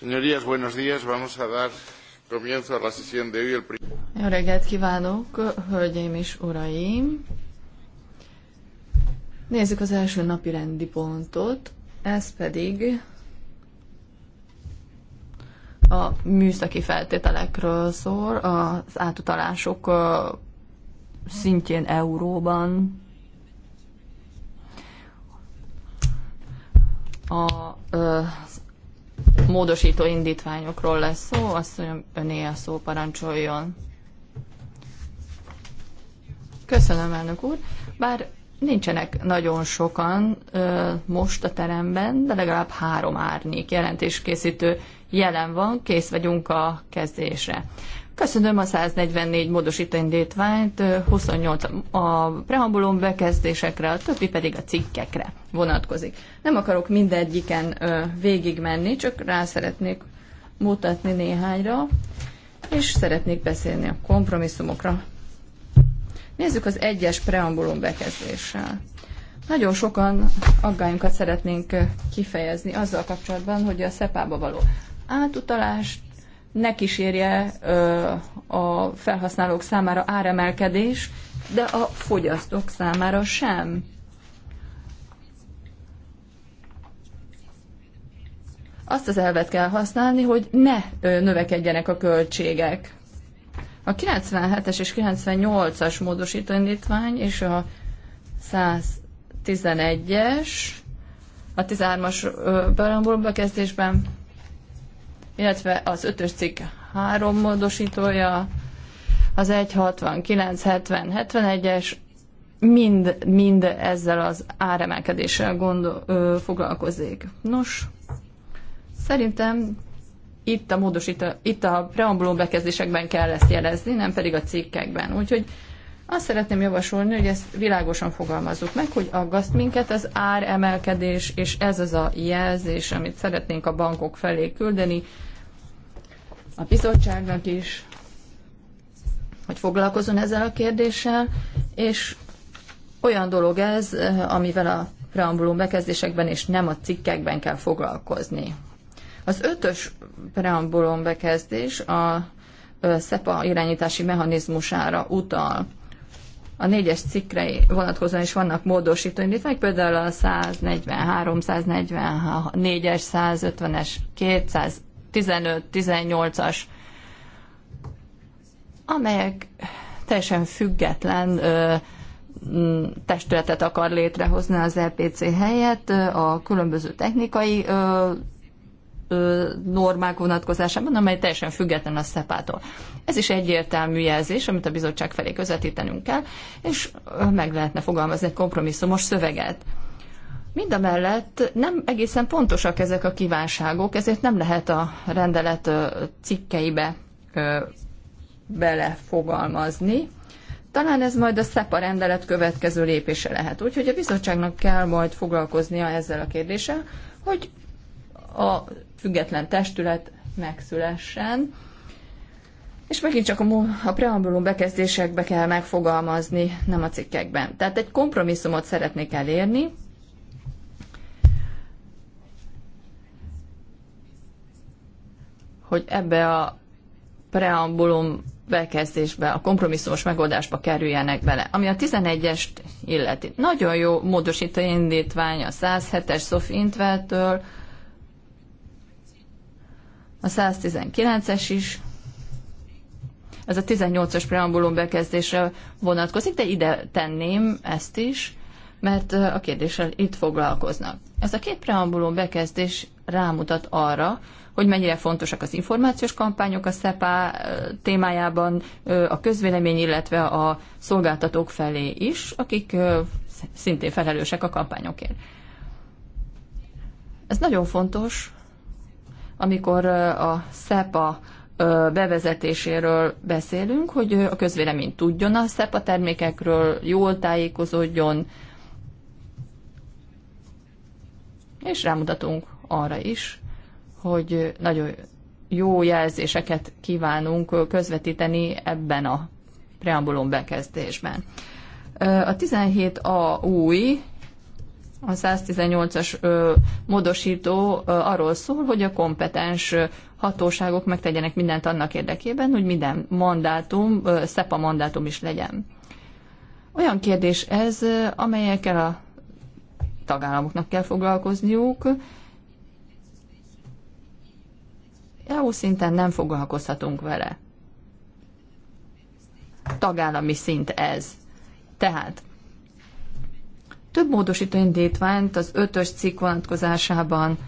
Señorías, buenos días. Vamos a dar comienzo a la sesión de hoy. El... Jó reggelt kívánok, hölgyeim és uraim! Nézzük az első napi rendi pontot, ez pedig a műszaki feltételekről szól, az átutalások szintjén euróban. A, az módosító indítványokról lesz szó, mondja, öné a szó parancsoljon. Köszönöm, elnök úr. Bár nincsenek nagyon sokan ö, most a teremben, de legalább három árnyék jelentéskészítő jelen van, kész vagyunk a kezdésre. Köszönöm a 144 módosítendétványt, 28 a preambulum bekezdésekre, a többi pedig a cikkekre vonatkozik. Nem akarok mindegyiken végigmenni, csak rá szeretnék mutatni néhányra, és szeretnék beszélni a kompromisszumokra. Nézzük az egyes preambulum bekezdéssel. Nagyon sokan aggályunkat szeretnénk kifejezni azzal kapcsolatban, hogy a szepába való átutalást ne kísérje a felhasználók számára áremelkedés, de a fogyasztók számára sem. Azt az elvet kell használni, hogy ne növekedjenek a költségek. A 97-es és 98-as módosító indítvány és a 111-es, a 13-as bekezdésben illetve az ötös cikk három módosítója, az 169, 70, 71-es, mind, mind ezzel az áremelkedéssel gondol, ö, foglalkozik. Nos, szerintem itt a módosító, itt a preambuló bekezdésekben kell ezt jelezni, nem pedig a cikkekben. Úgyhogy azt szeretném javasolni, hogy ezt világosan fogalmazzuk meg, hogy aggaszt minket az áremelkedés, és ez az a jelzés, amit szeretnénk a bankok felé küldeni, a bizottságnak is, hogy foglalkozzon ezzel a kérdéssel, és olyan dolog ez, eh, amivel a preambulum bekezdésekben és nem a cikkekben kell foglalkozni. Az ötös preambulum bekezdés a eh, SEPA irányítási mechanizmusára utal. A négyes cikkre vonatkozóan is vannak módosító indítványok, például a 143, 144-es, 150-es, 15-18-as, amelyek teljesen független ö, testületet akar létrehozni az LPC helyett a különböző technikai ö, ö, normák vonatkozásában, amely teljesen független a szepától. Ez is egyértelmű jelzés, amit a bizottság felé közvetítenünk kell, és meg lehetne fogalmazni egy kompromisszumos szöveget mellett nem egészen pontosak ezek a kívánságok, ezért nem lehet a rendelet cikkeibe belefogalmazni. Talán ez majd a SZEPA rendelet következő lépése lehet. Úgyhogy a bizottságnak kell majd foglalkoznia ezzel a kérdéssel, hogy a független testület megszülessen. És megint csak a, a preambulum bekezdésekbe kell megfogalmazni, nem a cikkekben. Tehát egy kompromisszumot szeretnék elérni, hogy ebbe a preambulum bekezdésbe, a kompromisszumos megoldásba kerüljenek bele. Ami a 11-est illeti. Nagyon jó módosító indítvány a 107-es Sophie Intveltől, a 119-es is, ez a 18-as preambulum bekezdésre vonatkozik, de ide tenném ezt is, mert a kérdéssel itt foglalkoznak. Ez a két preambulum bekezdés rámutat arra, hogy mennyire fontosak az információs kampányok a SZEPA témájában a közvélemény, illetve a szolgáltatók felé is, akik szintén felelősek a kampányokért. Ez nagyon fontos, amikor a SZEPA bevezetéséről beszélünk, hogy a közvélemény tudjon a SZEPA termékekről, jól tájékozódjon, és rámutatunk arra is, hogy nagyon jó jelzéseket kívánunk közvetíteni ebben a preambulum bekezdésben. A 17a új, a 118-as módosító arról szól, hogy a kompetens hatóságok megtegyenek mindent annak érdekében, hogy minden mandátum, SZEPA mandátum is legyen. Olyan kérdés ez, amelyekkel a tagállamoknak kell foglalkozniuk, EU szinten nem foglalkozhatunk vele. Tagállami szint ez. Tehát több módosító indítványt az ötös cikk vonatkozásában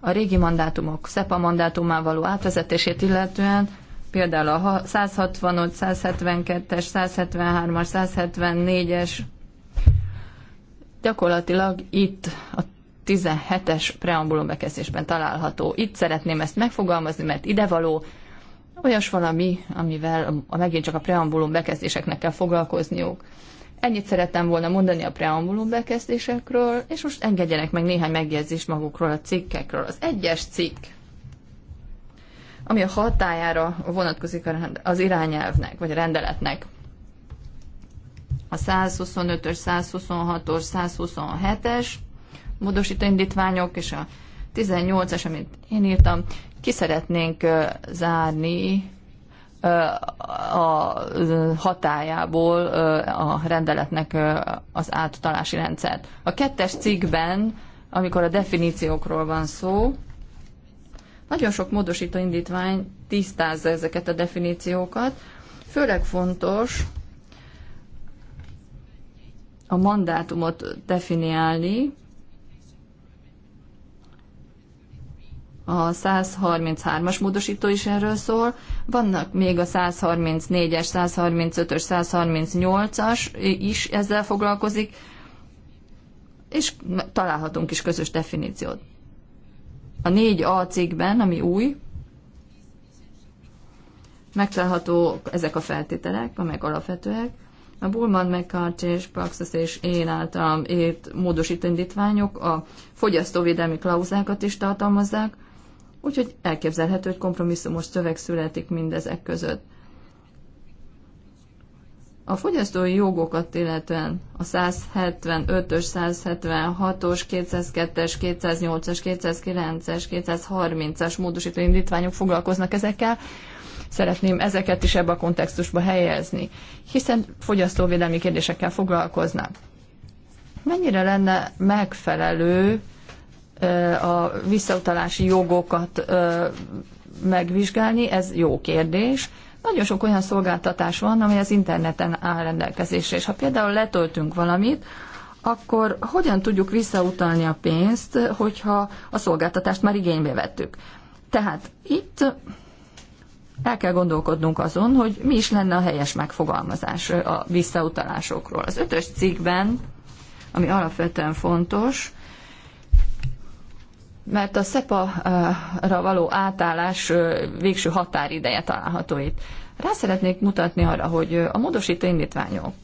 a régi mandátumok SZEPA mandátumán való átvezetését illetően, például a 165, 172-es, 173-as, 174-es, gyakorlatilag itt a 17-es preambulum bekezdésben található. Itt szeretném ezt megfogalmazni, mert idevaló olyas valami, amivel a, megint csak a preambulum bekezdéseknek kell foglalkozniuk. Ennyit szerettem volna mondani a preambulum bekezdésekről, és most engedjenek meg néhány megjegyzést magukról a cikkekről. Az egyes cikk, ami a hatájára vonatkozik az irányelvnek, vagy a rendeletnek, a 125-ös, 126-os, 127-es, módosító indítványok és a 18-as, amit én írtam, ki szeretnénk zárni a hatájából a rendeletnek az áttalási rendszert. A kettes cikkben, amikor a definíciókról van szó, nagyon sok módosító indítvány tisztázza ezeket a definíciókat. Főleg fontos a mandátumot definiálni, a 133-as módosító is erről szól, vannak még a 134-es, 135-ös, 138-as is ezzel foglalkozik, és találhatunk is közös definíciót. A 4A cikkben, ami új, megtalálható ezek a feltételek, amelyek alapvetőek. A Bullman, McCarthy és Praxis és én által ért módosító indítványok a fogyasztóvédelmi klauzákat is tartalmazzák, Úgyhogy elképzelhető, hogy kompromisszumos szöveg születik mindezek között. A fogyasztói jogokat illetően a 175-ös, 176-os, 202-es, 208-as, 209-es, 230-as módosító indítványok foglalkoznak ezekkel. Szeretném ezeket is ebbe a kontextusba helyezni, hiszen fogyasztóvédelmi kérdésekkel foglalkoznak. Mennyire lenne megfelelő a visszautalási jogokat megvizsgálni, ez jó kérdés. Nagyon sok olyan szolgáltatás van, ami az interneten áll rendelkezésre, és ha például letöltünk valamit, akkor hogyan tudjuk visszautalni a pénzt, hogyha a szolgáltatást már igénybe vettük. Tehát itt el kell gondolkodnunk azon, hogy mi is lenne a helyes megfogalmazás a visszautalásokról. Az ötös cikkben, ami alapvetően fontos, mert a SEPA-ra való átállás végső határideje található itt. Rá szeretnék mutatni arra, hogy a módosító indítványok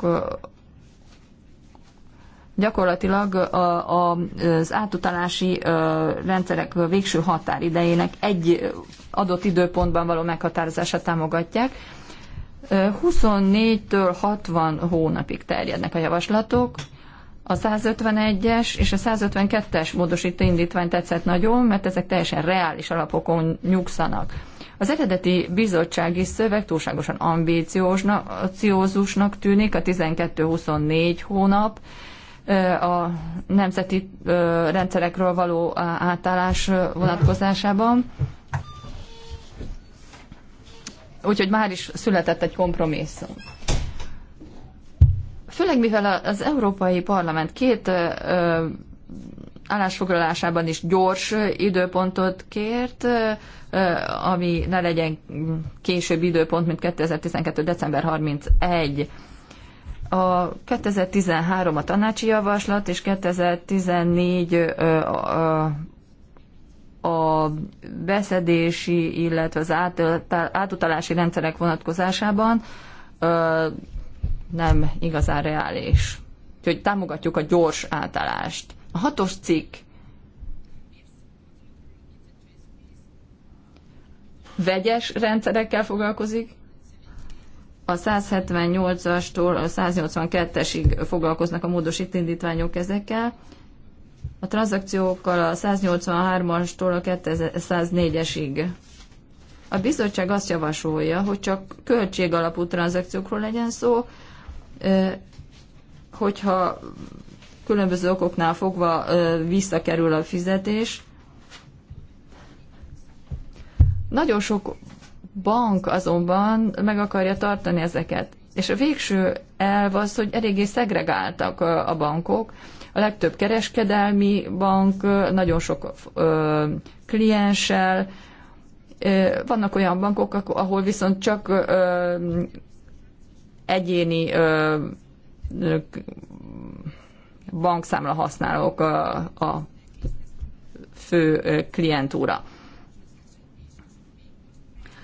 gyakorlatilag a, az átutalási rendszerek végső határidejének egy adott időpontban való meghatározását támogatják. 24-től 60 hónapig terjednek a javaslatok, a 151-es és a 152-es módosító indítvány tetszett nagyon, mert ezek teljesen reális alapokon nyugszanak. Az eredeti bizottsági szöveg túlságosan ambíciózusnak tűnik, a 12-24 hónap, a nemzeti rendszerekről való átállás vonatkozásában. Úgyhogy már is született egy kompromisszum. Főleg mivel az Európai Parlament két ö, állásfoglalásában is gyors időpontot kért, ami ne legyen később időpont, mint 2012. december 31. A 2013 a tanácsi javaslat, és 2014 a beszedési, illetve az átutalási rendszerek vonatkozásában nem igazán reális. Úgyhogy támogatjuk a gyors átállást. A hatos cikk vegyes rendszerekkel foglalkozik, a 178-astól a 182-esig foglalkoznak a módosít indítványok ezekkel, a tranzakciókkal a 183-astól a 204-esig. A bizottság azt javasolja, hogy csak költségalapú tranzakciókról legyen szó, hogyha különböző okoknál fogva visszakerül a fizetés. Nagyon sok bank azonban meg akarja tartani ezeket. És a végső elv az, hogy eléggé szegregáltak a bankok. A legtöbb kereskedelmi bank, nagyon sok klienssel, vannak olyan bankok, ahol viszont csak egyéni bankszámla használók a, a fő klientúra.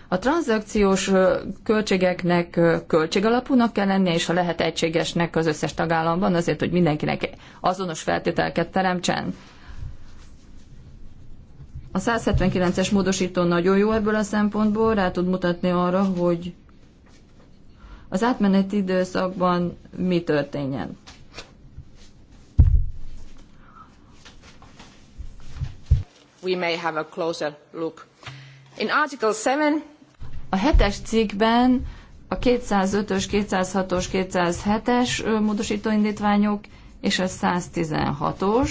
A tranzakciós költségeknek költségalapúnak kell lennie, és ha lehet egységesnek az összes tagállamban, azért, hogy mindenkinek azonos feltételeket teremtsen. A 179-es módosító nagyon jó ebből a szempontból, rá tud mutatni arra, hogy az átmeneti időszakban mi történjen. We may have a closer look. In Article 7, a hetes cikkben a 205-ös, 206-os, 207-es módosítóindítványok és a 116-os,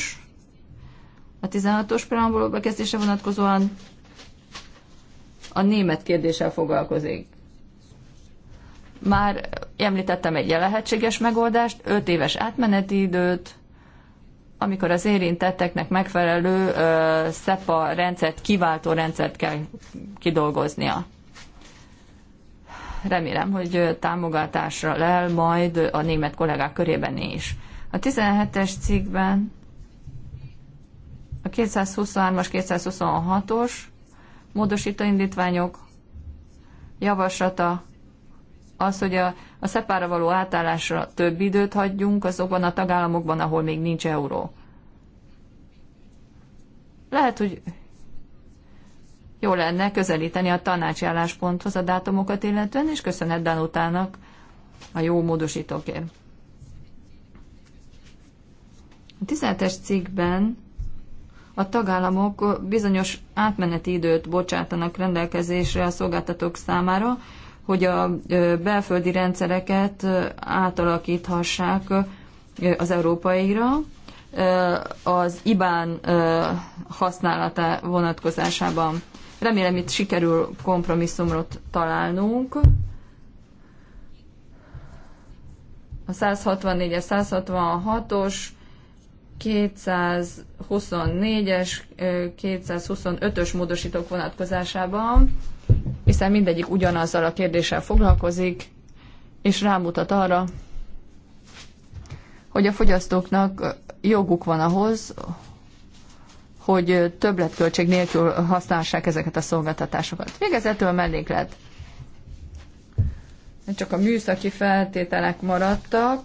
a 16-os preambuló bekezdése vonatkozóan a német kérdéssel foglalkozik. Már említettem egy lehetséges megoldást, 5 éves átmeneti időt, amikor az érintetteknek megfelelő ö, SEPA rendszert, kiváltó rendszert kell kidolgoznia. Remélem, hogy támogatásra lel majd a német kollégák körében is. A 17-es cikkben a 223-as, 226-os módosítóindítványok indítványok javaslata az, hogy a, a szepára való átállásra több időt hagyjunk azokban a tagállamokban, ahol még nincs euró. Lehet, hogy jó lenne közelíteni a tanácsi állásponthoz a dátumokat illetően, és köszönet Danutának a jó módosítókért. A 17-es cikkben a tagállamok bizonyos átmeneti időt bocsátanak rendelkezésre a szolgáltatók számára, hogy a belföldi rendszereket átalakíthassák az európaira, az IBAN használata vonatkozásában. Remélem itt sikerül kompromisszumot találnunk. A 164-es, 166-os, 224-es, 225-ös módosítók vonatkozásában hiszen mindegyik ugyanazzal a kérdéssel foglalkozik, és rámutat arra, hogy a fogyasztóknak joguk van ahhoz, hogy többletköltség nélkül használhassák ezeket a szolgáltatásokat. Végezetül a melléklet. Csak a műszaki feltételek maradtak.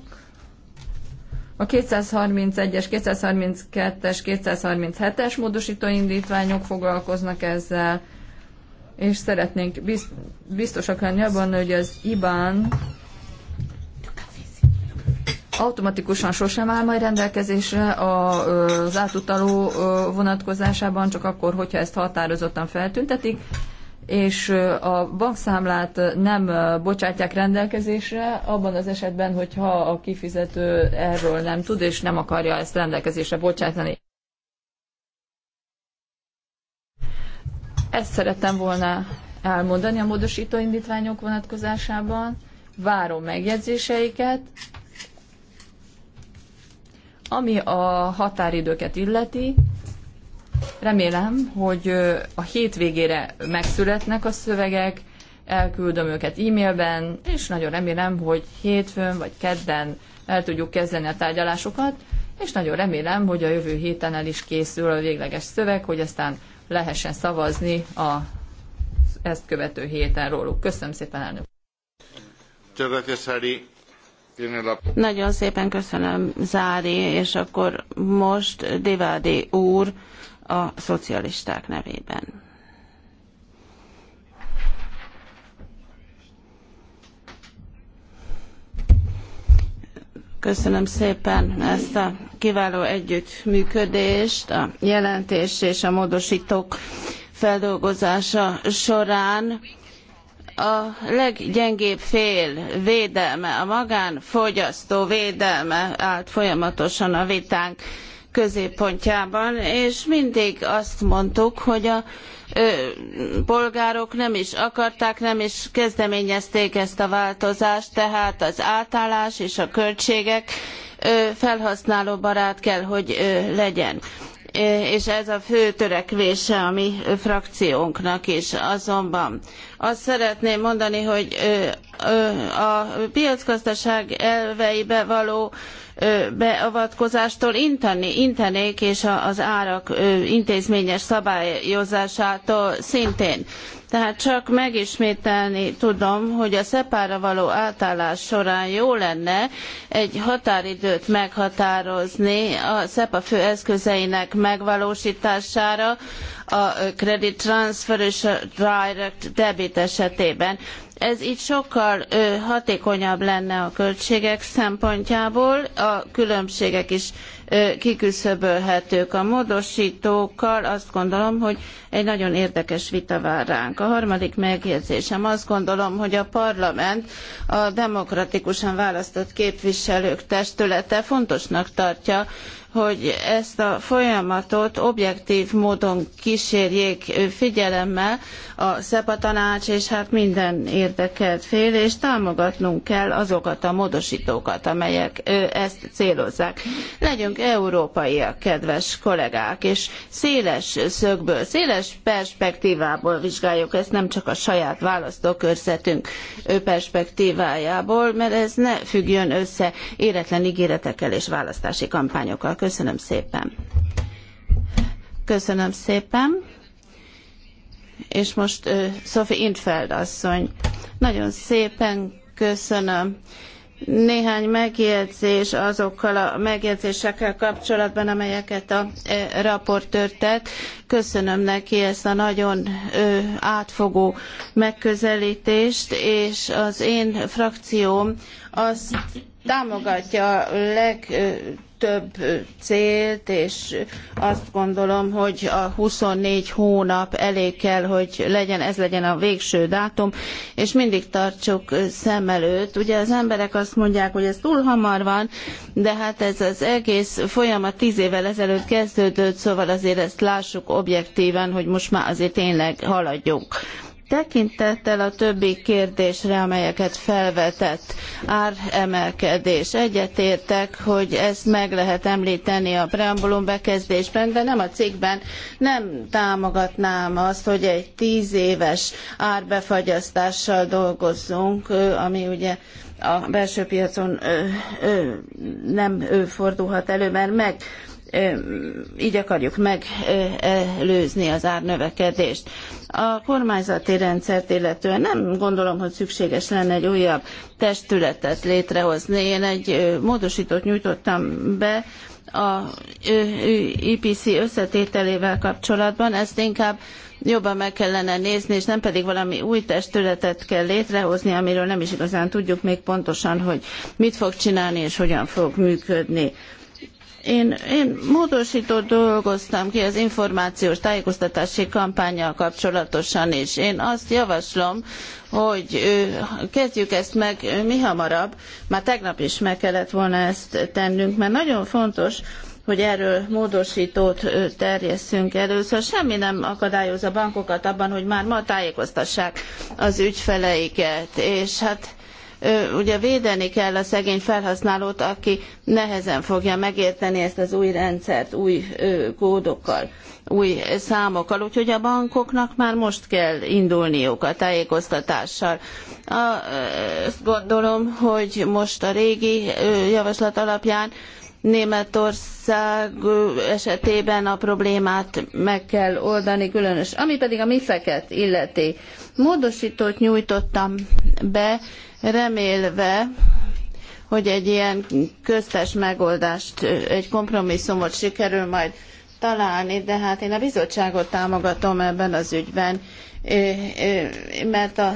A 231-es, 232-es, 237-es módosító indítványok foglalkoznak ezzel, és szeretnénk biztosak lenni abban, hogy az IBAN automatikusan sosem áll majd rendelkezésre az átutaló vonatkozásában, csak akkor, hogyha ezt határozottan feltüntetik, és a bankszámlát nem bocsátják rendelkezésre, abban az esetben, hogyha a kifizető erről nem tud, és nem akarja ezt rendelkezésre bocsátani. Ezt szerettem volna elmondani a módosító indítványok vonatkozásában. Várom megjegyzéseiket. Ami a határidőket illeti, remélem, hogy a hétvégére megszületnek a szövegek, elküldöm őket e-mailben, és nagyon remélem, hogy hétfőn vagy kedden el tudjuk kezdeni a tárgyalásokat, és nagyon remélem, hogy a jövő héten el is készül a végleges szöveg, hogy aztán lehessen szavazni a ezt követő héten róluk. Köszönöm szépen, elnök. Nagyon szépen köszönöm, Zári, és akkor most Divádi úr a szocialisták nevében. Köszönöm szépen ezt a kiváló együttműködést, a jelentés és a módosítók feldolgozása során a leggyengébb fél védelme, a magánfogyasztó védelme állt folyamatosan a vitánk középpontjában, és mindig azt mondtuk, hogy a polgárok nem is akarták, nem is kezdeményezték ezt a változást, tehát az átállás és a költségek felhasználóbarát kell, hogy legyen és ez a fő törekvése a mi frakciónknak is. Azonban azt szeretném mondani, hogy a piacgazdaság elveibe való beavatkozástól inteni, intenék, és az árak intézményes szabályozásától szintén. Tehát csak megismételni tudom, hogy a szepára való átállás során jó lenne egy határidőt meghatározni a SZEPA fő eszközeinek megvalósítására, a credit transfer és a direct debit esetében. Ez így sokkal hatékonyabb lenne a költségek szempontjából, a különbségek is kiküszöbölhetők a módosítókkal. Azt gondolom, hogy egy nagyon érdekes vita vár ránk. A harmadik megjegyzésem azt gondolom, hogy a parlament a demokratikusan választott képviselők testülete fontosnak tartja, hogy ezt a folyamatot objektív módon kísérjék figyelemmel a SZEPA tanács, és hát minden érdekelt fél, és támogatnunk kell azokat a módosítókat, amelyek ezt célozzák. Legyünk európaiak, kedves kollégák, és széles szögből, széles perspektívából vizsgáljuk ezt, nem csak a saját választókörzetünk perspektívájából, mert ez ne függjön össze életlen ígéretekkel és választási kampányokkal. Köszönöm szépen. Köszönöm szépen. És most uh, Sophie Intfeld asszony. Nagyon szépen köszönöm néhány megjegyzés azokkal a megjegyzésekkel kapcsolatban, amelyeket a raportőr tett. Köszönöm neki ezt a nagyon átfogó megközelítést, és az én frakcióm azt támogatja a leg több célt, és azt gondolom, hogy a 24 hónap elég kell, hogy legyen, ez legyen a végső dátum, és mindig tartsuk szem előtt. Ugye az emberek azt mondják, hogy ez túl hamar van, de hát ez az egész folyamat 10 évvel ezelőtt kezdődött, szóval azért ezt lássuk objektíven, hogy most már azért tényleg haladjunk. Tekintettel a többi kérdésre, amelyeket felvetett, áremelkedés. Egyetértek, hogy ezt meg lehet említeni a preambulum bekezdésben, de nem a cikkben. Nem támogatnám azt, hogy egy tíz éves árbefagyasztással dolgozzunk, ami ugye a belső piacon nem fordulhat elő, mert meg így akarjuk megelőzni az árnövekedést. A kormányzati rendszert illetően nem gondolom, hogy szükséges lenne egy újabb testületet létrehozni. Én egy módosítót nyújtottam be, a IPC összetételével kapcsolatban, ezt inkább jobban meg kellene nézni, és nem pedig valami új testületet kell létrehozni, amiről nem is igazán tudjuk még pontosan, hogy mit fog csinálni és hogyan fog működni. Én, én dolgoztam ki az információs tájékoztatási kampányjal kapcsolatosan is. Én azt javaslom, hogy kezdjük ezt meg mi hamarabb. Már tegnap is meg kellett volna ezt tennünk, mert nagyon fontos, hogy erről módosítót terjesszünk elő. Szóval semmi nem akadályoz a bankokat abban, hogy már ma tájékoztassák az ügyfeleiket, és hát ugye védeni kell a szegény felhasználót, aki nehezen fogja megérteni ezt az új rendszert, új kódokkal, új számokkal. Úgyhogy a bankoknak már most kell indulniuk a tájékoztatással. Azt gondolom, hogy most a régi javaslat alapján Németország esetében a problémát meg kell oldani különös. Ami pedig a mifeket illeti. Módosítót nyújtottam be, remélve, hogy egy ilyen köztes megoldást, egy kompromisszumot sikerül majd találni, de hát én a bizottságot támogatom ebben az ügyben, mert a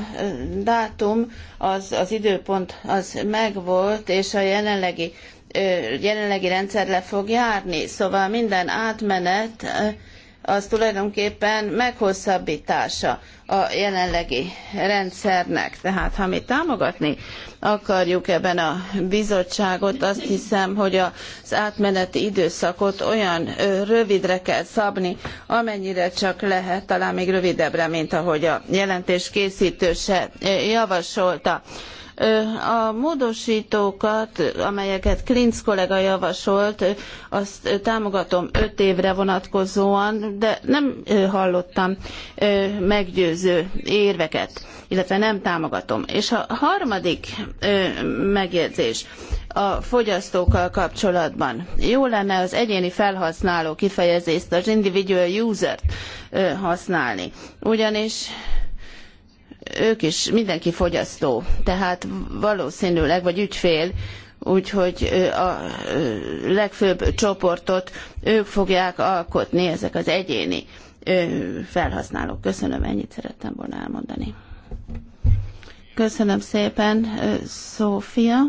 dátum, az, az időpont az megvolt, és a jelenlegi, jelenlegi rendszer le fog járni. Szóval minden átmenet az tulajdonképpen meghosszabbítása a jelenlegi rendszernek. Tehát ha mi támogatni akarjuk ebben a bizottságot, azt hiszem, hogy az átmeneti időszakot olyan rövidre kell szabni, amennyire csak lehet, talán még rövidebbre, mint ahogy a jelentés készítő javasolta. A módosítókat, amelyeket Klinc kollega javasolt, azt támogatom öt évre vonatkozóan, de nem hallottam meggyőző érveket, illetve nem támogatom. És a harmadik megjegyzés a fogyasztókkal kapcsolatban. Jó lenne az egyéni felhasználó kifejezést, az individual user-t használni. Ugyanis ők is, mindenki fogyasztó, tehát valószínűleg, vagy ügyfél, úgyhogy a legfőbb csoportot ők fogják alkotni, ezek az egyéni felhasználók. Köszönöm, ennyit szerettem volna elmondani. Köszönöm szépen, Szófia,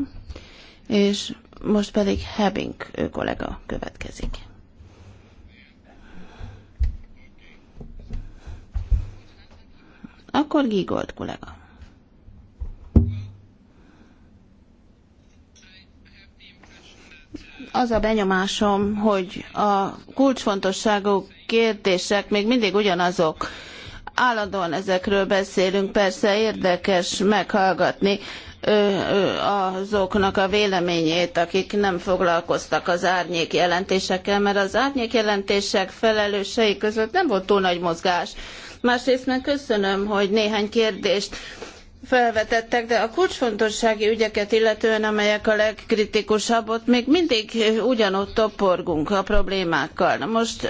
és most pedig Hebink kollega következik. Akkor Gigold kollega. Az a benyomásom, hogy a kulcsfontosságú kérdések még mindig ugyanazok. Állandóan ezekről beszélünk, persze érdekes meghallgatni, azoknak a véleményét, akik nem foglalkoztak az árnyék jelentésekkel, mert az árnyék jelentések felelősei között nem volt túl nagy mozgás másrészt meg köszönöm, hogy néhány kérdést felvetettek, de a kulcsfontossági ügyeket illetően, amelyek a legkritikusabb, ott még mindig ugyanott toporgunk a problémákkal. Na most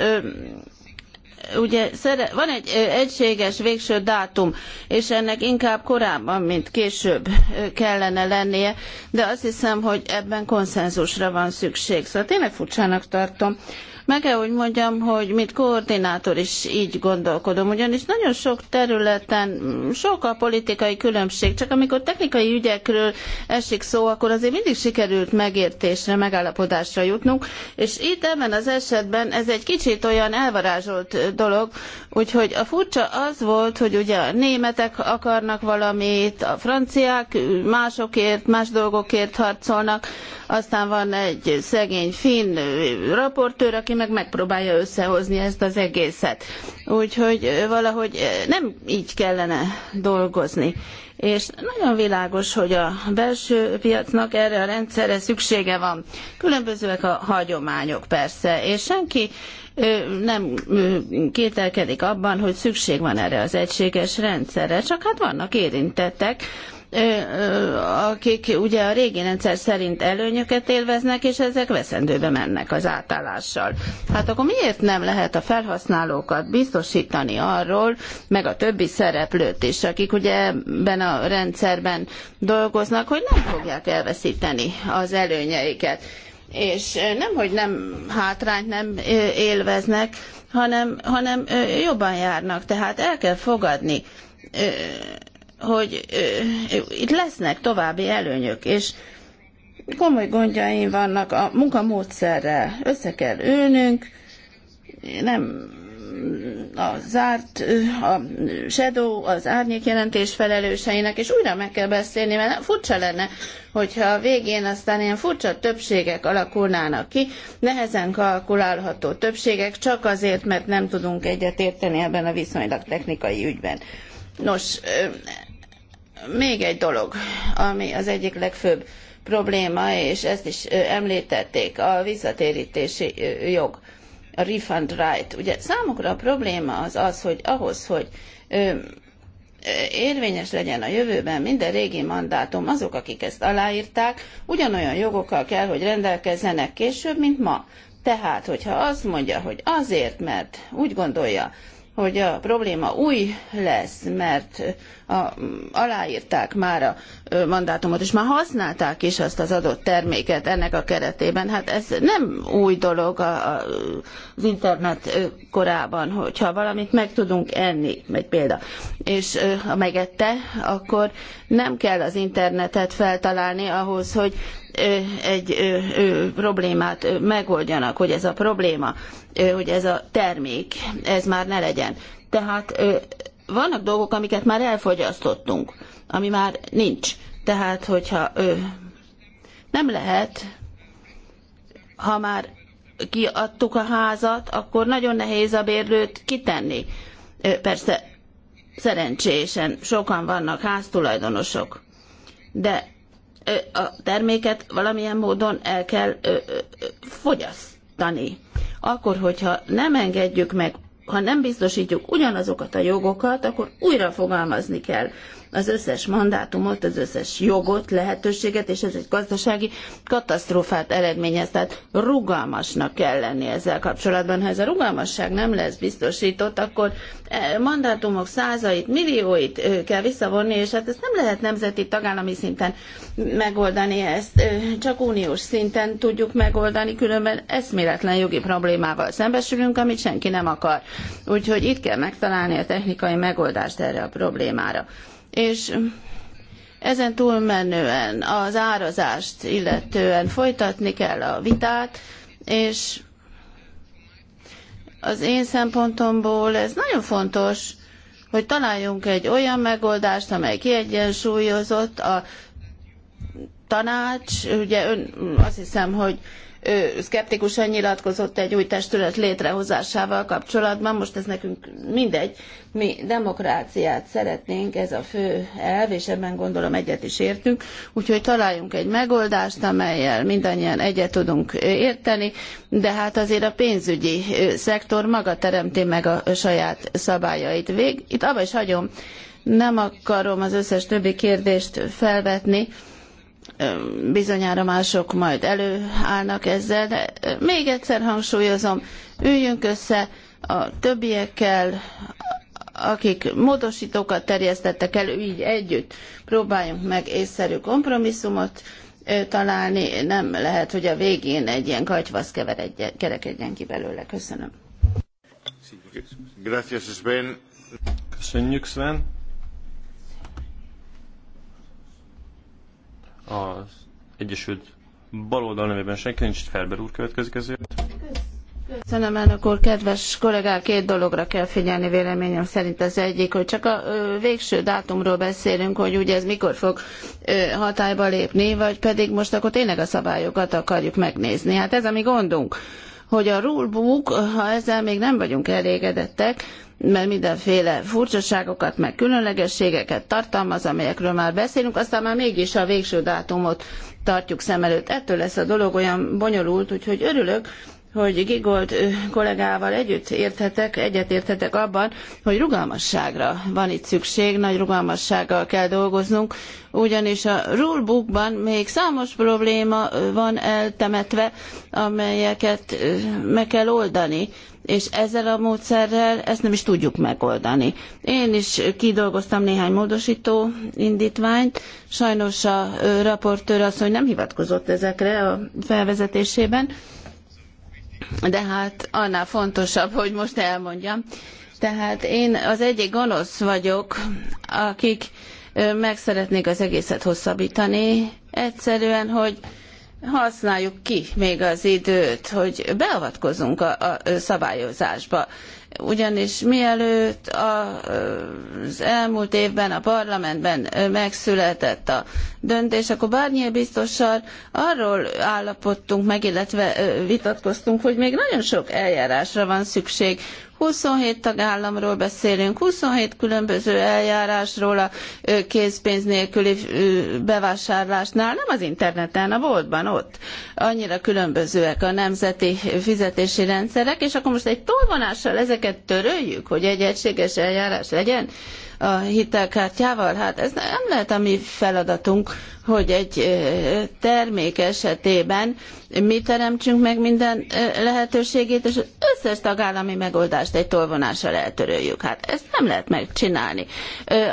ugye van egy egységes végső dátum, és ennek inkább korábban, mint később kellene lennie, de azt hiszem, hogy ebben konszenzusra van szükség. Szóval tényleg furcsának tartom meg kell, hogy mondjam, hogy mint koordinátor is így gondolkodom, ugyanis nagyon sok területen sok a politikai különbség, csak amikor technikai ügyekről esik szó, akkor azért mindig sikerült megértésre, megállapodásra jutnunk, és itt ebben az esetben ez egy kicsit olyan elvarázsolt dolog, úgyhogy a furcsa az volt, hogy ugye a németek akarnak valamit, a franciák másokért, más dolgokért harcolnak, aztán van egy szegény finn raportőr, aki meg megpróbálja összehozni ezt az egészet. Úgyhogy valahogy nem így kellene dolgozni. És nagyon világos, hogy a belső piacnak erre a rendszerre szüksége van. Különbözőek a hagyományok persze, és senki nem kételkedik abban, hogy szükség van erre az egységes rendszerre, csak hát vannak érintettek, akik ugye a régi rendszer szerint előnyöket élveznek, és ezek veszendőbe mennek az átállással. Hát akkor miért nem lehet a felhasználókat biztosítani arról, meg a többi szereplőt is, akik ugye ebben a rendszerben dolgoznak, hogy nem fogják elveszíteni az előnyeiket és nem, hogy nem hátrányt nem élveznek, hanem, hanem jobban járnak. Tehát el kell fogadni hogy itt lesznek további előnyök, és komoly gondjaim vannak a munkamódszerrel. Össze kell ülnünk, nem a zárt, a shadow, az árnyék jelentés felelőseinek, és újra meg kell beszélni, mert furcsa lenne, hogyha a végén aztán ilyen furcsa többségek alakulnának ki, nehezen kalkulálható többségek, csak azért, mert nem tudunk egyet érteni ebben a viszonylag technikai ügyben. Nos, még egy dolog, ami az egyik legfőbb probléma, és ezt is említették, a visszatérítési jog, a refund right. Ugye számukra a probléma az az, hogy ahhoz, hogy érvényes legyen a jövőben minden régi mandátum, azok, akik ezt aláírták, ugyanolyan jogokkal kell, hogy rendelkezzenek később, mint ma. Tehát, hogyha azt mondja, hogy azért, mert úgy gondolja, hogy a probléma új lesz, mert a, aláírták már a mandátumot, és már használták is azt az adott terméket ennek a keretében. Hát ez nem új dolog a, a, az internet korában, hogyha valamit meg tudunk enni, egy példa, és ha megette, akkor nem kell az internetet feltalálni ahhoz, hogy egy problémát megoldjanak, hogy ez a probléma, hogy ez a termék, ez már ne legyen. Tehát vannak dolgok, amiket már elfogyasztottunk, ami már nincs. Tehát, hogyha nem lehet, ha már kiadtuk a házat, akkor nagyon nehéz a bérlőt kitenni. Persze szerencsésen sokan vannak háztulajdonosok, de a terméket valamilyen módon el kell fogyasztani. Akkor, hogyha nem engedjük meg, ha nem biztosítjuk ugyanazokat a jogokat, akkor újra fogalmazni kell az összes mandátumot, az összes jogot, lehetőséget, és ez egy gazdasági katasztrófát eredményez. Tehát rugalmasnak kell lenni ezzel kapcsolatban. Ha ez a rugalmasság nem lesz biztosított, akkor eh, mandátumok százait, millióit eh, kell visszavonni, és hát ezt nem lehet nemzeti tagállami szinten megoldani, ezt eh, csak uniós szinten tudjuk megoldani, különben eszméletlen jogi problémával szembesülünk, amit senki nem akar. Úgyhogy itt kell megtalálni a technikai megoldást erre a problémára és ezen túlmenően az árazást illetően folytatni kell a vitát, és az én szempontomból ez nagyon fontos, hogy találjunk egy olyan megoldást, amely kiegyensúlyozott a tanács, ugye ön azt hiszem, hogy szkeptikusan nyilatkozott egy új testület létrehozásával kapcsolatban. Most ez nekünk mindegy. Mi demokráciát szeretnénk, ez a fő elv, és ebben gondolom egyet is értünk. Úgyhogy találjunk egy megoldást, amelyel mindannyian egyet tudunk érteni, de hát azért a pénzügyi szektor maga teremti meg a saját szabályait. Vég, itt abba is hagyom, nem akarom az összes többi kérdést felvetni, bizonyára mások majd előállnak ezzel, de még egyszer hangsúlyozom, üljünk össze a többiekkel, akik módosítókat terjesztettek elő, így együtt próbáljunk meg észszerű kompromisszumot találni, nem lehet, hogy a végén egy ilyen katyvasz kerekedjen ki belőle. Köszönöm. Köszönjük, Sven. az Egyesült Baloldal nevében senki nincs, Ferber úr következik ezért. Köszönöm, elnök úr, kedves kollégák, két dologra kell figyelni véleményem szerint. Az egyik, hogy csak a végső dátumról beszélünk, hogy ugye ez mikor fog hatályba lépni, vagy pedig most akkor tényleg a szabályokat akarjuk megnézni. Hát ez a mi gondunk hogy a rulebook, ha ezzel még nem vagyunk elégedettek, mert mindenféle furcsaságokat, meg különlegességeket tartalmaz, amelyekről már beszélünk, aztán már mégis a végső dátumot tartjuk szem előtt. Ettől lesz a dolog olyan bonyolult, úgyhogy örülök, hogy Gigold kollégával együtt érthetek, egyet abban, hogy rugalmasságra van itt szükség, nagy rugalmassággal kell dolgoznunk, ugyanis a rulebookban még számos probléma van eltemetve, amelyeket meg kell oldani, és ezzel a módszerrel ezt nem is tudjuk megoldani. Én is kidolgoztam néhány módosító indítványt, sajnos a raportőr asszony nem hivatkozott ezekre a felvezetésében, de hát annál fontosabb, hogy most elmondjam. Tehát én az egyik gonosz vagyok, akik meg szeretnék az egészet hosszabbítani. Egyszerűen, hogy használjuk ki még az időt, hogy beavatkozunk a, a szabályozásba ugyanis mielőtt az elmúlt évben a parlamentben megszületett a döntés, akkor Barnier biztossal arról állapodtunk meg, illetve vitatkoztunk, hogy még nagyon sok eljárásra van szükség, 27 tagállamról beszélünk, 27 különböző eljárásról a készpénz nélküli bevásárlásnál, nem az interneten, a boltban ott. Annyira különbözőek a nemzeti fizetési rendszerek, és akkor most egy tolvonással ezeket töröljük, hogy egy egységes eljárás legyen a hitelkártyával? Hát ez nem lehet a mi feladatunk, hogy egy termék esetében mi teremtsünk meg minden lehetőségét, és az összes tagállami megoldást egy tolvonással eltöröljük. Hát ezt nem lehet megcsinálni.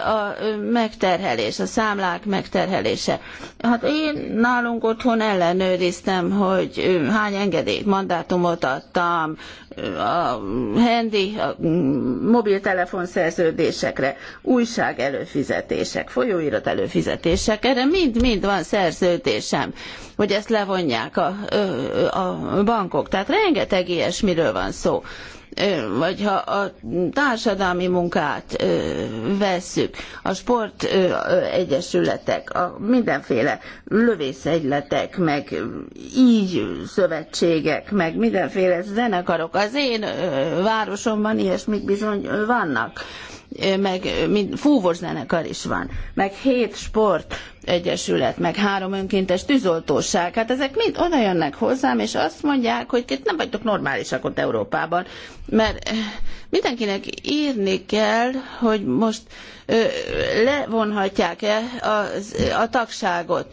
A megterhelés, a számlák megterhelése. Hát én nálunk otthon ellenőriztem, hogy hány engedélyt, mandátumot adtam, a handy, a mobiltelefon szerződésekre, újság előfizetések, folyóirat előfizetések, erre mind-mind van szerződésem, hogy ezt levonják a, a bankok. Tehát rengeteg ilyesmiről van szó vagy ha a társadalmi munkát vesszük, a sportegyesületek, a mindenféle lövészegyletek, meg így szövetségek, meg mindenféle zenekarok, az én városomban ilyesmik bizony vannak meg mind, fúvózenekar is van, meg hét sport egyesület, meg három önkéntes tűzoltóság. Hát ezek mind oda jönnek hozzám, és azt mondják, hogy itt nem vagytok normálisak ott Európában, mert mindenkinek írni kell, hogy most levonhatják-e a tagságot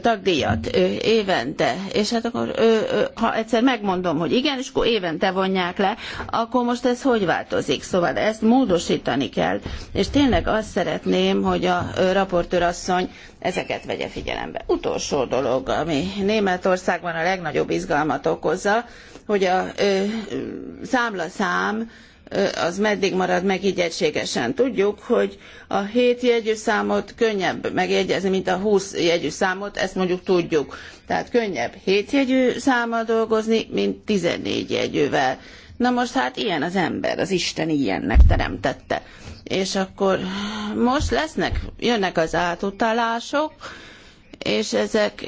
tagdíjat évente, és hát akkor ha egyszer megmondom, hogy igen, és akkor évente vonják le, akkor most ez hogy változik? Szóval ezt módosítani kell, és tényleg azt szeretném, hogy a raportőr asszony ezeket vegye figyelembe. Utolsó dolog, ami Németországban a legnagyobb izgalmat okozza, hogy a számlaszám az meddig marad meg egységesen. Tudjuk, hogy a 7 jegyű számot könnyebb megjegyezni, mint a 20 jegyű számot, ezt mondjuk tudjuk. Tehát könnyebb 7 jegyű számmal dolgozni, mint 14 jegyűvel. Na most hát ilyen az ember, az Isten ilyennek teremtette. És akkor most lesznek, jönnek az átutalások, és ezek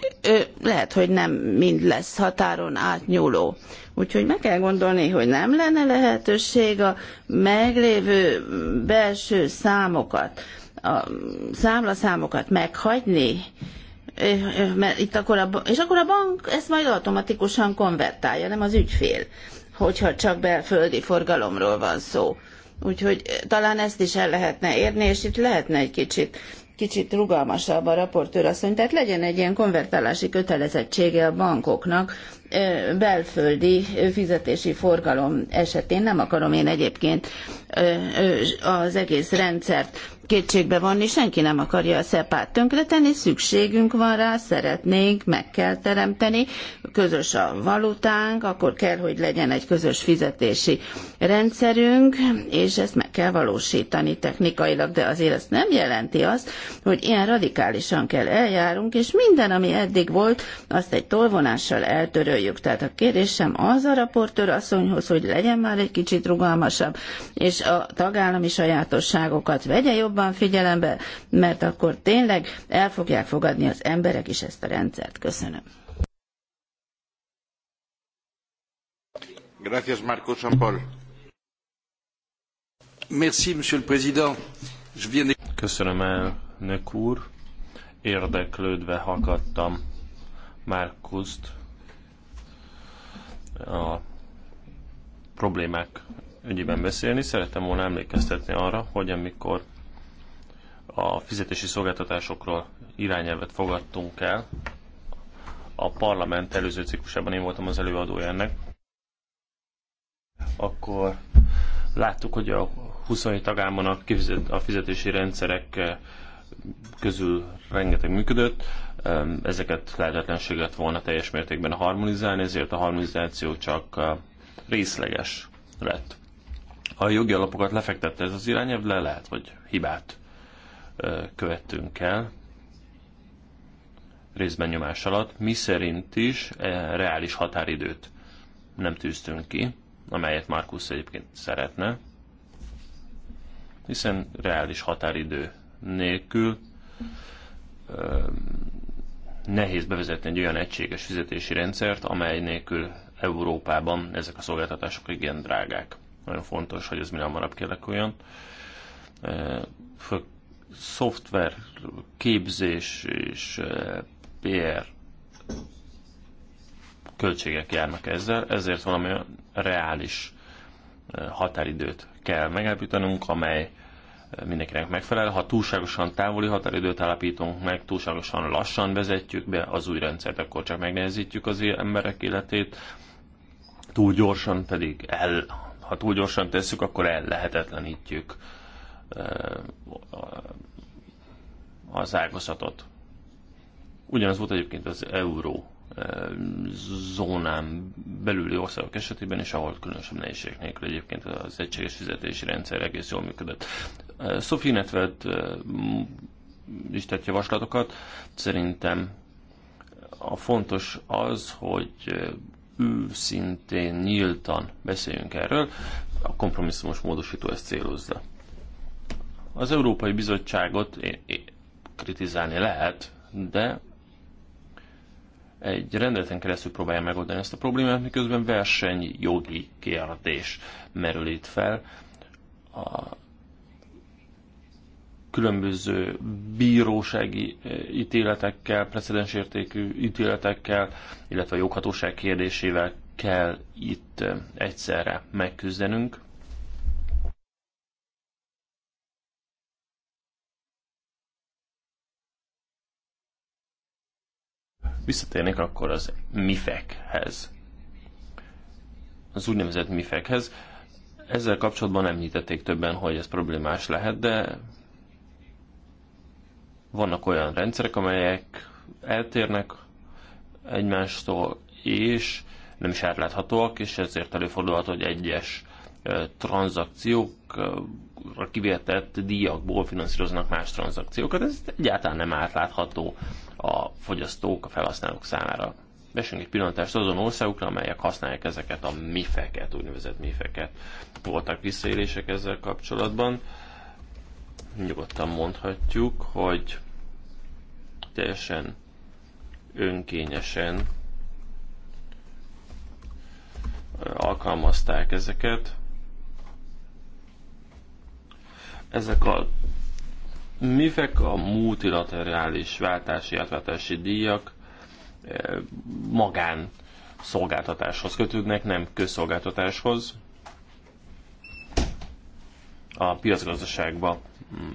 lehet, hogy nem mind lesz határon átnyúló Úgyhogy meg kell gondolni, hogy nem lenne lehetőség a meglévő belső számokat, a számlaszámokat meghagyni, mert itt akkor a, és akkor a bank ezt majd automatikusan konvertálja, nem az ügyfél, hogyha csak belföldi forgalomról van szó. Úgyhogy talán ezt is el lehetne érni, és itt lehetne egy kicsit kicsit rugalmasabb a raportőr asszony, tehát legyen egy ilyen konvertálási kötelezettsége a bankoknak belföldi fizetési forgalom esetén. Nem akarom én egyébként az egész rendszert kétségbe vonni, senki nem akarja a szepát tönkretenni, szükségünk van rá, szeretnénk, meg kell teremteni, közös a valutánk, akkor kell, hogy legyen egy közös fizetési rendszerünk, és ezt meg kell valósítani technikailag, de azért ezt nem jelenti azt, hogy ilyen radikálisan kell eljárunk, és minden, ami eddig volt, azt egy tolvonással eltöröljük gondoljuk. Tehát a kérésem az a raportőr asszonyhoz, hogy legyen már egy kicsit rugalmasabb, és a tagállami sajátosságokat vegye jobban figyelembe, mert akkor tényleg el fogják fogadni az emberek is ezt a rendszert. Köszönöm. Gracias, Marco jean Merci, Monsieur le Président. Je viens... Köszönöm, elnök úr érdeklődve hallgattam Markuszt a problémák ügyében beszélni. Szerettem volna emlékeztetni arra, hogy amikor a fizetési szolgáltatásokról irányelvet fogadtunk el, a parlament előző ciklusában én voltam az előadója ennek, akkor láttuk, hogy a 27 tagállamon a, a fizetési rendszerek eh, közül rengeteg működött, ezeket lehetetlenséget volna teljes mértékben harmonizálni, ezért a harmonizáció csak részleges lett. A jogi alapokat lefektette ez az irányelv, le lehet, hogy hibát követtünk el, részben nyomás alatt, mi szerint is e, reális határidőt nem tűztünk ki, amelyet Markus egyébként szeretne, hiszen reális határidő nélkül nehéz bevezetni egy olyan egységes fizetési rendszert, amely nélkül Európában ezek a szolgáltatások igen drágák. Nagyon fontos, hogy ez minél hamarabb olyan. Szoftver, képzés és PR költségek járnak ezzel, ezért valami reális határidőt kell megállapítanunk, amely mindenkinek megfelel. Ha túlságosan távoli határidőt állapítunk meg, túlságosan lassan vezetjük be az új rendszert, akkor csak megnehezítjük az emberek életét, túl gyorsan pedig el, ha túl gyorsan tesszük, akkor el lehetetlenítjük eh, az ágazatot. Ugyanaz volt egyébként az euró Eh, zónán belüli országok esetében is, ahol különösebb nehézségek nélkül egyébként az egységes fizetési rendszer egész jól működött. Eh, Sophie Netvet eh, is tett javaslatokat. Szerintem a fontos az, hogy őszintén, nyíltan beszéljünk erről. A kompromisszumos módosító ezt célozza. Az Európai Bizottságot kritizálni lehet, de egy rendeleten keresztül próbálja megoldani ezt a problémát, miközben versenyjogi kérdés merül itt fel. A különböző bírósági eh, ítéletekkel, precedensértékű ítéletekkel, illetve a joghatóság kérdésével kell itt eh, egyszerre megküzdenünk. Visszatérnék akkor az mifekhez. hez Az úgynevezett mifekhez. hez Ezzel kapcsolatban nem hitették többen, hogy ez problémás lehet, de vannak olyan rendszerek, amelyek eltérnek egymástól, és nem is átláthatóak, és ezért előfordulhat, hogy egyes tranzakciók tranzakciókra kivetett díjakból finanszíroznak más tranzakciókat. Ez egyáltalán nem átlátható a fogyasztók, a felhasználók számára. Vessünk egy pillantást azon országokra, amelyek használják ezeket a mifeket, úgynevezett mifeket. Voltak visszaélések ezzel kapcsolatban. Nyugodtan mondhatjuk, hogy teljesen önkényesen alkalmazták ezeket. Ezek a MIFEK a multilaterális váltási, átváltási díjak eh, magán szolgáltatáshoz kötődnek, nem közszolgáltatáshoz. A piacgazdaságba mm,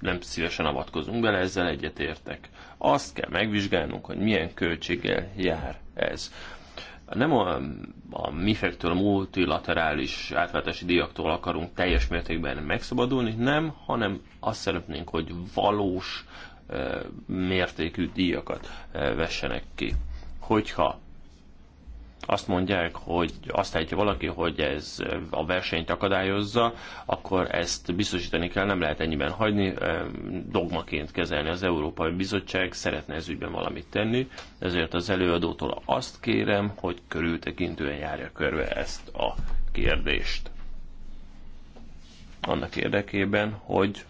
nem szívesen avatkozunk bele, ezzel egyetértek. Azt kell megvizsgálnunk, hogy milyen költséggel jár ez nem a, a mifektől, a multilaterális átváltási díjaktól akarunk teljes mértékben megszabadulni, nem, hanem azt szeretnénk, hogy valós eh, mértékű díjakat eh, vessenek ki. Hogyha azt mondják, hogy azt állítja valaki, hogy ez a versenyt akadályozza, akkor ezt biztosítani kell, nem lehet ennyiben hagyni, dogmaként kezelni. Az Európai Bizottság szeretne ez ügyben valamit tenni, ezért az előadótól azt kérem, hogy körültekintően járja körbe ezt a kérdést. Annak érdekében, hogy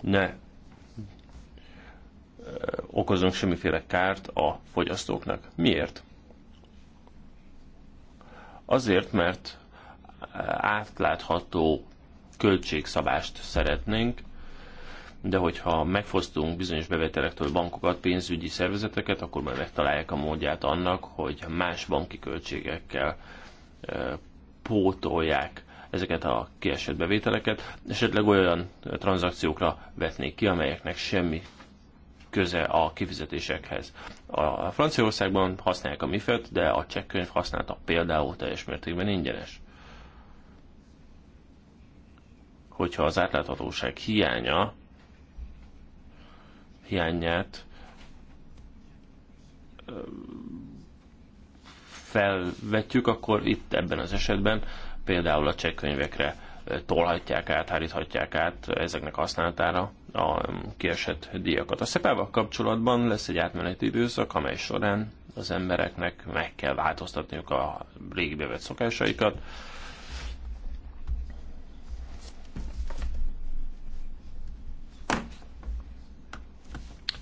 ne okozunk semmiféle kárt a fogyasztóknak. Miért? Azért, mert eh, átlátható költségszabást szeretnénk, de hogyha megfosztunk bizonyos bevételektől bankokat, pénzügyi szervezeteket, akkor már megtalálják a módját annak, hogy más banki költségekkel eh, pótolják ezeket a kiesett bevételeket, esetleg olyan eh, tranzakciókra vetnék ki, amelyeknek semmi köze a kifizetésekhez. A Franciaországban használják a MIFET, de a csekkönyv használta például teljes mértékben ingyenes. Hogyha az átláthatóság hiánya, hiányát felvetjük, akkor itt ebben az esetben például a csekkönyvekre tolhatják át, háríthatják át ezeknek használatára a kiesett díjakat. A szepával kapcsolatban lesz egy átmeneti időszak, amely során az embereknek meg kell változtatniuk a régi bevett szokásaikat,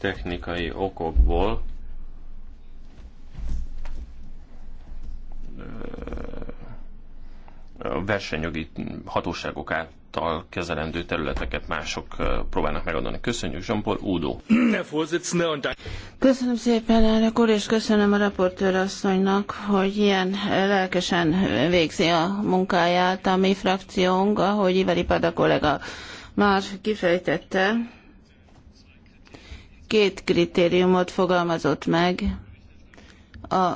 technikai okokból a versenyjogi hatóságok által kezelendő területeket mások próbálnak megadni. Köszönjük, Jean-Paul Udo. Köszönöm szépen, elnök úr, és köszönöm a raportőr asszonynak, hogy ilyen lelkesen végzi a munkáját a mi frakciónk, ahogy Iveri Pada kollega már kifejtette. Két kritériumot fogalmazott meg a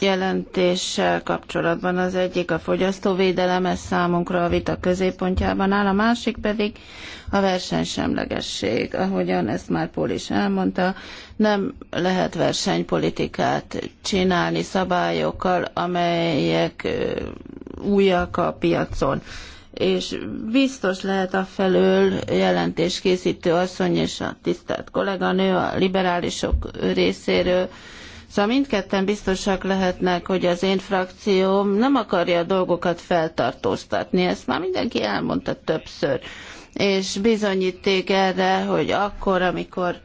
jelentéssel kapcsolatban az egyik a fogyasztóvédelem, ez számunkra a vita középpontjában áll, a másik pedig a versenysemlegesség. Ahogyan ezt már Pól is elmondta, nem lehet versenypolitikát csinálni szabályokkal, amelyek újak a piacon és biztos lehet a felől jelentéskészítő asszony és a tisztelt kolléganő a liberálisok részéről, Szóval mindketten biztosak lehetnek, hogy az én frakcióm nem akarja a dolgokat feltartóztatni. Ezt már mindenki elmondta többször. És bizonyíték erre, hogy akkor, amikor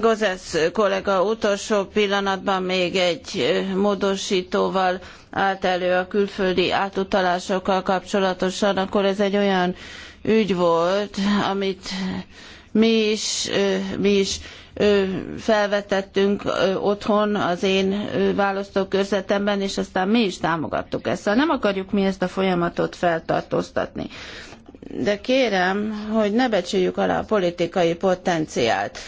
Gozesz kollega utolsó pillanatban még egy módosítóval állt elő a külföldi átutalásokkal kapcsolatosan, akkor ez egy olyan ügy volt, amit mi is, mi is felvetettünk otthon az én választókörzetemben, és aztán mi is támogattuk ezt. Szóval nem akarjuk mi ezt a folyamatot feltartóztatni. De kérem, hogy ne becsüljük alá a politikai potenciált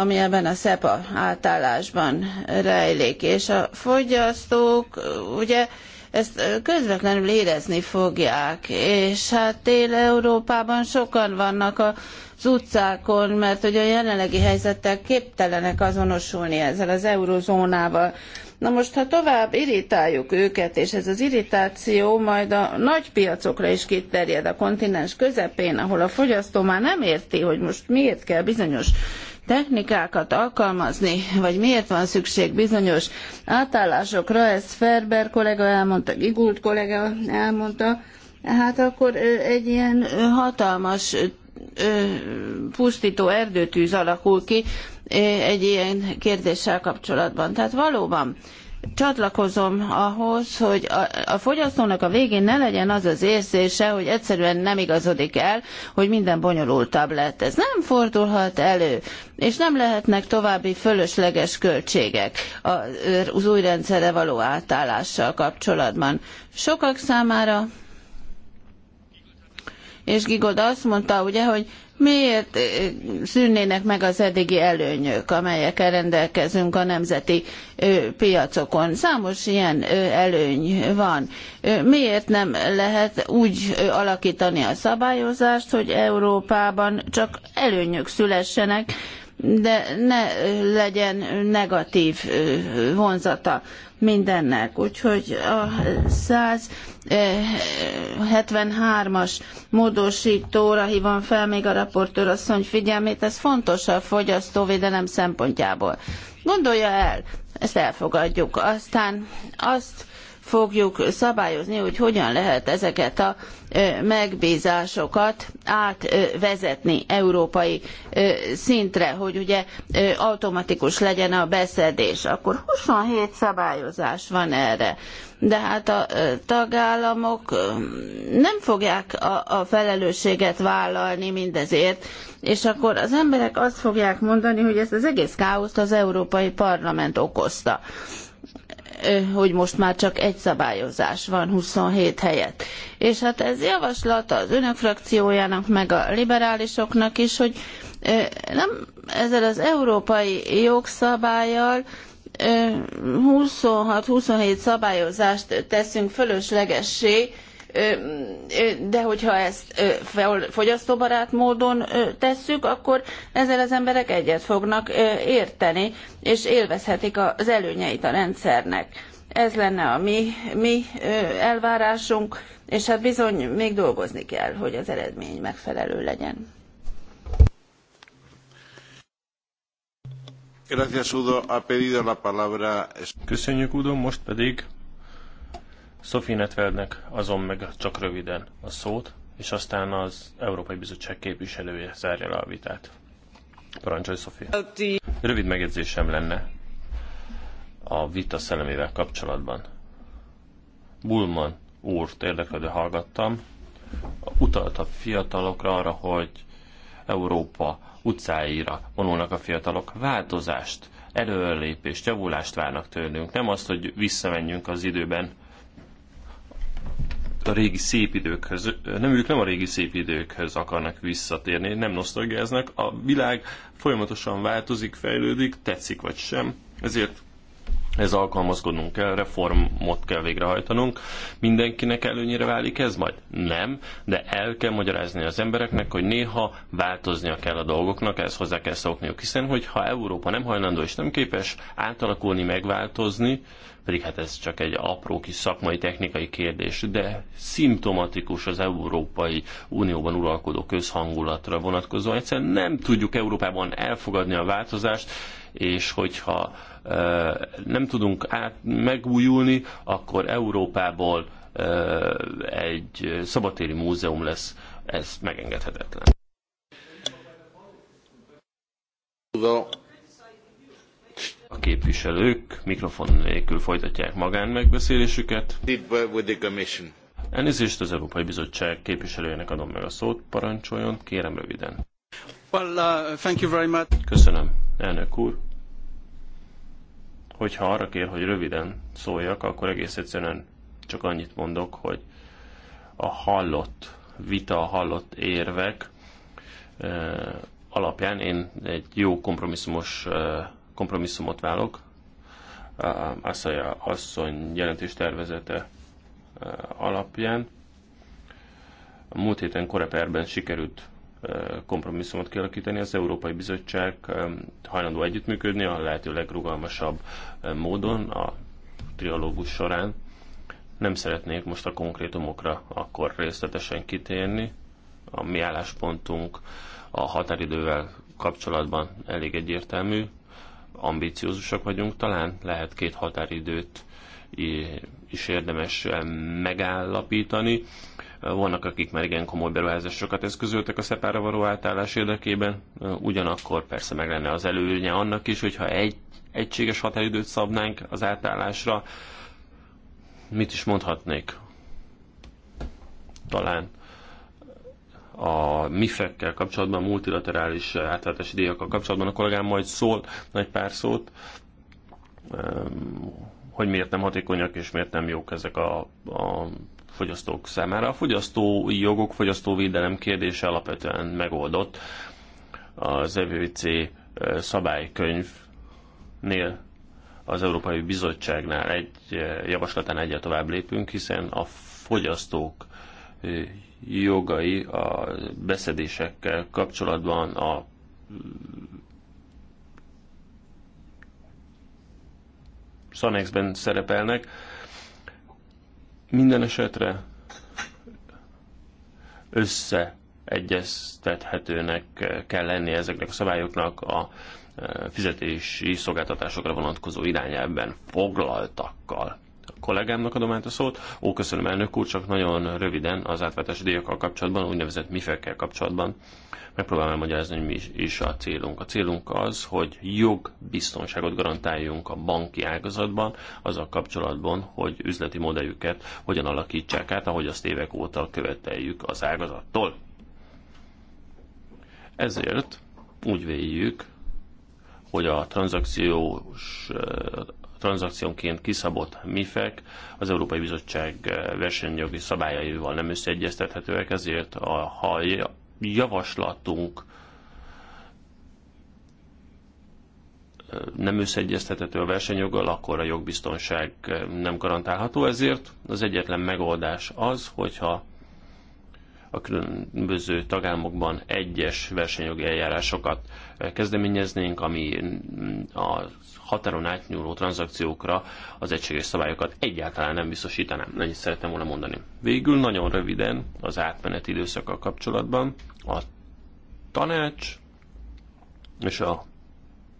ami ebben a SEPA átállásban rejlik. És a fogyasztók ugye ezt közvetlenül érezni fogják. És hát Dél-Európában sokan vannak az utcákon, mert hogy a jelenlegi helyzettel képtelenek azonosulni ezzel az eurozónával. Na most, ha tovább irritáljuk őket, és ez az irritáció majd a nagy piacokra is kiterjed a kontinens közepén, ahol a fogyasztó már nem érti, hogy most miért kell bizonyos technikákat alkalmazni, vagy miért van szükség bizonyos átállásokra, ezt Ferber kollega elmondta, Gigult kollega elmondta, hát akkor egy ilyen hatalmas pusztító erdőtűz alakul ki, egy ilyen kérdéssel kapcsolatban. Tehát valóban csatlakozom ahhoz, hogy a, a fogyasztónak a végén ne legyen az az érzése, hogy egyszerűen nem igazodik el, hogy minden bonyolultabb lett. Ez nem fordulhat elő, és nem lehetnek további fölösleges költségek az új rendszerre való átállással kapcsolatban. Sokak számára és Gigold azt mondta, ugye, hogy miért eh, szűnnének meg az eddigi előnyök, amelyekkel rendelkezünk a nemzeti piacokon? Számos ilyen előny van. Miért nem lehet úgy alakítani a szabályozást, hogy Európában csak előnyök szülessenek, de ne legyen negatív vonzata mindennek. Úgyhogy a 173-as módosítóra hívom fel még a raportőr asszony figyelmét, ez fontos a fogyasztóvédelem szempontjából. Gondolja el, ezt elfogadjuk. Aztán azt fogjuk szabályozni, hogy hogyan lehet ezeket a megbízásokat átvezetni európai szintre, hogy ugye automatikus legyen a beszedés. Akkor 27 szabályozás van erre de hát a tagállamok nem fogják a, a felelősséget vállalni mindezért, és akkor az emberek azt fogják mondani, hogy ezt az egész káoszt az Európai Parlament okozta hogy most már csak egy szabályozás van 27 helyett. És hát ez javaslat az önök frakciójának, meg a liberálisoknak is, hogy nem ezzel az európai jogszabályjal 26-27 szabályozást teszünk fölöslegessé, de hogyha ezt fogyasztóbarát módon tesszük, akkor ezzel az emberek egyet fognak érteni, és élvezhetik az előnyeit a rendszernek. Ez lenne a mi, mi elvárásunk, és hát bizony még dolgozni kell, hogy az eredmény megfelelő legyen. Köszönjük, Udo. Most pedig Sophie Netveldnek azon meg csak röviden a szót, és aztán az Európai Bizottság képviselője zárja le a vitát. Parancsolj, Sophie. Rövid megjegyzésem lenne a vita szellemével kapcsolatban. Bulman úrt érdeklődő hallgattam, utalt a fiatalokra arra, hogy Európa utcáira vonulnak a fiatalok, változást, előrelépést, javulást várnak tőlünk. Nem azt, hogy visszamenjünk az időben, a régi szép időkhöz, nem ők nem a régi szép időkhöz akarnak visszatérni, nem nosztalgiáznak, a világ folyamatosan változik, fejlődik, tetszik vagy sem, ezért ez alkalmazkodnunk kell, reformot kell végrehajtanunk. Mindenkinek előnyére válik ez majd? Nem, de el kell magyarázni az embereknek, hogy néha változnia kell a dolgoknak, ezt hozzá kell szokniuk, hiszen hogyha Európa nem hajlandó és nem képes átalakulni, megváltozni, pedig hát ez csak egy apró kis szakmai technikai kérdés, de szimptomatikus az Európai Unióban uralkodó közhangulatra vonatkozóan. Egyszerűen nem tudjuk Európában elfogadni a változást, és hogyha nem tudunk át, megújulni, akkor Európából egy szabatéri múzeum lesz, ez megengedhetetlen. A képviselők mikrofon nélkül folytatják magánmegbeszélésüket. Elnézést az Európai Bizottság képviselőjének adom meg a szót, parancsoljon, kérem röviden. Well, uh, thank you very much. Köszönöm, elnök úr. Hogyha arra kér, hogy röviden szóljak, akkor egész egyszerűen csak annyit mondok, hogy a hallott vita, a hallott érvek uh, alapján én egy jó kompromisszumos uh, kompromisszumot válok. Aszaja asszony jelentés tervezete e, alapján. A múlt héten Koreperben sikerült e, kompromisszumot kialakítani. Az Európai Bizottság e, hajlandó együttműködni a lehető legrugalmasabb módon a trialógus során. Nem szeretnék most a konkrétumokra akkor részletesen kitérni. A mi álláspontunk a határidővel kapcsolatban elég egyértelmű ambiciózusak vagyunk, talán lehet két határidőt is érdemes megállapítani. Vannak, akik már igen komoly beruházásokat eszközöltek a szepára való átállás érdekében, ugyanakkor persze meg lenne az előnye annak is, hogyha egy egységes határidőt szabnánk az átállásra, mit is mondhatnék? Talán a MIFEK-kel kapcsolatban, a multilaterális eh, átváltási díjakkal kapcsolatban a kollégám majd szól nagy pár szót, ehm, hogy miért nem hatékonyak és miért nem jók ezek a, a fogyasztók számára. A fogyasztói jogok, fogyasztóvédelem kérdése alapvetően megoldott az EVC eh, szabálykönyvnél az Európai Bizottságnál egy eh, javaslatán egyet tovább lépünk, hiszen a fogyasztók jogai a beszedésekkel kapcsolatban a Szanexben szerepelnek. Minden esetre összeegyeztethetőnek kell lenni ezeknek a szabályoknak a e, fizetési szolgáltatásokra vonatkozó irányelben foglaltakkal kollégámnak adom át a szót. Ó, köszönöm elnök úr, csak nagyon röviden az átváltási díjakkal kapcsolatban, úgynevezett mifekkel kapcsolatban. Megpróbálom elmagyarázni, hogy mi is, a célunk. A célunk az, hogy jogbiztonságot garantáljunk a banki ágazatban, azzal kapcsolatban, hogy üzleti modelljüket hogyan alakítsák át, ahogy azt évek óta követeljük az ágazattól. Ezért úgy véljük, hogy a tranzakciós tranzakciónként kiszabott MIFEK az Európai Bizottság eh, versenyjogi szabályaival nem összeegyeztethetőek, ezért a, ha javaslatunk eh, nem összeegyeztethető a versenyjoggal, akkor a jogbiztonság eh, nem garantálható, ezért az egyetlen megoldás az, hogyha a különböző tagállamokban egyes versenyjogi eljárásokat kezdeményeznénk, ami mm, az határon átnyúló tranzakciókra az egységes szabályokat egyáltalán nem biztosítanám. Ennyit szeretem volna mondani. Végül nagyon röviden az átmeneti időszakkal kapcsolatban a tanács és a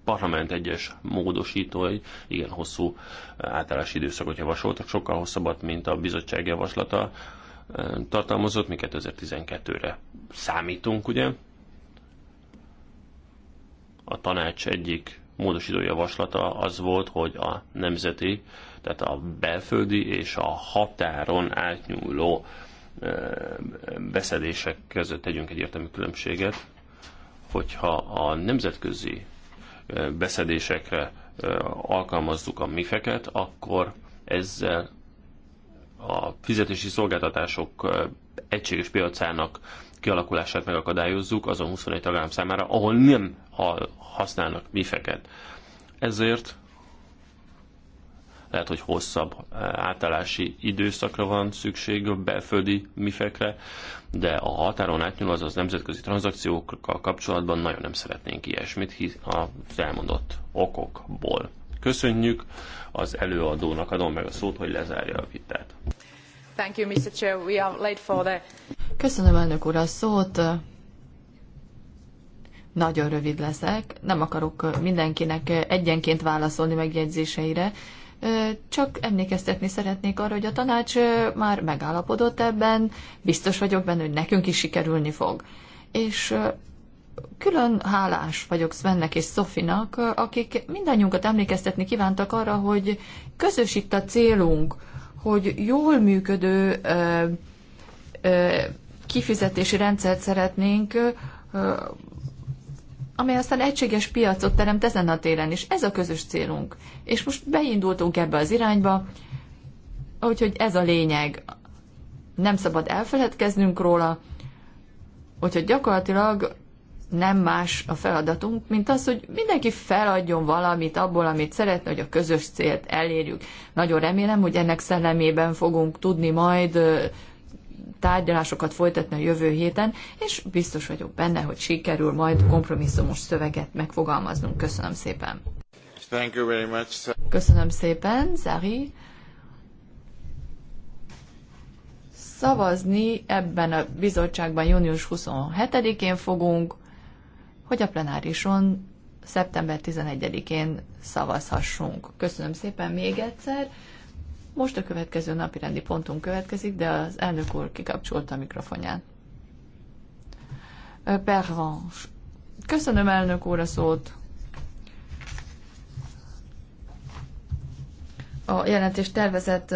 parlament egyes módosítói igen hosszú átállási időszakot javasoltak, sokkal hosszabbat, mint a bizottság javaslata eh, tartalmazott, mi 2012-re számítunk, ugye? A tanács egyik módosító javaslata az volt, hogy a nemzeti, tehát a belföldi és a határon átnyúló beszedések között tegyünk egyértelmű különbséget, hogyha a nemzetközi beszedésekre alkalmazzuk a mifeket, akkor ezzel a fizetési szolgáltatások egységes piacának kialakulását megakadályozzuk azon 21 tagállam számára, ahol nem használnak mifeket. Ezért lehet, hogy hosszabb eh, átállási időszakra van szükség a belföldi mifekre, de a határon átnyúló, az nemzetközi tranzakciókkal kapcsolatban nagyon nem szeretnénk ilyesmit hisz az elmondott okokból. Köszönjük, az előadónak adom meg a szót, hogy lezárja a vitát. Thank you, Mr. Chair. We are late for the... Köszönöm, elnök úr, a szót. Nagyon rövid leszek. Nem akarok mindenkinek egyenként válaszolni megjegyzéseire. Csak emlékeztetni szeretnék arra, hogy a tanács már megállapodott ebben, biztos vagyok benne, hogy nekünk is sikerülni fog. És külön hálás vagyok Svennek és Sofinak, akik mindannyiunkat emlékeztetni kívántak arra, hogy közös itt a célunk, hogy jól működő kifizetési rendszert szeretnénk, amely aztán egységes piacot teremt ezen a téren is. Ez a közös célunk. És most beindultunk ebbe az irányba, úgyhogy ez a lényeg. Nem szabad elfeledkeznünk róla, úgyhogy gyakorlatilag nem más a feladatunk, mint az, hogy mindenki feladjon valamit abból, amit szeretne, hogy a közös célt elérjük. Nagyon remélem, hogy ennek szellemében fogunk tudni majd tárgyalásokat folytatni a jövő héten, és biztos vagyok benne, hogy sikerül majd kompromisszumos szöveget megfogalmaznunk. Köszönöm szépen! Thank you very much, sir. Köszönöm szépen, Zari! Szavazni ebben a bizottságban június 27-én fogunk, hogy a plenárison szeptember 11-én szavazhassunk. Köszönöm szépen még egyszer. Most a következő napi rendi pontunk következik, de az elnök úr kikapcsolta a mikrofonját. Pervans. Köszönöm elnök úr a szót. A jelentés tervezett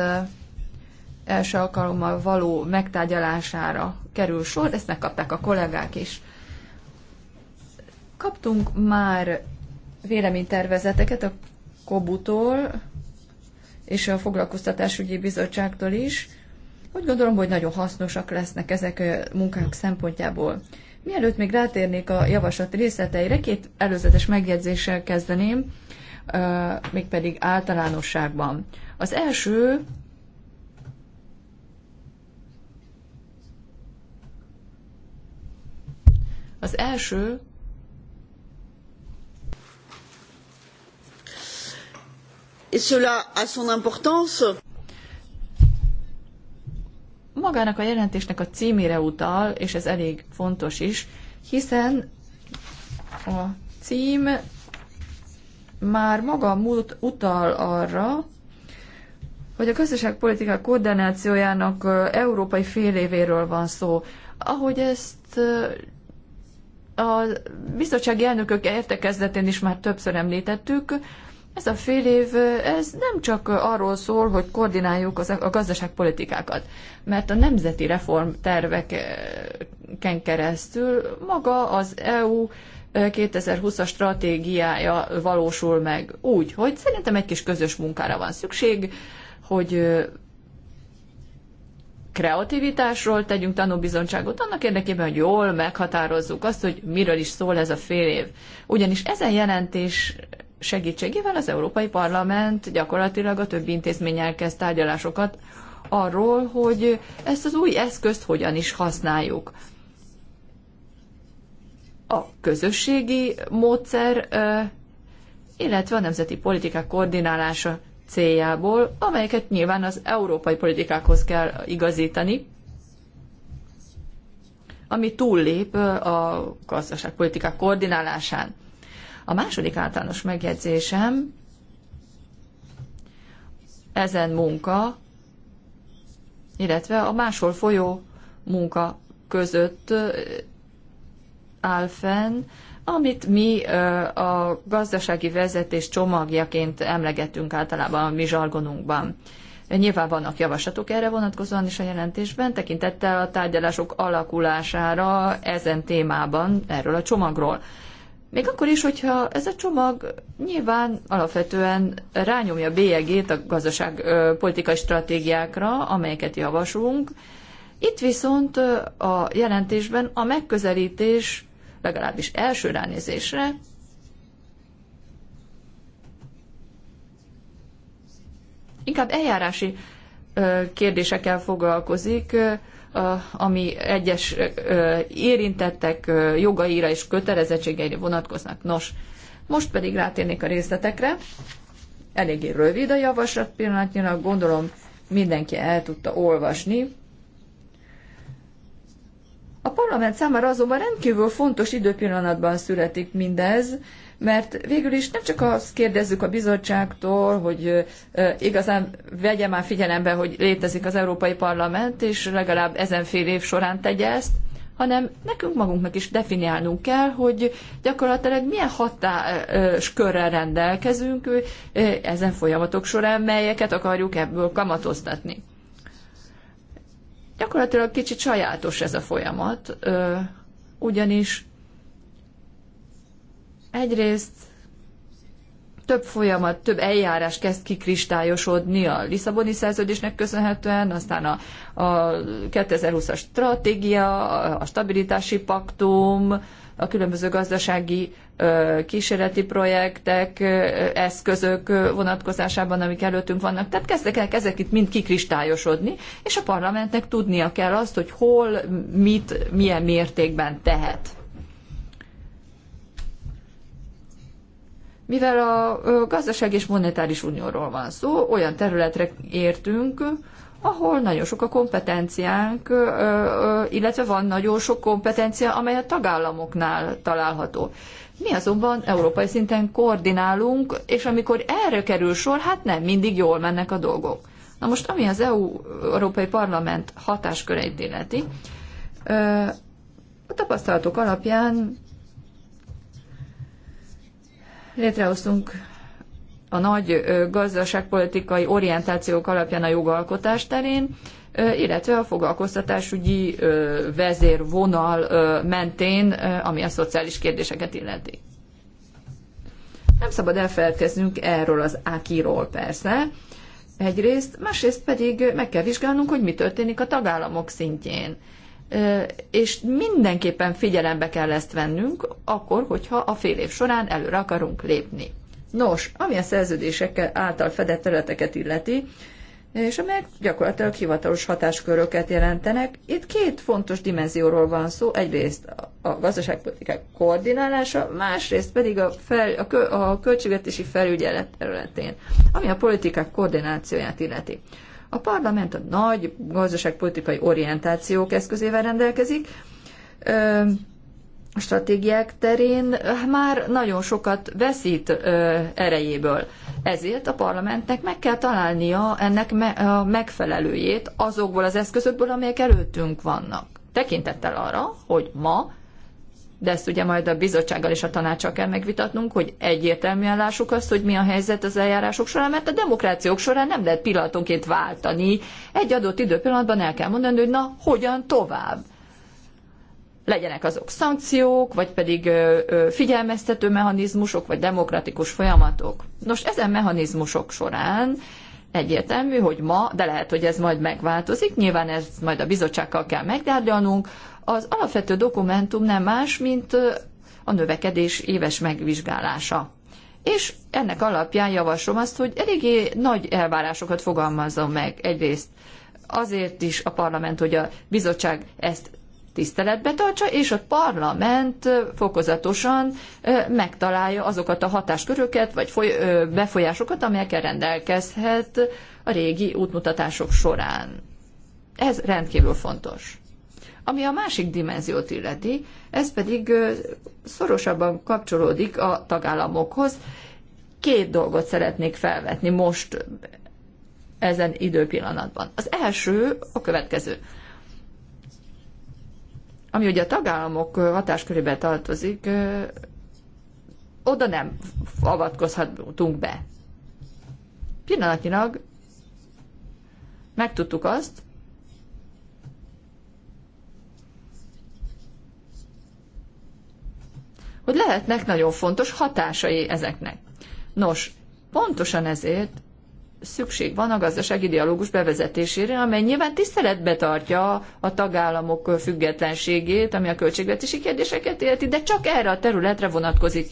első alkalommal való megtárgyalására kerül sor, ezt megkapták a kollégák is. Kaptunk már véleménytervezeteket a Kobutól és a Foglalkoztatásügyi Bizottságtól is. Úgy gondolom, hogy nagyon hasznosak lesznek ezek a munkák szempontjából. Mielőtt még rátérnék a javaslat részleteire, két előzetes megjegyzéssel kezdeném, mégpedig általánosságban. Az első Az első et cela a son importance. Magának a jelentésnek a címére utal, és ez elég fontos is, hiszen a cím már maga múlt utal arra, hogy a közösségpolitika koordinációjának európai fél évéről van szó. Ahogy ezt a bizottsági elnökök értekezletén is már többször említettük, ez a fél év, ez nem csak arról szól, hogy koordináljuk az, a gazdaságpolitikákat, mert a nemzeti reformterveken keresztül maga az EU 2020-as stratégiája valósul meg úgy, hogy szerintem egy kis közös munkára van szükség, hogy kreativitásról tegyünk tanúbizonyságot annak érdekében, hogy jól meghatározzuk azt, hogy miről is szól ez a fél év. Ugyanis ezen jelentés segítségével az Európai Parlament gyakorlatilag a többi intézménnyel kezd tárgyalásokat arról, hogy ezt az új eszközt hogyan is használjuk. A közösségi módszer, illetve a nemzeti politikák koordinálása céljából, amelyeket nyilván az európai politikákhoz kell igazítani, ami túllép a gazdaságpolitikák koordinálásán. A második általános megjegyzésem, ezen munka, illetve a máshol folyó munka között áll fenn, amit mi a gazdasági vezetés csomagjaként emlegetünk általában a mi zsargonunkban. Nyilván vannak javaslatok erre vonatkozóan is a jelentésben, tekintettel a tárgyalások alakulására ezen témában, erről a csomagról. Még akkor is, hogyha ez a csomag nyilván alapvetően rányomja bélyegét a gazdaságpolitikai stratégiákra, amelyeket javasolunk, Itt viszont a jelentésben a megközelítés legalábbis első ránézésre inkább eljárási kérdésekkel foglalkozik, ami egyes érintettek jogaira és kötelezettségeire vonatkoznak. Nos, most pedig rátérnék a részletekre. Eléggé rövid a javaslat pillanatnyilag, gondolom mindenki el tudta olvasni. A parlament számára azonban rendkívül fontos időpillanatban születik mindez, mert végül is nem csak azt kérdezzük a bizottságtól, hogy igazán vegye már figyelembe, hogy létezik az Európai Parlament, és legalább ezen fél év során tegye ezt, hanem nekünk magunknak is definiálnunk kell, hogy gyakorlatilag milyen hatás körrel rendelkezünk ezen folyamatok során, melyeket akarjuk ebből kamatoztatni. Gyakorlatilag kicsit sajátos ez a folyamat, ugyanis Egyrészt több folyamat, több eljárás kezd kikristályosodni a Lisszaboni szerződésnek köszönhetően, aztán a, a 2020-as stratégia, a stabilitási paktum, a különböző gazdasági kísérleti projektek, eszközök vonatkozásában, amik előttünk vannak. Tehát kezdek el ezek itt mind kikristályosodni, és a parlamentnek tudnia kell azt, hogy hol, mit, milyen mértékben tehet. Mivel a gazdaság és monetáris unióról van szó, olyan területre értünk, ahol nagyon sok a kompetenciánk, illetve van nagyon sok kompetencia, amely a tagállamoknál található. Mi azonban európai szinten koordinálunk, és amikor erre kerül sor, hát nem mindig jól mennek a dolgok. Na most, ami az EU, Európai Parlament hatásköreit illeti, a tapasztalatok alapján Létrehoztunk a nagy gazdaságpolitikai orientációk alapján a jogalkotás terén, illetve a foglalkoztatásügyi vezérvonal mentén, ami a szociális kérdéseket illeti. Nem szabad elfelelkeznünk erről az ákiról persze, egyrészt, másrészt pedig meg kell vizsgálnunk, hogy mi történik a tagállamok szintjén és mindenképpen figyelembe kell ezt vennünk, akkor, hogyha a fél év során előre akarunk lépni. Nos, ami a szerződésekkel által fedett területeket illeti, és amelyek gyakorlatilag hivatalos hatásköröket jelentenek. Itt két fontos dimenzióról van szó, egyrészt a gazdaságpolitikák koordinálása, másrészt pedig a, fel, a, kö, a költségvetési felügyelet területén, ami a politikák koordinációját illeti. A parlament a nagy gazdaságpolitikai orientációk eszközével rendelkezik, a stratégiák terén már nagyon sokat veszít erejéből. Ezért a parlamentnek meg kell találnia ennek a megfelelőjét azokból az eszközökből, amelyek előttünk vannak. Tekintettel arra, hogy ma de ezt ugye majd a bizottsággal és a tanácsal kell megvitatnunk, hogy egyértelműen lássuk azt, hogy mi a helyzet az eljárások során, mert a demokrációk során nem lehet pillanatonként váltani. Egy adott időpillanatban el kell mondani, hogy na, hogyan tovább legyenek azok szankciók, vagy pedig figyelmeztető mechanizmusok, vagy demokratikus folyamatok. Nos, ezen mechanizmusok során egyértelmű, hogy ma, de lehet, hogy ez majd megváltozik, nyilván ezt majd a bizottsággal kell megtárgyalnunk, az alapvető dokumentum nem más, mint a növekedés éves megvizsgálása. És ennek alapján javaslom azt, hogy eléggé nagy elvárásokat fogalmazzon meg egyrészt azért is a parlament, hogy a bizottság ezt tiszteletbe tartsa, és a parlament fokozatosan megtalálja azokat a hatásköröket, vagy befolyásokat, amelyekkel rendelkezhet a régi útmutatások során. Ez rendkívül fontos. Ami a másik dimenziót illeti, ez pedig szorosabban kapcsolódik a tagállamokhoz. Két dolgot szeretnék felvetni most ezen időpillanatban. Az első a következő. Ami ugye a tagállamok hatáskörébe tartozik, oda nem avatkozhatunk be. Pillanatnyilag megtudtuk azt, hogy lehetnek nagyon fontos hatásai ezeknek. Nos, pontosan ezért szükség van a gazdasági dialógus bevezetésére, amely nyilván tiszteletbe tartja a tagállamok függetlenségét, ami a költségvetési kérdéseket érti, de csak erre a területre vonatkozik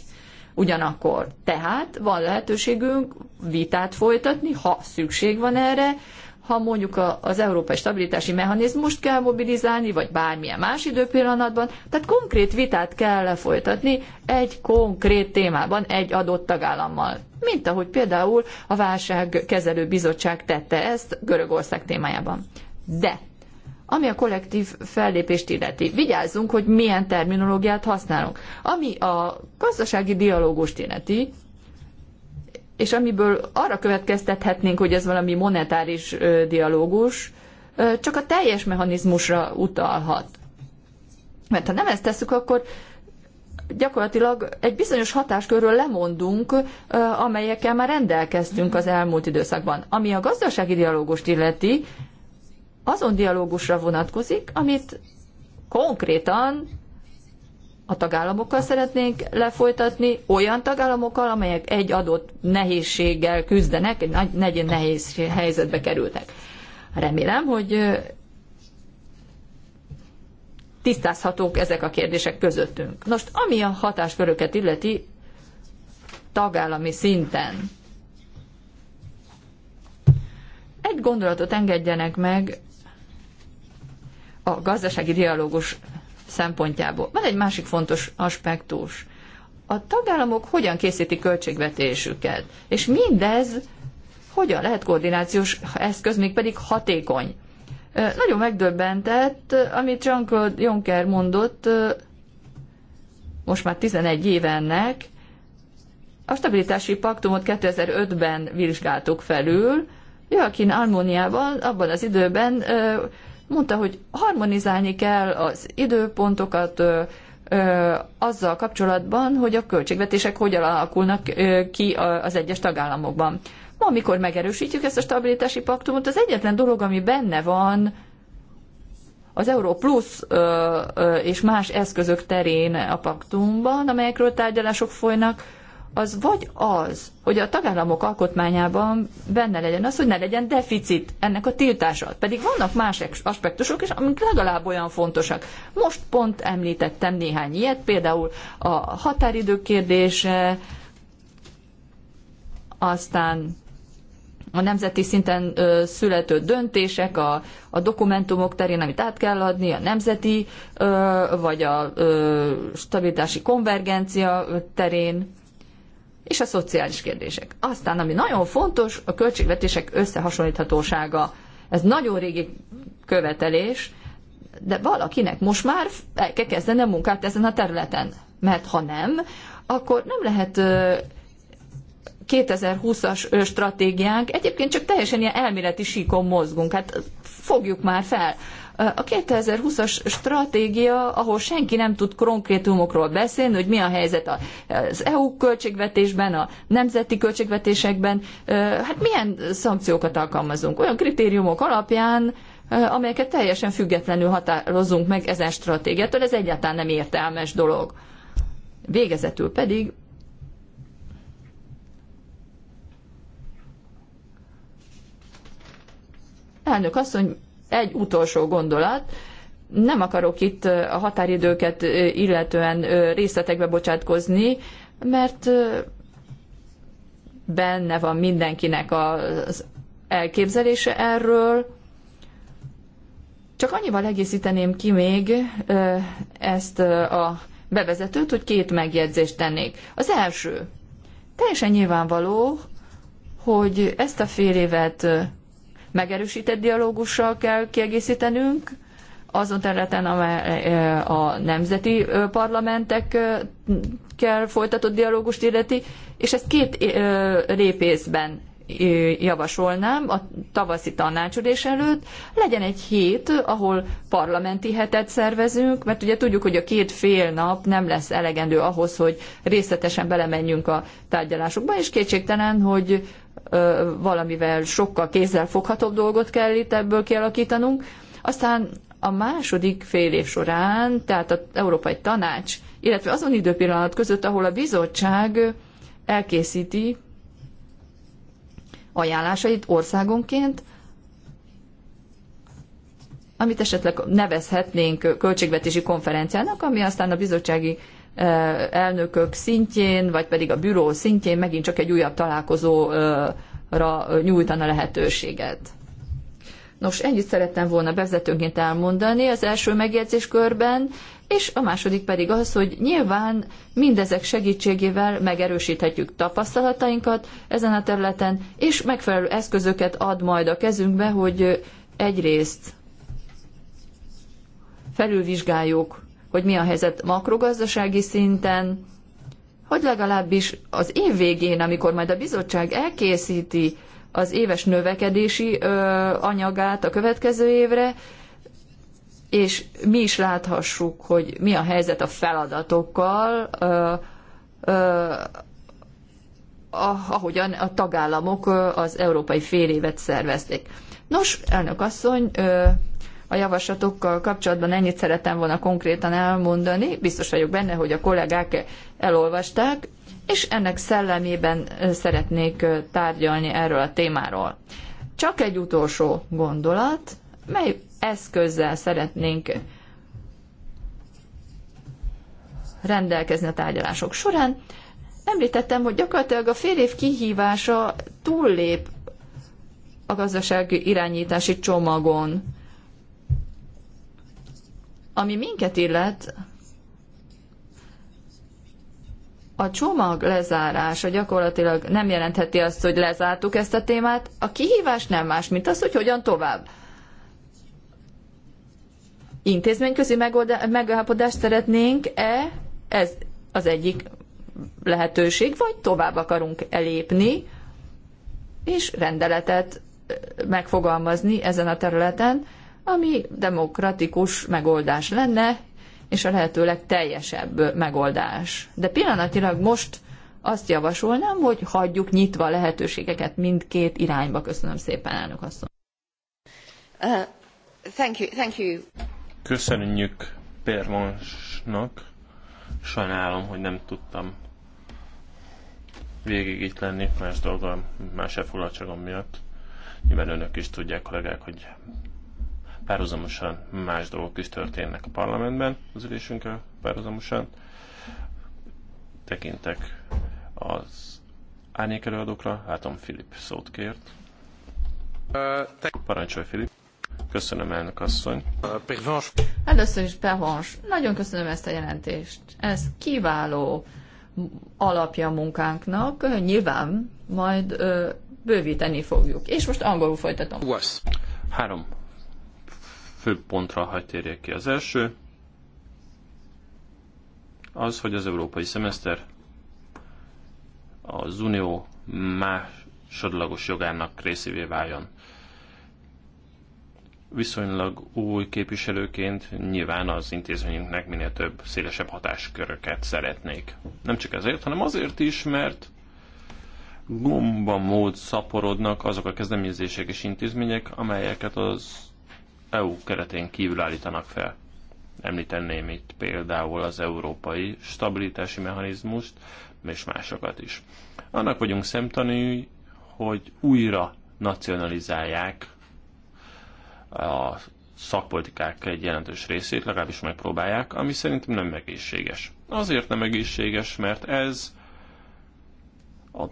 ugyanakkor. Tehát van lehetőségünk vitát folytatni, ha szükség van erre, ha mondjuk az európai stabilitási mechanizmust kell mobilizálni, vagy bármilyen más időpillanatban, tehát konkrét vitát kell lefolytatni egy konkrét témában egy adott tagállammal. Mint ahogy például a Válságkezelő Bizottság tette ezt Görögország témájában. De ami a kollektív fellépést illeti. Vigyázzunk, hogy milyen terminológiát használunk. Ami a gazdasági dialógust illeti, és amiből arra következtethetnénk, hogy ez valami monetáris dialógus, csak a teljes mechanizmusra utalhat. Mert ha nem ezt tesszük, akkor gyakorlatilag egy bizonyos hatáskörről lemondunk, amelyekkel már rendelkeztünk az elmúlt időszakban. Ami a gazdasági dialógust illeti, azon dialógusra vonatkozik, amit konkrétan a tagállamokkal szeretnénk lefolytatni, olyan tagállamokkal, amelyek egy adott nehézséggel küzdenek, egy nagy, nagyon nehéz helyzetbe kerültek. Remélem, hogy tisztázhatók ezek a kérdések közöttünk. Most, ami a hatásköröket illeti tagállami szinten, egy gondolatot engedjenek meg a gazdasági dialógus szempontjából. Van egy másik fontos aspektus. A tagállamok hogyan készítik költségvetésüket, és mindez hogyan lehet koordinációs eszköz, még pedig hatékony. Nagyon megdöbbentett, amit Jean-Claude Juncker mondott, most már 11 évennek, a stabilitási paktumot 2005-ben vizsgáltuk felül, Joachim Almóniában abban az időben mondta, hogy harmonizálni kell az időpontokat azzal kapcsolatban, hogy a költségvetések hogyan alakulnak ki az egyes tagállamokban. Ma, amikor megerősítjük ezt a stabilitási paktumot, az egyetlen dolog, ami benne van, az Euró Plus és más eszközök terén a paktumban, amelyekről tárgyalások folynak, az vagy az, hogy a tagállamok alkotmányában benne legyen az, hogy ne legyen deficit ennek a tiltása. Pedig vannak más aspektusok is, amik legalább olyan fontosak. Most pont említettem néhány ilyet, például a határidő kérdése, aztán a nemzeti szinten ö, születő döntések, a, a dokumentumok terén, amit át kell adni, a nemzeti ö, vagy a ö, stabilitási konvergencia terén és a szociális kérdések. Aztán, ami nagyon fontos, a költségvetések összehasonlíthatósága. Ez nagyon régi követelés, de valakinek most már el kell kezdeni a munkát ezen a területen. Mert ha nem, akkor nem lehet 2020-as stratégiánk, egyébként csak teljesen ilyen elméleti síkon mozgunk, hát fogjuk már fel. A 2020-as stratégia, ahol senki nem tud konkrétumokról beszélni, hogy mi a helyzet az EU költségvetésben, a nemzeti költségvetésekben, hát milyen szankciókat alkalmazunk? Olyan kritériumok alapján, amelyeket teljesen függetlenül határozunk meg ezen stratégiától, ez egyáltalán nem értelmes dolog. Végezetül pedig elnök asszony egy utolsó gondolat. Nem akarok itt a határidőket illetően részletekbe bocsátkozni, mert benne van mindenkinek az elképzelése erről. Csak annyival egészíteném ki még ezt a bevezetőt, hogy két megjegyzést tennék. Az első, teljesen nyilvánvaló, hogy ezt a fél évet megerősített dialógussal kell kiegészítenünk, azon területen, amely e, e, a nemzeti parlamentekkel folytatott dialógust illeti, és ezt két lépészben javasolnám a tavaszi tanácsülés előtt, legyen egy hét, ahol parlamenti hetet szervezünk, mert ugye tudjuk, hogy a két fél nap nem lesz elegendő ahhoz, hogy részletesen belemenjünk a tárgyalásokba, és kétségtelen, hogy valamivel sokkal foghatóbb dolgot kell itt ebből kialakítanunk. Aztán a második fél év során, tehát az Európai Tanács, illetve azon időpillanat között, ahol a bizottság elkészíti ajánlásait országonként, amit esetleg nevezhetnénk költségvetési konferenciának, ami aztán a bizottsági elnökök szintjén, vagy pedig a büró szintjén megint csak egy újabb találkozóra nyújtana lehetőséget. Nos, ennyit szerettem volna bevezetőként elmondani az első megjegyzéskörben, és a második pedig az, hogy nyilván mindezek segítségével megerősíthetjük tapasztalatainkat ezen a területen, és megfelelő eszközöket ad majd a kezünkbe, hogy egyrészt felülvizsgáljuk hogy mi a helyzet makrogazdasági szinten, hogy legalábbis az év végén, amikor majd a bizottság elkészíti az éves növekedési ö, anyagát a következő évre, és mi is láthassuk, hogy mi a helyzet a feladatokkal, ö, ö, ahogyan a tagállamok az európai félévet szervezték. Nos, elnök asszony, a javaslatokkal kapcsolatban ennyit szerettem volna konkrétan elmondani. Biztos vagyok benne, hogy a kollégák elolvasták, és ennek szellemében szeretnék tárgyalni erről a témáról. Csak egy utolsó gondolat, mely eszközzel szeretnénk rendelkezni a tárgyalások során. Említettem, hogy gyakorlatilag a fél év kihívása túllép a gazdasági irányítási csomagon. Ami minket illet, a csomag lezárása gyakorlatilag nem jelentheti azt, hogy lezártuk ezt a témát. A kihívás nem más, mint az, hogy hogyan tovább. Intézményközi megállapodást szeretnénk-e? Ez az egyik lehetőség, vagy tovább akarunk elépni, és rendeletet megfogalmazni ezen a területen, ami demokratikus megoldás lenne, és a lehetőleg teljesebb megoldás. De pillanatilag most azt javasolnám, hogy hagyjuk nyitva a lehetőségeket mindkét irányba. Köszönöm szépen, elnök asszony. Uh, thank you, thank you. Köszönjük Permonsnak. Sajnálom, hogy nem tudtam végig itt lenni más dolgom, más elfoglaltságom miatt. Nyilván önök is tudják, kollégák, hogy párhuzamosan más dolgok is történnek a parlamentben az ülésünkkel párhuzamosan. Tekintek az árnyék előadókra, látom Filip szót kért. Parancsolj Filip! Köszönöm, elnök asszony. Először is Pervans, nagyon köszönöm ezt a jelentést. Ez kiváló alapja a munkánknak. Nyilván majd ö, bővíteni fogjuk. És most angolul folytatom. Was. Három fő pontra hagy térjek ki. Az első az, hogy az európai szemeszter az unió másodlagos jogának részévé váljon. Viszonylag új képviselőként nyilván az intézményünknek minél több szélesebb hatásköröket szeretnék. Nem csak ezért, hanem azért is, mert gomba mód szaporodnak azok a kezdeményezések és intézmények, amelyeket az EU keretén kívül állítanak fel. Említenném itt például az európai stabilitási mechanizmust, és másokat is. Annak vagyunk szemtanúi, hogy újra nacionalizálják a szakpolitikák egy jelentős részét, legalábbis megpróbálják, ami szerintem nem egészséges. Azért nem egészséges, mert ez a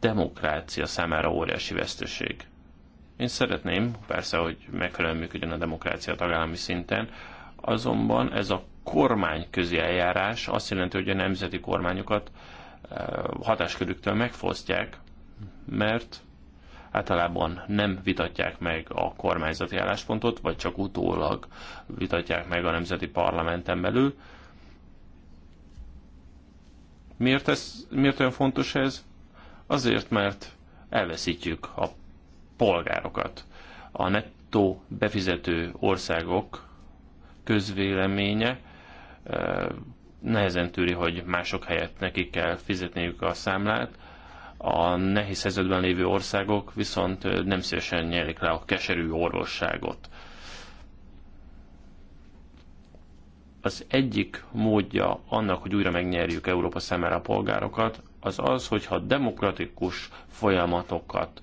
demokrácia számára óriási veszteség. Én szeretném, persze, hogy megfelelően működjön a demokrácia tagállami szinten, azonban ez a kormányközi eljárás azt jelenti, hogy a nemzeti kormányokat eh, hatáskörüktől megfosztják, mert általában nem vitatják meg a kormányzati álláspontot, vagy csak utólag vitatják meg a nemzeti parlamenten belül. Miért, ez, miért olyan fontos ez? Azért, mert elveszítjük a polgárokat. A nettó befizető országok közvéleménye nehezen tűri, hogy mások helyett nekik kell fizetniük a számlát. A nehéz helyzetben lévő országok viszont nem szívesen nyerik le a keserű orvosságot. Az egyik módja annak, hogy újra megnyerjük Európa számára a polgárokat, az az, hogyha demokratikus folyamatokat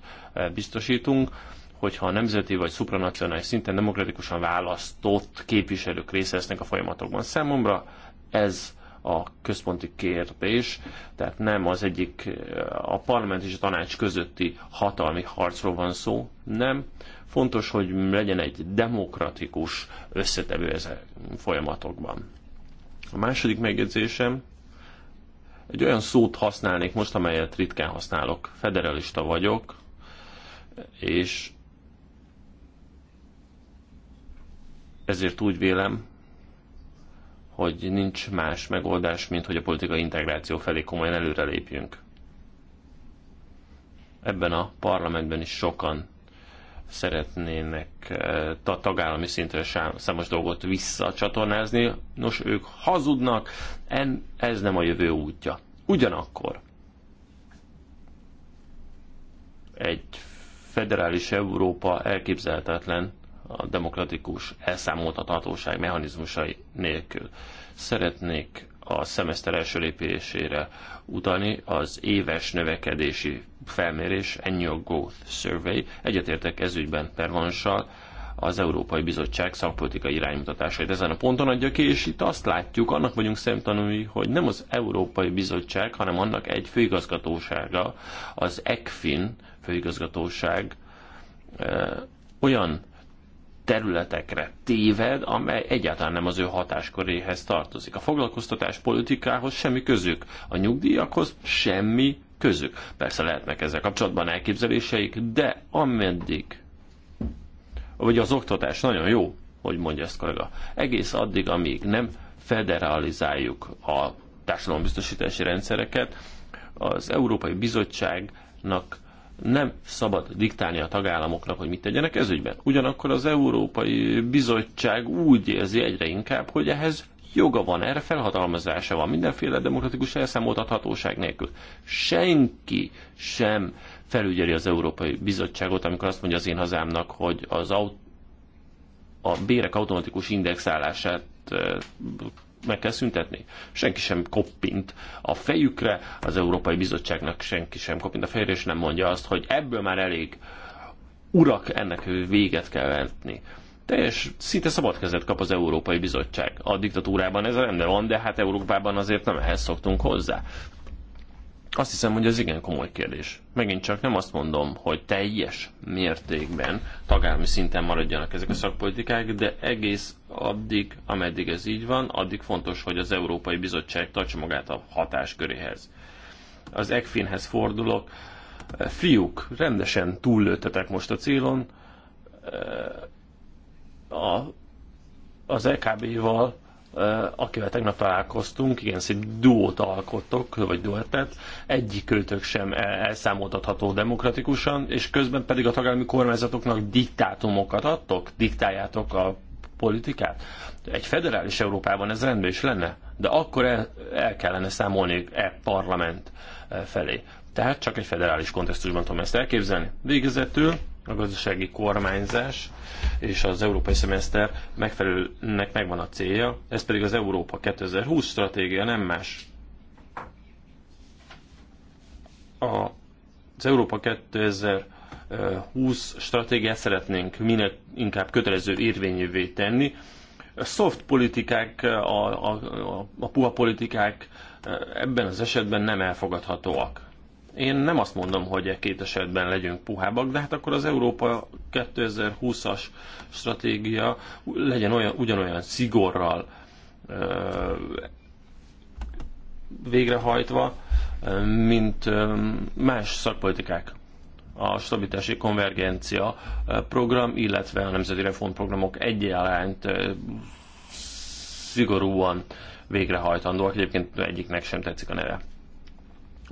biztosítunk, hogyha a nemzeti vagy szupranacionális szinten demokratikusan választott képviselők része lesznek a folyamatokban. Számomra ez a központi kérdés, tehát nem az egyik a parlament és a tanács közötti hatalmi harcról van szó, nem. Fontos, hogy legyen egy demokratikus összetevő ezen folyamatokban. A második megjegyzésem, egy olyan szót használnék most, amelyet ritkán használok. Federalista vagyok, és ezért úgy vélem, hogy nincs más megoldás, mint hogy a politikai integráció felé komolyan előrelépjünk. Ebben a parlamentben is sokan szeretnének eh, a tagállami szintre számos dolgot visszacsatornázni. Nos, ők hazudnak, en, ez nem a jövő útja. Ugyanakkor egy federális Európa elképzelhetetlen a demokratikus elszámoltathatóság mechanizmusai nélkül. Szeretnék a szemeszter első lépésére utalni, az éves növekedési felmérés, Annual Growth Survey. Egyetértek ezügyben pervanssal, az Európai Bizottság szakpolitikai iránymutatásait ezen a ponton adja ki, és itt azt látjuk, annak vagyunk szemtanúi, hogy nem az Európai Bizottság, hanem annak egy főigazgatósága, az ECFIN, főigazgatóság olyan területekre téved, amely egyáltalán nem az ő hatásköréhez tartozik. A foglalkoztatás politikához semmi közük, a nyugdíjakhoz semmi közük. Persze lehetnek ezzel kapcsolatban elképzeléseik, de ameddig, vagy az oktatás nagyon jó, hogy mondja ezt kollega, egész addig, amíg nem federalizáljuk a társadalombiztosítási rendszereket, az Európai Bizottságnak nem szabad diktálni a tagállamoknak, hogy mit tegyenek ez ügyben. Ugyanakkor az Európai Bizottság úgy érzi egyre inkább, hogy ehhez joga van, erre felhatalmazása van, mindenféle demokratikus elszámoltathatóság nélkül. Senki sem felügyeli az Európai Bizottságot, amikor azt mondja az én hazámnak, hogy az aut- a bérek automatikus indexálását eh, meg kell szüntetni. Senki sem koppint a fejükre, az Európai Bizottságnak senki sem koppint a fejre, és nem mondja azt, hogy ebből már elég urak, ennek véget kell vetni. Teljes, szinte szabad kezet kap az Európai Bizottság. A diktatúrában ez rendben van, de hát Európában azért nem ehhez szoktunk hozzá. Azt hiszem, hogy ez igen komoly kérdés. Megint csak nem azt mondom, hogy teljes mértékben tagállami szinten maradjanak ezek a szakpolitikák, de egész addig, ameddig ez így van, addig fontos, hogy az Európai Bizottság tartsa magát a hatásköréhez. Az ECFIN-hez fordulok. Eh, fiúk, rendesen túllőttetek most a célon. Eh, a, az EKB-val Eh, akivel tegnap találkoztunk, igen, szint duót alkottok, vagy duettet, egyik költök sem e- elszámoltatható demokratikusan, és közben pedig a tagállami kormányzatoknak diktátumokat adtok, diktáljátok a politikát. Egy federális Európában ez rendben is lenne, de akkor el, el kellene számolni e parlament eh, felé. Tehát csak egy federális kontextusban tudom ezt elképzelni. Végezetül a gazdasági kormányzás és az európai szemeszter megfelelőnek megvan a célja, ez pedig az Európa 2020 stratégia, nem más. A, az Európa 2020 stratégiát szeretnénk minél inkább kötelező érvényűvé tenni. A soft politikák, a, a, a, a puha politikák ebben az esetben nem elfogadhatóak én nem azt mondom, hogy e két esetben legyünk puhábbak, de hát akkor az Európa 2020-as stratégia legyen olyan, ugyanolyan szigorral végrehajtva, mint más szakpolitikák a stabilitási konvergencia program, illetve a nemzeti reformprogramok egyaránt szigorúan végrehajtandóak. Egyébként egyiknek sem tetszik a neve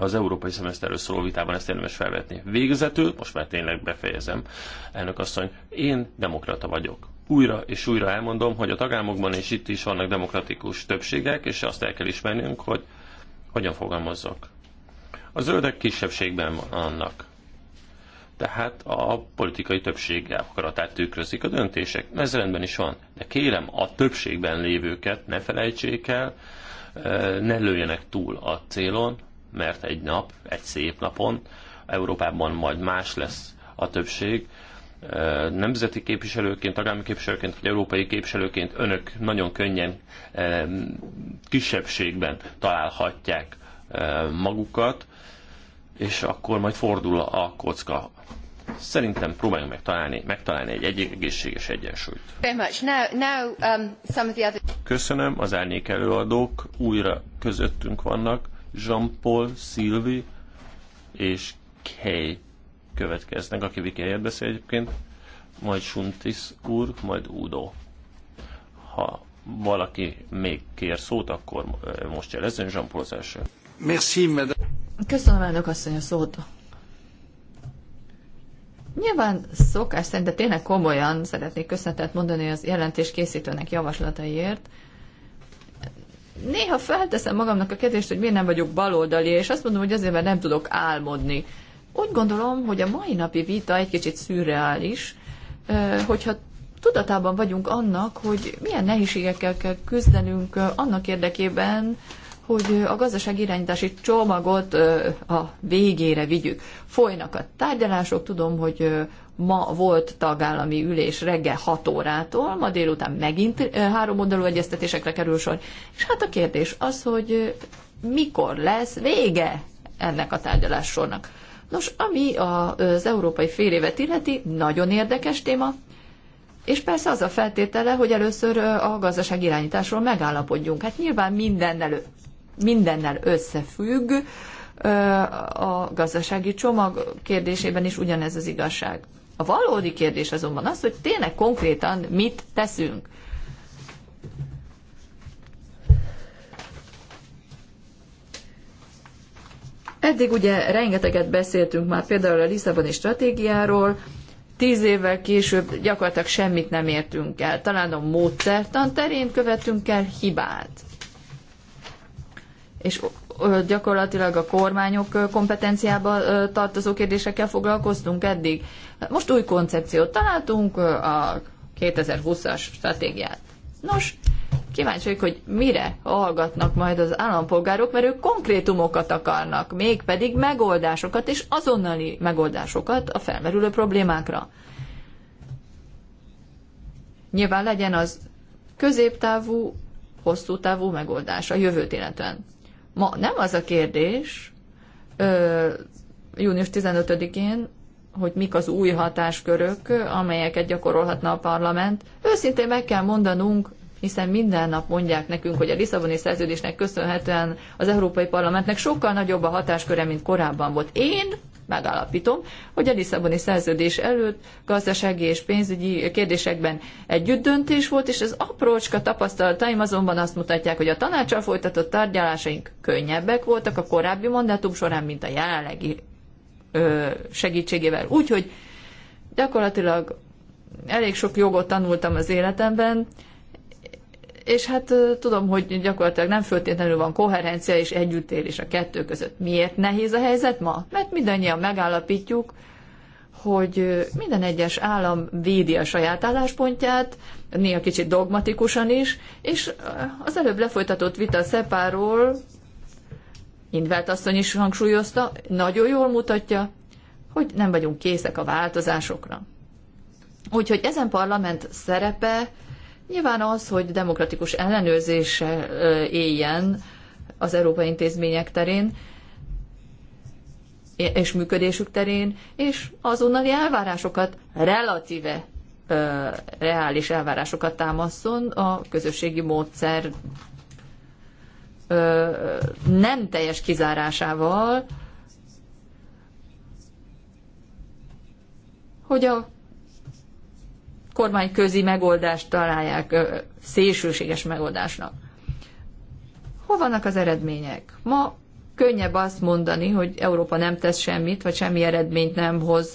az európai szemeszterről szóló vitában ezt érdemes felvetni. Végezetül, most már tényleg befejezem, elnök asszony, én demokrata vagyok újra és újra elmondom, hogy a tagállamokban és itt is vannak demokratikus többségek, és azt el kell ismernünk, hogy hogyan fogalmazzak. A zöldek kisebbségben vannak. Tehát a politikai többség akaratát tükrözik a döntések. Ez rendben is van. De kérem, a többségben lévőket ne felejtsék el, eh, ne lőjenek túl a célon, mert egy nap, egy szép napon Európában majd más lesz a többség. Nemzeti képviselőként, tagállami képviselőként, vagy európai képviselőként önök nagyon könnyen kisebbségben találhatják magukat, és akkor majd fordul a kocka. Szerintem próbáljunk megtalálni, megtalálni egy, egy egészséges egyensúlyt. Um, Köszönöm, az árnyék előadók újra közöttünk vannak. Jean-Paul, Sylvie és Kay következnek, aki Viki beszél egyébként, majd Suntis úr, majd Udo. Ha valaki még kér szót, akkor eh, most jelezzen Jean-Paul az első. Merci, madame. Köszönöm, elnök asszony, a szót. Nyilván szokás szerint, de tényleg komolyan szeretnék köszönetet mondani az jelentés készítőnek javaslataiért, néha felteszem magamnak a kérdést, hogy miért nem vagyok baloldali, és azt mondom, hogy azért, mert nem tudok álmodni. Úgy gondolom, hogy a mai napi vita egy kicsit szürreális, hogyha tudatában vagyunk annak, hogy milyen nehézségekkel kell küzdenünk annak érdekében, hogy a gazdasági irányítási csomagot a végére vigyük. Folynak a tárgyalások, tudom, hogy ma volt tagállami ülés reggel 6 órától, ma délután megint három oldalú egyeztetésekre kerül sor. És hát a kérdés az, hogy mikor lesz vége ennek a tárgyalássornak. Nos, ami az európai fél évet illeti, nagyon érdekes téma, és persze az a feltétele, hogy először a gazdaság irányításról megállapodjunk. Hát nyilván mindennel mindennel összefügg, a gazdasági csomag kérdésében is ugyanez az igazság. A valódi kérdés azonban az, hogy tényleg konkrétan mit teszünk. Eddig ugye rengeteget beszéltünk már például a Lisszaboni stratégiáról, tíz évvel később gyakorlatilag semmit nem értünk el. Talán a módszertan terén követünk el hibát és gyakorlatilag a kormányok kompetenciába tartozó kérdésekkel foglalkoztunk eddig. Most új koncepciót találtunk, a 2020-as stratégiát. Nos, kíváncsi vagyok, hogy mire hallgatnak majd az állampolgárok, mert ők konkrétumokat akarnak, mégpedig megoldásokat és azonnali megoldásokat a felmerülő problémákra. Nyilván legyen az középtávú, hosszú távú megoldás a jövőt illetően. Ma nem az a kérdés, ö, június 15-én, hogy mik az új hatáskörök, amelyeket gyakorolhatna a parlament. Őszintén meg kell mondanunk, hiszen minden nap mondják nekünk, hogy a Lisszaboni szerződésnek köszönhetően az Európai Parlamentnek sokkal nagyobb a hatásköre, mint korábban volt. Én megállapítom, hogy a Lisszaboni szerződés előtt gazdasági és pénzügyi kérdésekben együtt döntés volt, és az aprócska tapasztalataim azonban azt mutatják, hogy a tanácsal folytatott tárgyalásaink könnyebbek voltak a korábbi mandátum során, mint a jelenlegi ö, segítségével. Úgyhogy gyakorlatilag elég sok jogot tanultam az életemben, és hát tudom, hogy gyakorlatilag nem föltétlenül van koherencia és együttélés a kettő között. Miért nehéz a helyzet ma? Mert mindannyian megállapítjuk, hogy minden egyes állam védi a saját álláspontját, néha kicsit dogmatikusan is, és az előbb lefolytatott vita Szepáról, Indvelt asszony is hangsúlyozta, nagyon jól mutatja, hogy nem vagyunk készek a változásokra. Úgyhogy ezen parlament szerepe Nyilván az, hogy demokratikus ellenőrzése éljen az európai intézmények terén, és működésük terén, és azonnali elvárásokat relatíve reális elvárásokat támaszon a közösségi módszer nem teljes kizárásával, hogy a kormányközi megoldást találják szélsőséges megoldásnak. Hol vannak az eredmények? Ma könnyebb azt mondani, hogy Európa nem tesz semmit, vagy semmi eredményt nem hoz,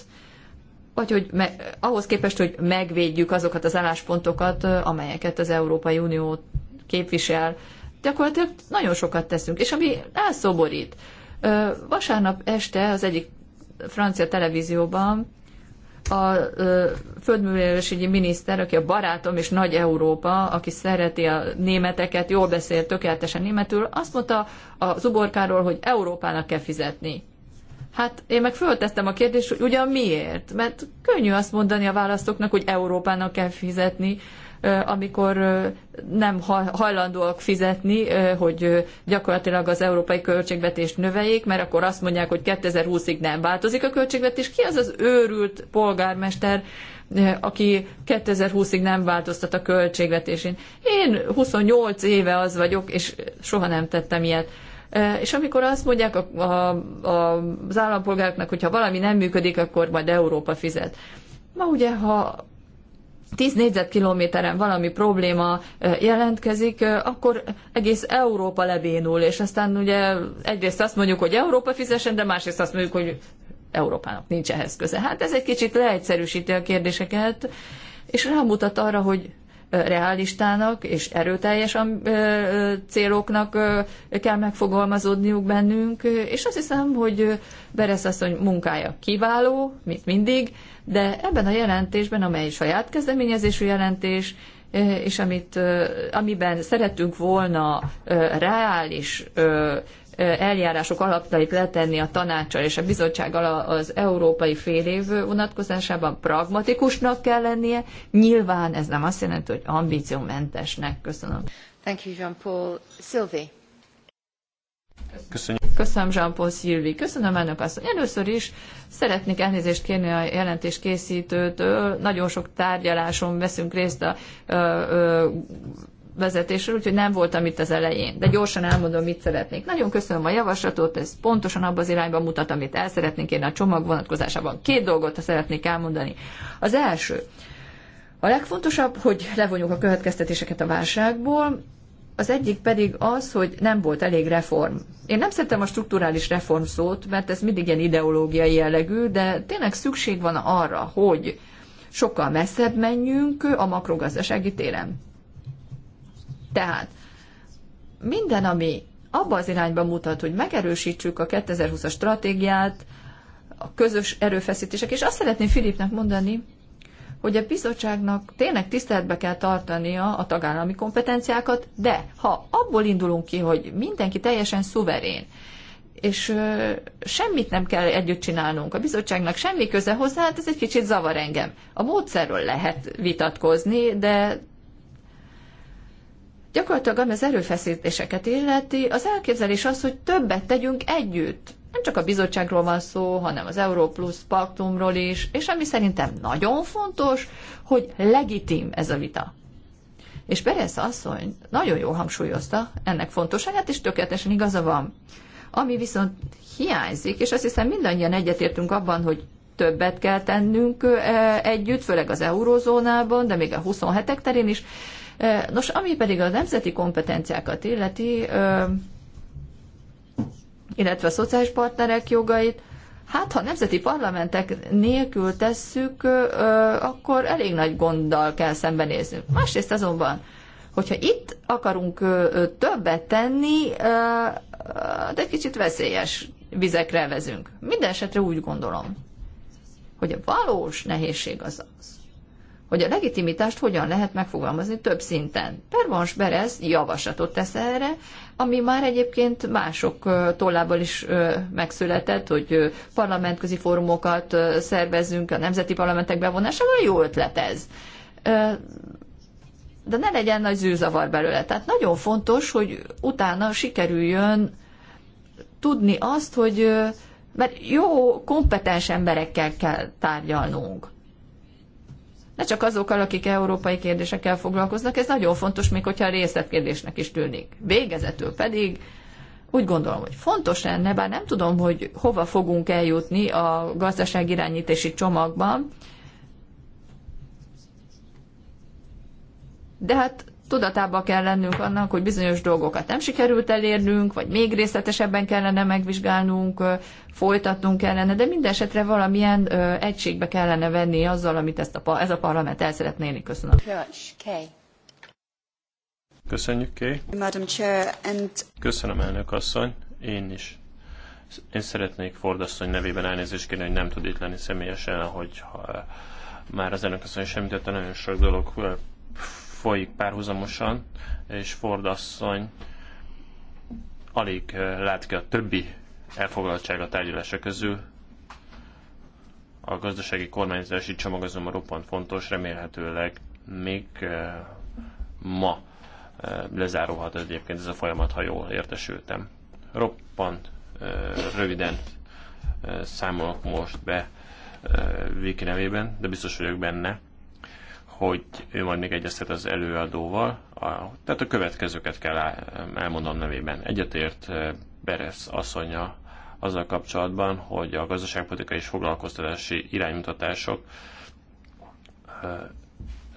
vagy hogy me- ahhoz képest, hogy megvédjük azokat az álláspontokat, amelyeket az Európai Unió képvisel, gyakorlatilag nagyon sokat teszünk, és ami elszoborít. Vasárnap este az egyik francia televízióban a földművelősügyi miniszter, aki a barátom és nagy Európa, aki szereti a németeket, jól beszél tökéletesen németül, azt mondta az uborkáról, hogy Európának kell fizetni. Hát én meg föltettem a kérdést, hogy ugyan miért? Mert könnyű azt mondani a választóknak, hogy Európának kell fizetni, amikor nem hajlandóak fizetni, hogy gyakorlatilag az európai költségvetést növeljék, mert akkor azt mondják, hogy 2020-ig nem változik a költségvetés. Ki az az őrült polgármester, aki 2020-ig nem változtat a költségvetésén? Én 28 éve az vagyok, és soha nem tettem ilyet. És amikor azt mondják a, a, a, az állampolgároknak, hogy ha valami nem működik, akkor majd Európa fizet. Ma ugye, ha 10 négyzetkilométeren valami probléma jelentkezik, akkor egész Európa lebénul, és aztán ugye egyrészt azt mondjuk, hogy Európa fizessen, de másrészt azt mondjuk, hogy Európának nincs ehhez köze. Hát ez egy kicsit leegyszerűsíti a kérdéseket, és rámutat arra, hogy realistának és erőteljes céloknak kell megfogalmazódniuk bennünk, és azt hiszem, hogy Beresz asszony munkája kiváló, mint mindig, de ebben a jelentésben, amely saját kezdeményezésű jelentés, eh, és amit, eh, amiben szeretünk volna eh, reális eljárások alapjait letenni a tanácsal és a bizottsággal az európai fél év vonatkozásában pragmatikusnak kell lennie. Nyilván ez nem azt jelenti, hogy ambíciómentesnek. Köszönöm. Thank you, Jean-Paul. Sylvie. Köszönjük. Köszönöm, Jean-Paul Szilvi. Köszönöm, elnök asszony. Először is szeretnék elnézést kérni a jelentés készítőtől. Nagyon sok tárgyaláson veszünk részt a ö, ö, vezetésről, úgyhogy nem voltam itt az elején. De gyorsan elmondom, mit szeretnék. Nagyon köszönöm a javaslatot, ez pontosan abban az irányba mutat, amit el szeretnénk kérni a csomag vonatkozásában. Két dolgot szeretnék elmondani. Az első, a legfontosabb, hogy levonjuk a következtetéseket a válságból, az egyik pedig az, hogy nem volt elég reform. Én nem szeretem a strukturális reform szót, mert ez mindig ilyen ideológiai jellegű, de tényleg szükség van arra, hogy sokkal messzebb menjünk a makrogazdasági téren. Tehát minden, ami abba az irányba mutat, hogy megerősítsük a 2020-as stratégiát, a közös erőfeszítések, és azt szeretném Filipnek mondani, hogy a bizottságnak tényleg tiszteletbe kell tartania a tagállami kompetenciákat, de ha abból indulunk ki, hogy mindenki teljesen szuverén, és ö, semmit nem kell együtt csinálnunk, a bizottságnak semmi köze hozzá, hát ez egy kicsit zavar engem. A módszerről lehet vitatkozni, de gyakorlatilag ami az erőfeszítéseket illeti, az elképzelés az, hogy többet tegyünk együtt csak a bizottságról van szó, hanem az plusz paktumról is, és ami szerintem nagyon fontos, hogy legitim ez a vita. És Peresz asszony nagyon jól hangsúlyozta ennek fontosságát, és tökéletesen igaza van. Ami viszont hiányzik, és azt hiszem mindannyian egyetértünk abban, hogy többet kell tennünk együtt, főleg az eurozónában, de még a 27-ek terén is. Nos, ami pedig a nemzeti kompetenciákat illeti, illetve a szociális partnerek jogait. Hát, ha nemzeti parlamentek nélkül tesszük, akkor elég nagy gonddal kell szembenéznünk. Másrészt azonban, hogyha itt akarunk többet tenni, de hát kicsit veszélyes vizekre vezünk. Minden esetre úgy gondolom, hogy a valós nehézség az az, hogy a legitimitást hogyan lehet megfogalmazni több szinten. Pervans Berez javaslatot tesz erre, ami már egyébként mások tollából is megszületett, hogy parlamentközi fórumokat szervezzünk, a nemzeti parlamentek bevonásával, jó ötlet ez. De ne legyen nagy zűrzavar belőle. Tehát nagyon fontos, hogy utána sikerüljön tudni azt, hogy mert jó, kompetens emberekkel kell tárgyalnunk ne csak azokkal, akik európai kérdésekkel foglalkoznak, ez nagyon fontos, még hogyha részletkérdésnek is tűnik. Végezetül pedig úgy gondolom, hogy fontos lenne, bár nem tudom, hogy hova fogunk eljutni a gazdaságirányítési csomagban, de hát tudatába kell lennünk annak, hogy bizonyos dolgokat nem sikerült elérnünk, vagy még részletesebben kellene megvizsgálnunk, folytatnunk kellene, de minden esetre valamilyen egységbe kellene venni azzal, amit ezt a, ez a parlament el szeretné élni. Köszönöm. Köszönjük, Kay. Chair, and... Köszönöm, elnök asszony. Én is. Én szeretnék Ford asszony nevében elnézést kérni, hogy nem tud itt lenni személyesen, hogy ha, már az elnök asszony semmit, nagyon sok dolog folyik párhuzamosan, és Ford asszony alig lát ki a többi elfoglaltság a tárgyalása közül. A gazdasági kormányzási csomag azonban roppant fontos, remélhetőleg még ma lezáródhat egyébként ez a folyamat, ha jól értesültem. Roppant röviden számolok most be Viki nevében, de biztos vagyok benne, hogy ő majd még egyeztet az előadóval. A, tehát a következőket kell elmondanom nevében. Egyetért eh, Beresz asszonya azzal kapcsolatban, hogy a gazdaságpolitikai és foglalkoztatási iránymutatások eh,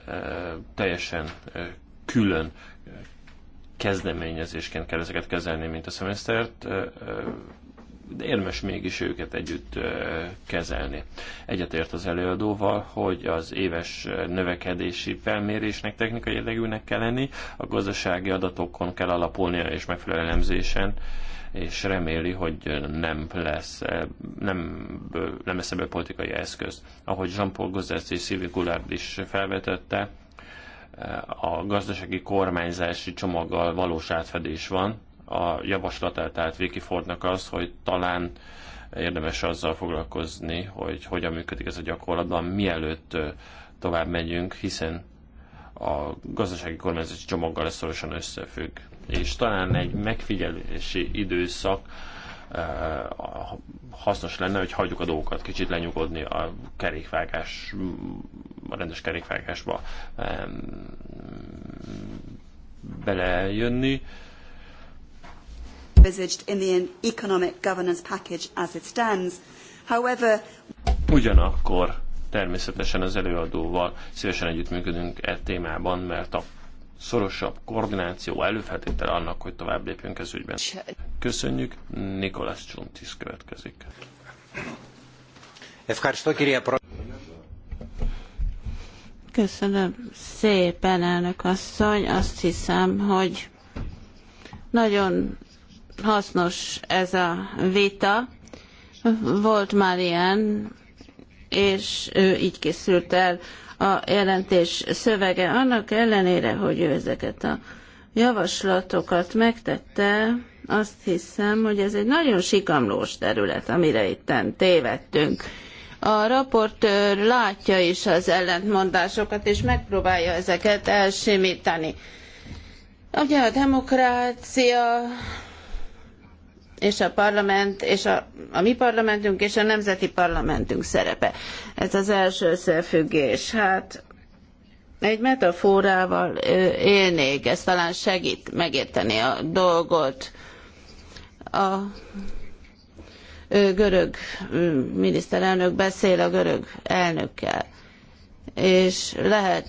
eh, teljesen külön kezdeményezésként kell ezeket kezelni, mint a szemesztert de érmes mégis őket együtt kezelni. Egyetért az előadóval, hogy az éves növekedési felmérésnek technikai jellegűnek kell lenni, a gazdasági adatokon kell alapulnia és megfelelő elemzésen, és reméli, hogy nem lesz, nem, nem lesz ebből politikai eszköz. Ahogy Jean-Paul Gozesz és is felvetette, a gazdasági kormányzási csomaggal valós átfedés van, a javaslatát, tehát Vicky Fordnak az, hogy talán érdemes azzal foglalkozni, hogy hogyan működik ez a gyakorlatban, mielőtt tovább megyünk, hiszen a gazdasági kormányzati csomaggal ez szorosan összefügg. És talán egy megfigyelési időszak hasznos lenne, hogy hagyjuk a dolgokat kicsit lenyugodni a kerékvágás, a rendes kerékvágásba belejönni envisaged in the economic governance package as it stands. However, Ugyanakkor természetesen az előadóval szívesen együttműködünk e témában, mert a szorosabb koordináció előfeltétele annak, hogy tovább lépjünk ez ügyben. Köszönjük, Nikolas Csuntis következik. Köszönöm szépen, elnök asszony. Azt hiszem, hogy nagyon hasznos ez a vita. Volt már ilyen, és ő így készült el a jelentés szövege. Annak ellenére, hogy ő ezeket a javaslatokat megtette, azt hiszem, hogy ez egy nagyon sikamlós terület, amire itt tévedtünk. A raportőr látja is az ellentmondásokat, és megpróbálja ezeket elsimítani. Ugye a demokrácia és a parlament, és a, a mi parlamentünk, és a nemzeti parlamentünk szerepe. Ez az első összefüggés. Hát egy metaforával élnék, ez talán segít megérteni a dolgot. A görög miniszterelnök beszél a görög elnökkel, és lehet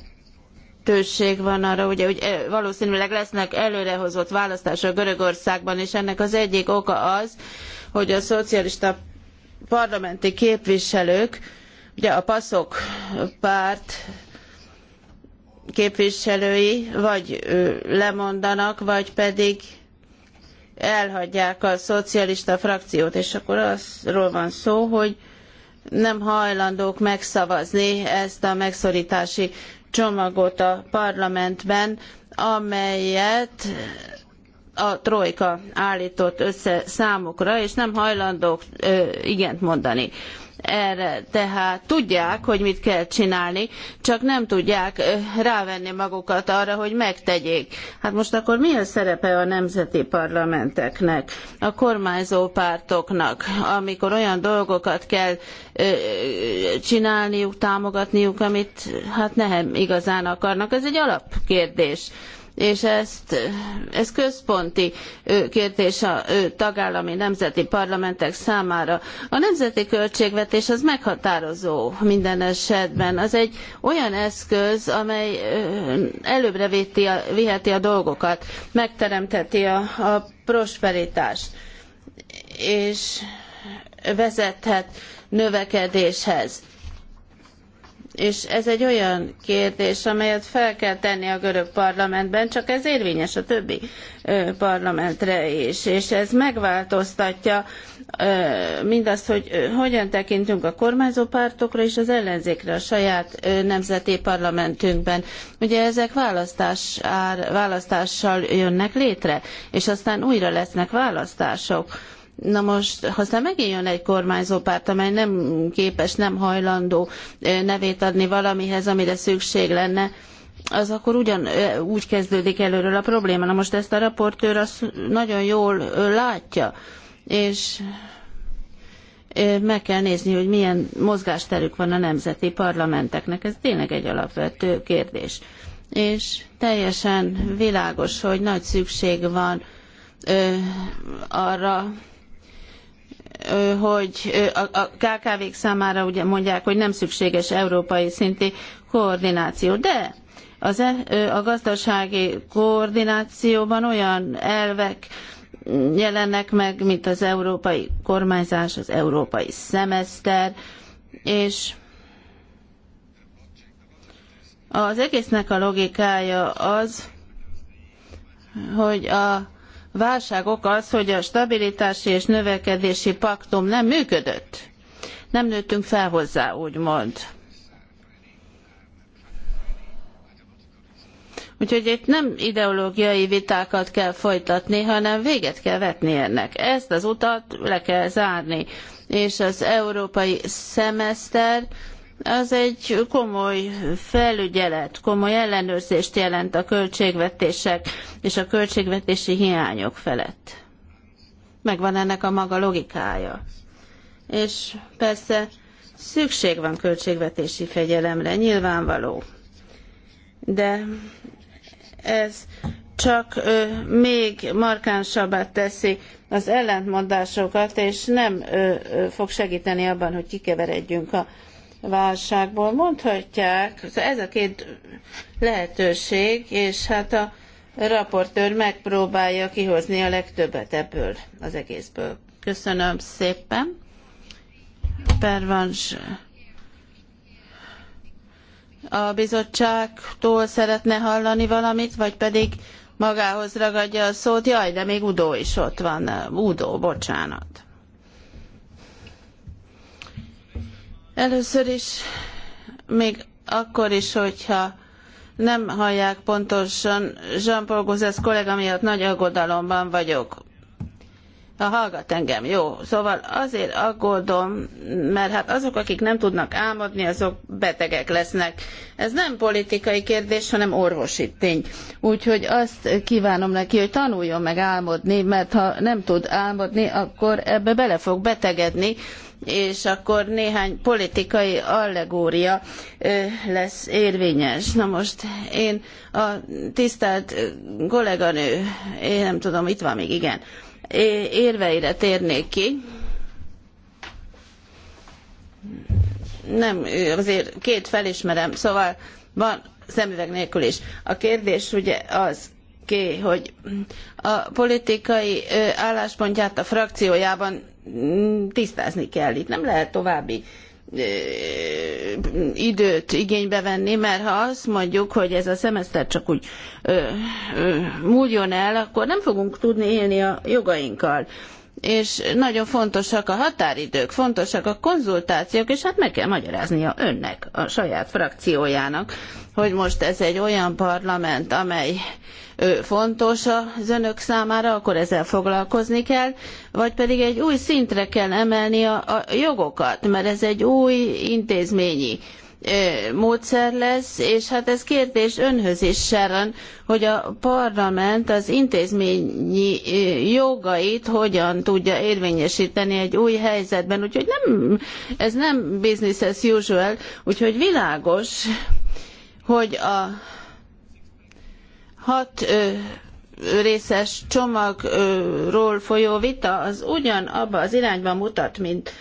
lehetőség van arra, ugye, hogy eh, valószínűleg lesznek előrehozott választások Görögországban, és ennek az egyik oka az, hogy a szocialista parlamenti képviselők, ugye a PASZOK párt képviselői vagy lemondanak, vagy pedig elhagyják a szocialista frakciót, és akkor azról van szó, hogy nem hajlandók megszavazni ezt a megszorítási csomagot a parlamentben, amelyet a trojka állított össze számukra, és nem hajlandók ö, igent mondani erre, tehát tudják, hogy mit kell csinálni, csak nem tudják rávenni magukat arra, hogy megtegyék. Hát most akkor mi a szerepe a nemzeti parlamenteknek, a kormányzó pártoknak, amikor olyan dolgokat kell csinálniuk, támogatniuk, amit hát nem igazán akarnak? Ez egy alapkérdés és ezt, ez központi kérdés a tagállami nemzeti parlamentek számára. A nemzeti költségvetés az meghatározó minden esetben. Az egy olyan eszköz, amely előbbre viheti a, viheti a dolgokat, megteremteti a, a prosperitást, és vezethet növekedéshez és ez egy olyan kérdés, amelyet fel kell tenni a görög parlamentben, csak ez érvényes a többi parlamentre is, és ez megváltoztatja mindazt, hogy hogyan tekintünk a kormányzó pártokra és az ellenzékre a saját nemzeti parlamentünkben. Ugye ezek választás, választással jönnek létre, és aztán újra lesznek választások Na most, ha aztán megint jön egy kormányzópárt, amely nem képes, nem hajlandó nevét adni valamihez, amire szükség lenne, az akkor ugyan úgy kezdődik előről a probléma. Na most ezt a raportőr azt nagyon jól látja, és meg kell nézni, hogy milyen mozgásterük van a nemzeti parlamenteknek. Ez tényleg egy alapvető kérdés. És teljesen világos, hogy nagy szükség van arra, hogy a KKV-k számára ugye mondják, hogy nem szükséges európai szinti koordináció, de az e, a gazdasági koordinációban olyan elvek jelennek meg, mint az európai kormányzás, az európai szemeszter, és az egésznek a logikája az, hogy a válságok az, hogy a stabilitási és növekedési paktum nem működött. Nem nőttünk fel hozzá, úgymond. Úgyhogy itt nem ideológiai vitákat kell folytatni, hanem véget kell vetni ennek. Ezt az utat le kell zárni. És az európai szemeszter az egy komoly felügyelet, komoly ellenőrzést jelent a költségvetések és a költségvetési hiányok felett. Megvan ennek a maga logikája. És persze szükség van költségvetési fegyelemre, nyilvánvaló. De ez csak ö, még markánsabbá teszi az ellentmondásokat, és nem ö, ö, fog segíteni abban, hogy kikeveredjünk a válságból. Mondhatják, ez a két lehetőség, és hát a raportőr megpróbálja kihozni a legtöbbet ebből az egészből. Köszönöm szépen. Pervans a bizottságtól szeretne hallani valamit, vagy pedig magához ragadja a szót. Jaj, de még Udó is ott van. Udó, bocsánat. Először is, még akkor is, hogyha nem hallják pontosan, Jean-Paul Gozes kollega miatt nagy aggodalomban vagyok. Ha hallgat engem, jó. Szóval azért aggódom, mert hát azok, akik nem tudnak álmodni, azok betegek lesznek. Ez nem politikai kérdés, hanem orvosi tény. Úgyhogy azt kívánom neki, hogy tanuljon meg álmodni, mert ha nem tud álmodni, akkor ebbe bele fog betegedni, és akkor néhány politikai allegória lesz érvényes. Na most én a tisztelt kolléganő, én nem tudom, itt van még, igen, érveire térnék ki. Nem, azért két felismerem, szóval van szemüveg nélkül is. A kérdés ugye az, ki, hogy a politikai álláspontját a frakciójában Mm, tisztázni kell. Itt nem lehet további időt igénybe venni, mert ha azt mondjuk, hogy ez a szemeszter csak úgy ö, ö, múljon el, akkor nem fogunk tudni élni a jogainkkal és nagyon fontosak a határidők, fontosak a konzultációk, és hát meg kell magyaráznia önnek, a saját frakciójának, hogy most ez egy olyan parlament, amely fontos az önök számára, akkor ezzel foglalkozni kell, vagy pedig egy új szintre kell emelni a, a jogokat, mert ez egy új intézményi módszer lesz, és hát ez kérdés önhöz is, Sharon, hogy a parlament az intézményi jogait hogyan tudja érvényesíteni egy új helyzetben, úgyhogy nem, ez nem business as usual, úgyhogy világos, hogy a hat részes csomagról folyó vita az ugyanabba az irányba mutat, mint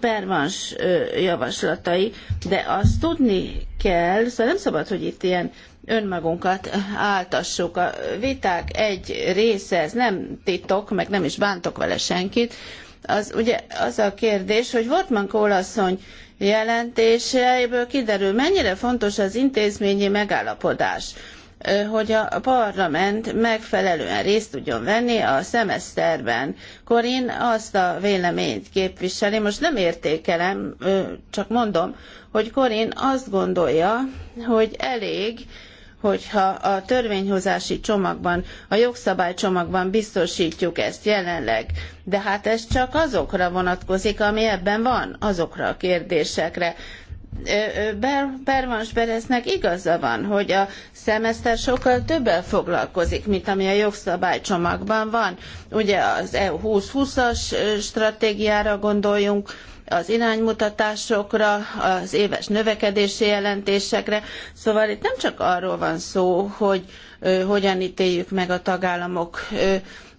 pervans javaslatai, de azt tudni kell, szóval nem szabad, hogy itt ilyen önmagunkat áltassuk. A viták egy része, ez nem titok, meg nem is bántok vele senkit, az ugye az a kérdés, hogy Wortmann Kólasszony jelentéseiből kiderül, mennyire fontos az intézményi megállapodás hogy a parlament megfelelően részt tudjon venni a szemeszterben. Korin azt a véleményt képviseli, most nem értékelem, csak mondom, hogy Korin azt gondolja, hogy elég, hogyha a törvényhozási csomagban, a jogszabálycsomagban biztosítjuk ezt jelenleg. De hát ez csak azokra vonatkozik, ami ebben van, azokra a kérdésekre. Bervans Bereznek igaza van, hogy a szemeszter sokkal többel foglalkozik, mint ami a jogszabálycsomagban van. Ugye az EU 2020-as stratégiára gondoljunk, az iránymutatásokra, az éves növekedési jelentésekre. Szóval itt nem csak arról van szó, hogy hogyan ítéljük meg a tagállamok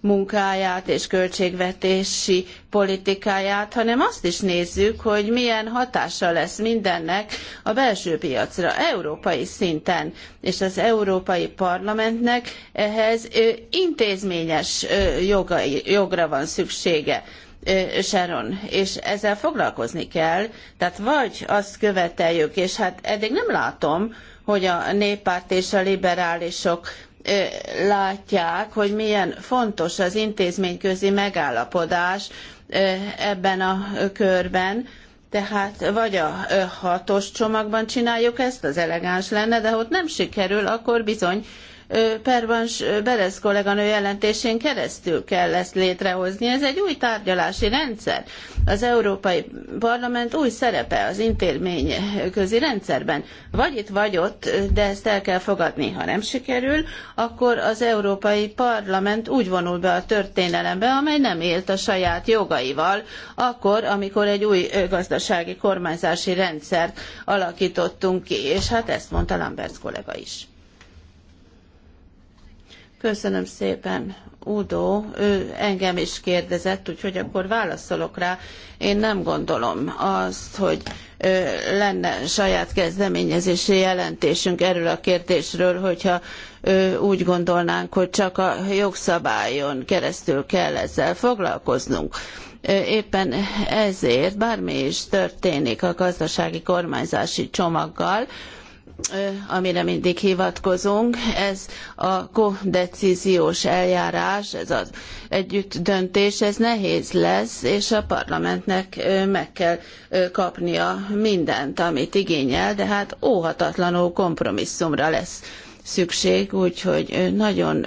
munkáját és költségvetési politikáját, hanem azt is nézzük, hogy milyen hatása lesz mindennek a belső piacra, európai szinten, és az Európai Parlamentnek ehhez intézményes jogai, jogra van szüksége. Sharon, és ezzel foglalkozni kell, tehát vagy azt követeljük, és hát eddig nem látom, hogy a néppárt és a liberálisok látják, hogy milyen fontos az intézményközi megállapodás ebben a körben, tehát vagy a hatos csomagban csináljuk ezt, az elegáns lenne, de ha ott nem sikerül, akkor bizony Pervans Berez kolléganő jelentésén keresztül kell ezt létrehozni. Ez egy új tárgyalási rendszer. Az Európai Parlament új szerepe az intézmény közi rendszerben. Vagy itt, vagy ott, de ezt el kell fogadni. Ha nem sikerül, akkor az Európai Parlament úgy vonul be a történelembe, amely nem élt a saját jogaival, akkor, amikor egy új gazdasági kormányzási rendszert alakítottunk ki. És hát ezt mondta Lamberts kollega is. Köszönöm szépen, Udo. Ő engem is kérdezett, úgyhogy akkor válaszolok rá. Én nem gondolom azt, hogy lenne saját kezdeményezési jelentésünk erről a kérdésről, hogyha úgy gondolnánk, hogy csak a jogszabályon keresztül kell ezzel foglalkoznunk. Éppen ezért bármi is történik a gazdasági kormányzási csomaggal, amire mindig hivatkozunk, ez a kodecíziós eljárás, ez az együttdöntés, ez nehéz lesz, és a parlamentnek meg kell kapnia mindent, amit igényel, de hát óhatatlanul kompromisszumra lesz szükség, úgyhogy nagyon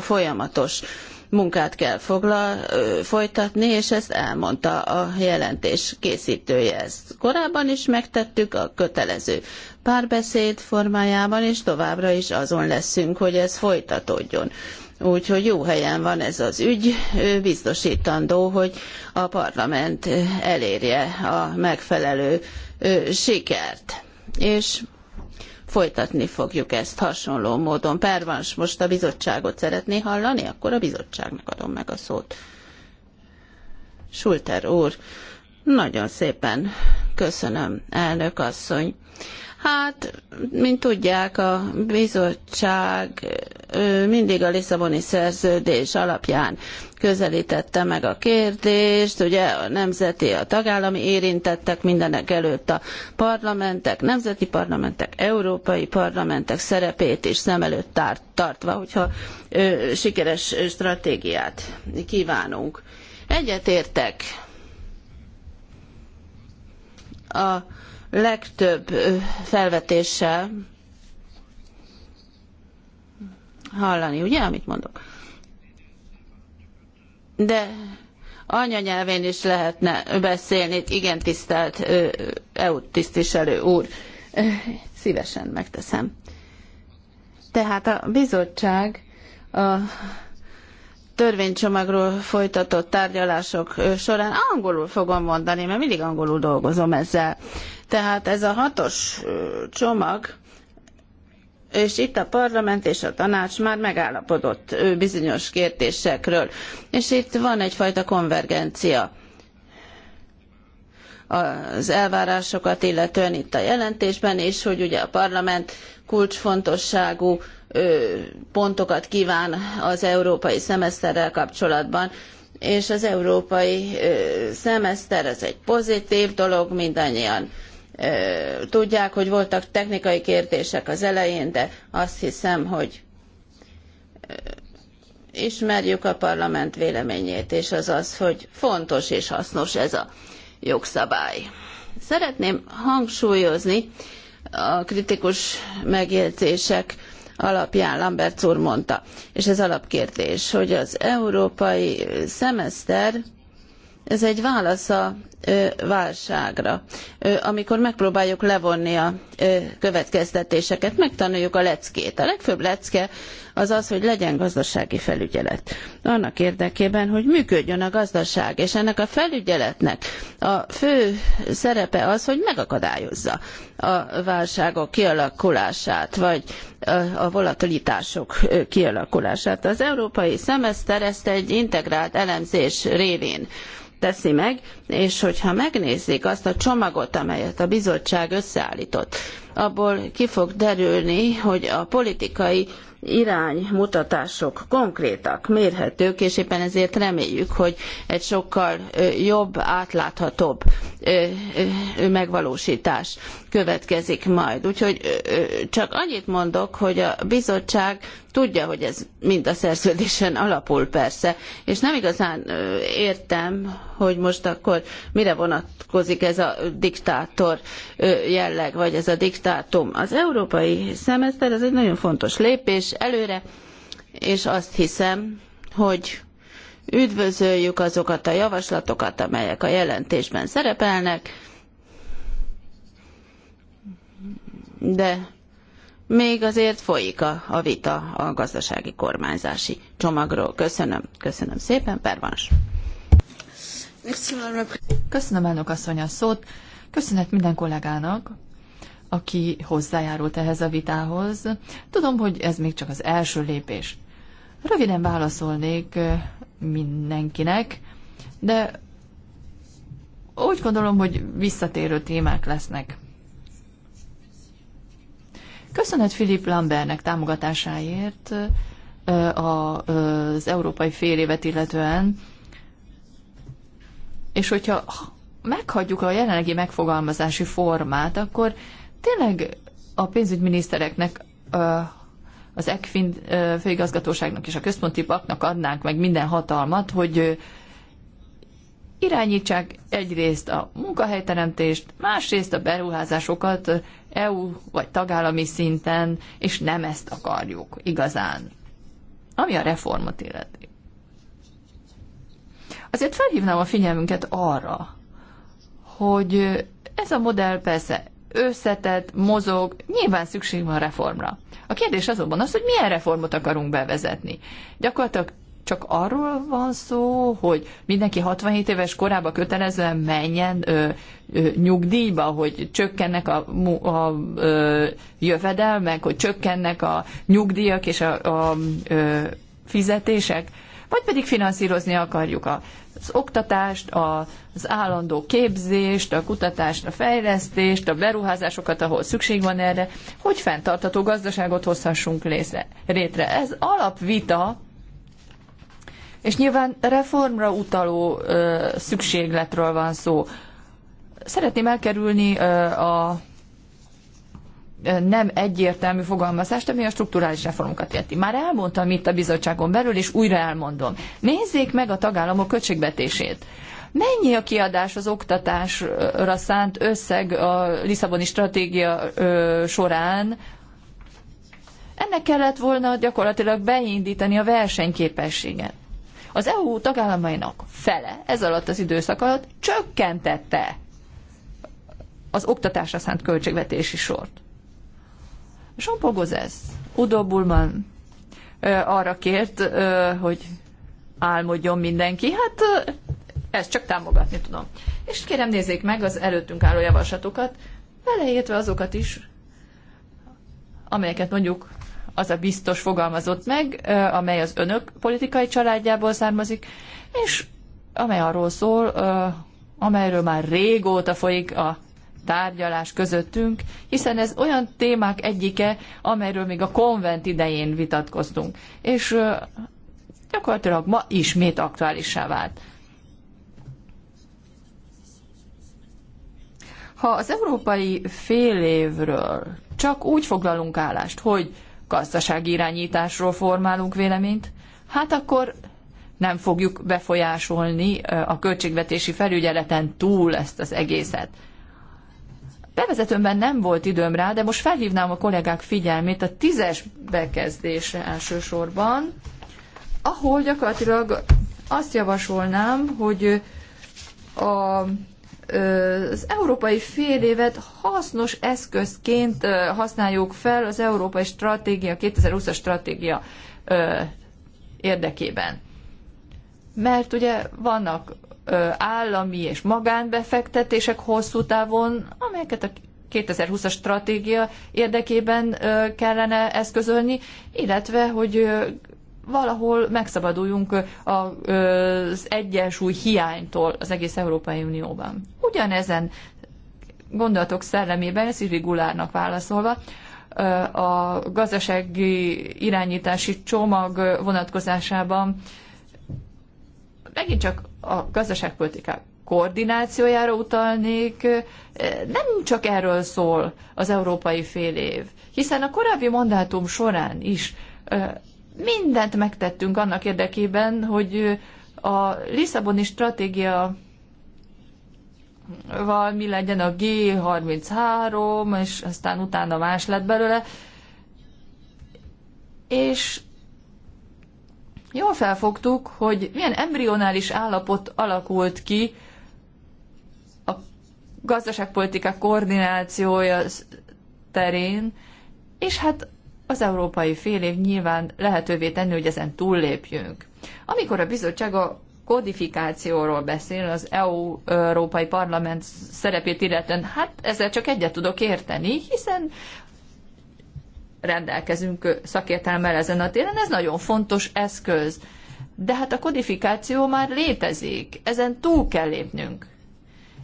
folyamatos munkát kell foglal, folytatni, és ezt elmondta a jelentés készítője. Ezt korábban is megtettük a kötelező párbeszéd formájában, és továbbra is azon leszünk, hogy ez folytatódjon. Úgyhogy jó helyen van ez az ügy, biztosítandó, hogy a parlament elérje a megfelelő sikert. És folytatni fogjuk ezt hasonló módon. Pervans, most a bizottságot szeretné hallani, akkor a bizottságnak adom meg a szót. Schulter úr, nagyon szépen köszönöm, elnök asszony. Hát, mint tudják, a bizottság mindig a Lisszaboni szerződés alapján közelítette meg a kérdést, ugye a nemzeti, a tagállami érintettek mindenek előtt a parlamentek, nemzeti parlamentek, európai parlamentek szerepét is szem előtt tartva, hogyha ö, sikeres stratégiát kívánunk. Egyetértek a legtöbb felvetéssel hallani, ugye, amit mondok? De anyanyelvén is lehetne beszélni, igen tisztelt EU tisztviselő úr. Szívesen megteszem. Tehát a bizottság a törvénycsomagról folytatott tárgyalások során angolul fogom mondani, mert mindig angolul dolgozom ezzel. Tehát ez a hatos csomag, és itt a parlament és a tanács már megállapodott bizonyos kérdésekről, és itt van egyfajta konvergencia az elvárásokat, illetően itt a jelentésben is, hogy ugye a parlament kulcsfontosságú pontokat kíván az európai szemeszterrel kapcsolatban, és az európai szemeszter ez egy pozitív dolog, mindannyian Tudják, hogy voltak technikai kérdések az elején, de azt hiszem, hogy ismerjük a parlament véleményét, és az az, hogy fontos és hasznos ez a jogszabály. Szeretném hangsúlyozni a kritikus megjegyzések alapján Lambert úr mondta, és ez alapkérdés, hogy az európai szemeszter ez egy válasz a válságra, amikor megpróbáljuk levonni a következtetéseket, megtanuljuk a leckét. A legfőbb lecke az az, hogy legyen gazdasági felügyelet. Annak érdekében, hogy működjön a gazdaság, és ennek a felügyeletnek a fő szerepe az, hogy megakadályozza a válságok kialakulását, vagy a volatilitások kialakulását. Az európai szemeszter ezt egy integrált elemzés révén teszi meg, és hogyha megnézzék azt a csomagot, amelyet a bizottság összeállított, abból ki fog derülni, hogy a politikai iránymutatások konkrétak, mérhetők, és éppen ezért reméljük, hogy egy sokkal jobb, átláthatóbb megvalósítás következik majd. Úgyhogy csak annyit mondok, hogy a bizottság Tudja, hogy ez mind a szerződésen alapul persze, és nem igazán értem, hogy most akkor mire vonatkozik ez a diktátor jelleg, vagy ez a diktátum. Az európai szemeszter ez egy nagyon fontos lépés előre, és azt hiszem, hogy üdvözöljük azokat a javaslatokat, amelyek a jelentésben szerepelnek, de még azért folyik a, a vita a gazdasági kormányzási csomagról. Köszönöm, köszönöm szépen, Pervans. Köszönöm elnök asszony a szót. Köszönet minden kollégának, aki hozzájárult ehhez a vitához. Tudom, hogy ez még csak az első lépés. Röviden válaszolnék mindenkinek, de úgy gondolom, hogy visszatérő témák lesznek. Köszönet Filip Lambernek támogatásáért az európai fél évet illetően, és hogyha meghagyjuk a jelenlegi megfogalmazási formát, akkor tényleg a pénzügyminisztereknek, az ECFIN főigazgatóságnak és a központi banknak adnánk meg minden hatalmat, hogy irányítsák egyrészt a munkahelyteremtést, másrészt a beruházásokat EU vagy tagállami szinten, és nem ezt akarjuk igazán, ami a reformot illeti. Azért felhívnám a figyelmünket arra, hogy ez a modell persze összetett, mozog, nyilván szükség van reformra. A kérdés azonban az, hogy milyen reformot akarunk bevezetni. Gyakorlatilag csak arról van szó, hogy mindenki 67 éves korába kötelezően menjen ö, ö, nyugdíjba, hogy csökkennek a, a ö, jövedelmek, hogy csökkennek a nyugdíjak és a, a ö, fizetések, vagy pedig finanszírozni akarjuk az oktatást, az állandó képzést, a kutatást, a fejlesztést, a beruházásokat, ahol szükség van erre, hogy fenntartató gazdaságot hozhassunk létre. Ez alapvita és nyilván reformra utaló ö, szükségletről van szó. Szeretném elkerülni ö, a nem egyértelmű fogalmazást, ami a strukturális reformokat érti. Már elmondtam itt a bizottságon belül, és újra elmondom. Nézzék meg a tagállamok költségvetését. Mennyi a kiadás az oktatásra szánt összeg a Lisszaboni stratégia ö, során? Ennek kellett volna gyakorlatilag beindítani a versenyképességet az EU tagállamainak fele ez alatt az időszak alatt csökkentette az oktatásra szánt költségvetési sort. Sompogoz ez. Udo Bullman arra kért, hogy álmodjon mindenki. Hát ezt csak támogatni tudom. És kérem nézzék meg az előttünk álló javaslatokat, beleértve azokat is, amelyeket mondjuk az a biztos fogalmazott meg, amely az önök politikai családjából származik, és amely arról szól, amelyről már régóta folyik a tárgyalás közöttünk, hiszen ez olyan témák egyike, amelyről még a konvent idején vitatkoztunk. És gyakorlatilag ma ismét aktuálissá vált. Ha az európai fél évről csak úgy foglalunk állást, hogy gazdasági irányításról formálunk véleményt, hát akkor nem fogjuk befolyásolni a költségvetési felügyeleten túl ezt az egészet. Bevezetőmben nem volt időm rá, de most felhívnám a kollégák figyelmét a tízes bekezdésre elsősorban, ahol gyakorlatilag azt javasolnám, hogy a az európai fél évet hasznos eszközként használjuk fel az európai stratégia, 2020-as stratégia érdekében. Mert ugye vannak állami és magánbefektetések hosszú távon, amelyeket a 2020-as stratégia érdekében kellene eszközölni, illetve hogy valahol megszabaduljunk az egyensúly hiánytól az egész Európai Unióban. Ugyanezen gondolatok szellemében, ez is válaszolva, a gazdasági irányítási csomag vonatkozásában megint csak a gazdaságpolitika koordinációjára utalnék, nem csak erről szól az európai fél év, hiszen a korábbi mandátum során is mindent megtettünk annak érdekében, hogy a Lisszaboni stratégia valami legyen a G33, és aztán utána más lett belőle. És jól felfogtuk, hogy milyen embrionális állapot alakult ki a gazdaságpolitika koordinációja terén, és hát az európai fél év nyilván lehetővé tenni, hogy ezen túllépjünk. Amikor a bizottság a kodifikációról beszél, az EU Európai Parlament szerepét illetően, hát ezzel csak egyet tudok érteni, hiszen rendelkezünk szakértelmel ezen a téren, ez nagyon fontos eszköz. De hát a kodifikáció már létezik, ezen túl kell lépnünk.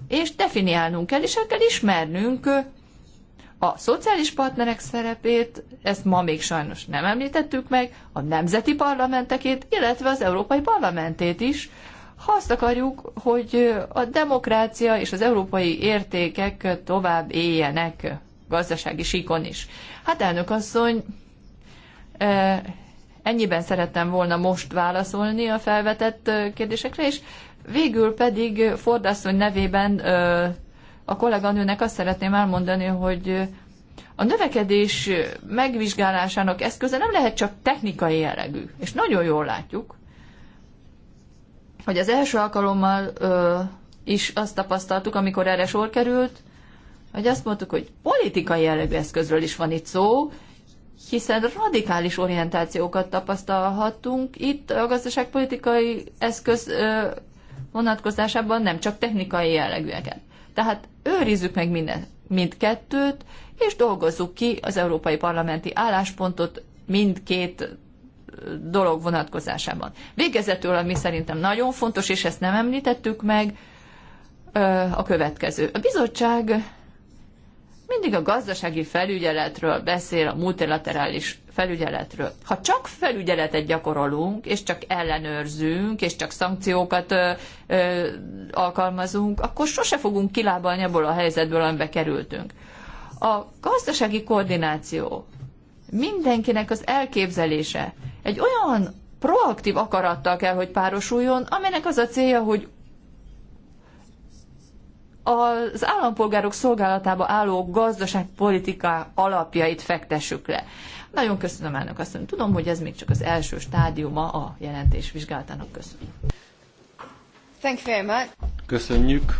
És definiálnunk kell, és el kell ismernünk a szociális partnerek szerepét, ezt ma még sajnos nem említettük meg, a nemzeti parlamentekét, illetve az Európai Parlamentét is, ha azt akarjuk, hogy a demokrácia és az európai értékek tovább éljenek gazdasági síkon is. Hát elnök asszony, e, ennyiben szerettem volna most válaszolni a felvetett kérdésekre, és végül pedig Fordasszony nevében a kolléganőnek azt szeretném elmondani, hogy a növekedés megvizsgálásának eszköze nem lehet csak technikai jellegű. És nagyon jól látjuk, hogy az első alkalommal ö, is azt tapasztaltuk, amikor erre sor került, hogy azt mondtuk, hogy politikai jellegű eszközről is van itt szó, hiszen radikális orientációkat tapasztalhattunk. Itt a gazdaságpolitikai eszköz ö, vonatkozásában nem csak technikai jellegűeket. Tehát őrizzük meg minden, mindkettőt, és dolgozzuk ki az európai parlamenti álláspontot mindkét dolog vonatkozásában. Végezetül, ami szerintem nagyon fontos, és ezt nem említettük meg, a következő. A bizottság mindig a gazdasági felügyeletről beszél, a multilaterális felügyeletről. Ha csak felügyeletet gyakorolunk, és csak ellenőrzünk, és csak szankciókat ö, ö, alkalmazunk, akkor sose fogunk kilábalni abból a helyzetből, amibe kerültünk. A gazdasági koordináció mindenkinek az elképzelése egy olyan proaktív akarattal kell, hogy párosuljon, aminek az a célja, hogy az állampolgárok szolgálatába álló gazdaságpolitika alapjait fektessük le. Nagyon köszönöm elnök asszony. Tudom, hogy ez még csak az első stádiuma a jelentés vizsgálatának. Köszönöm. Thank you very much. Köszönjük.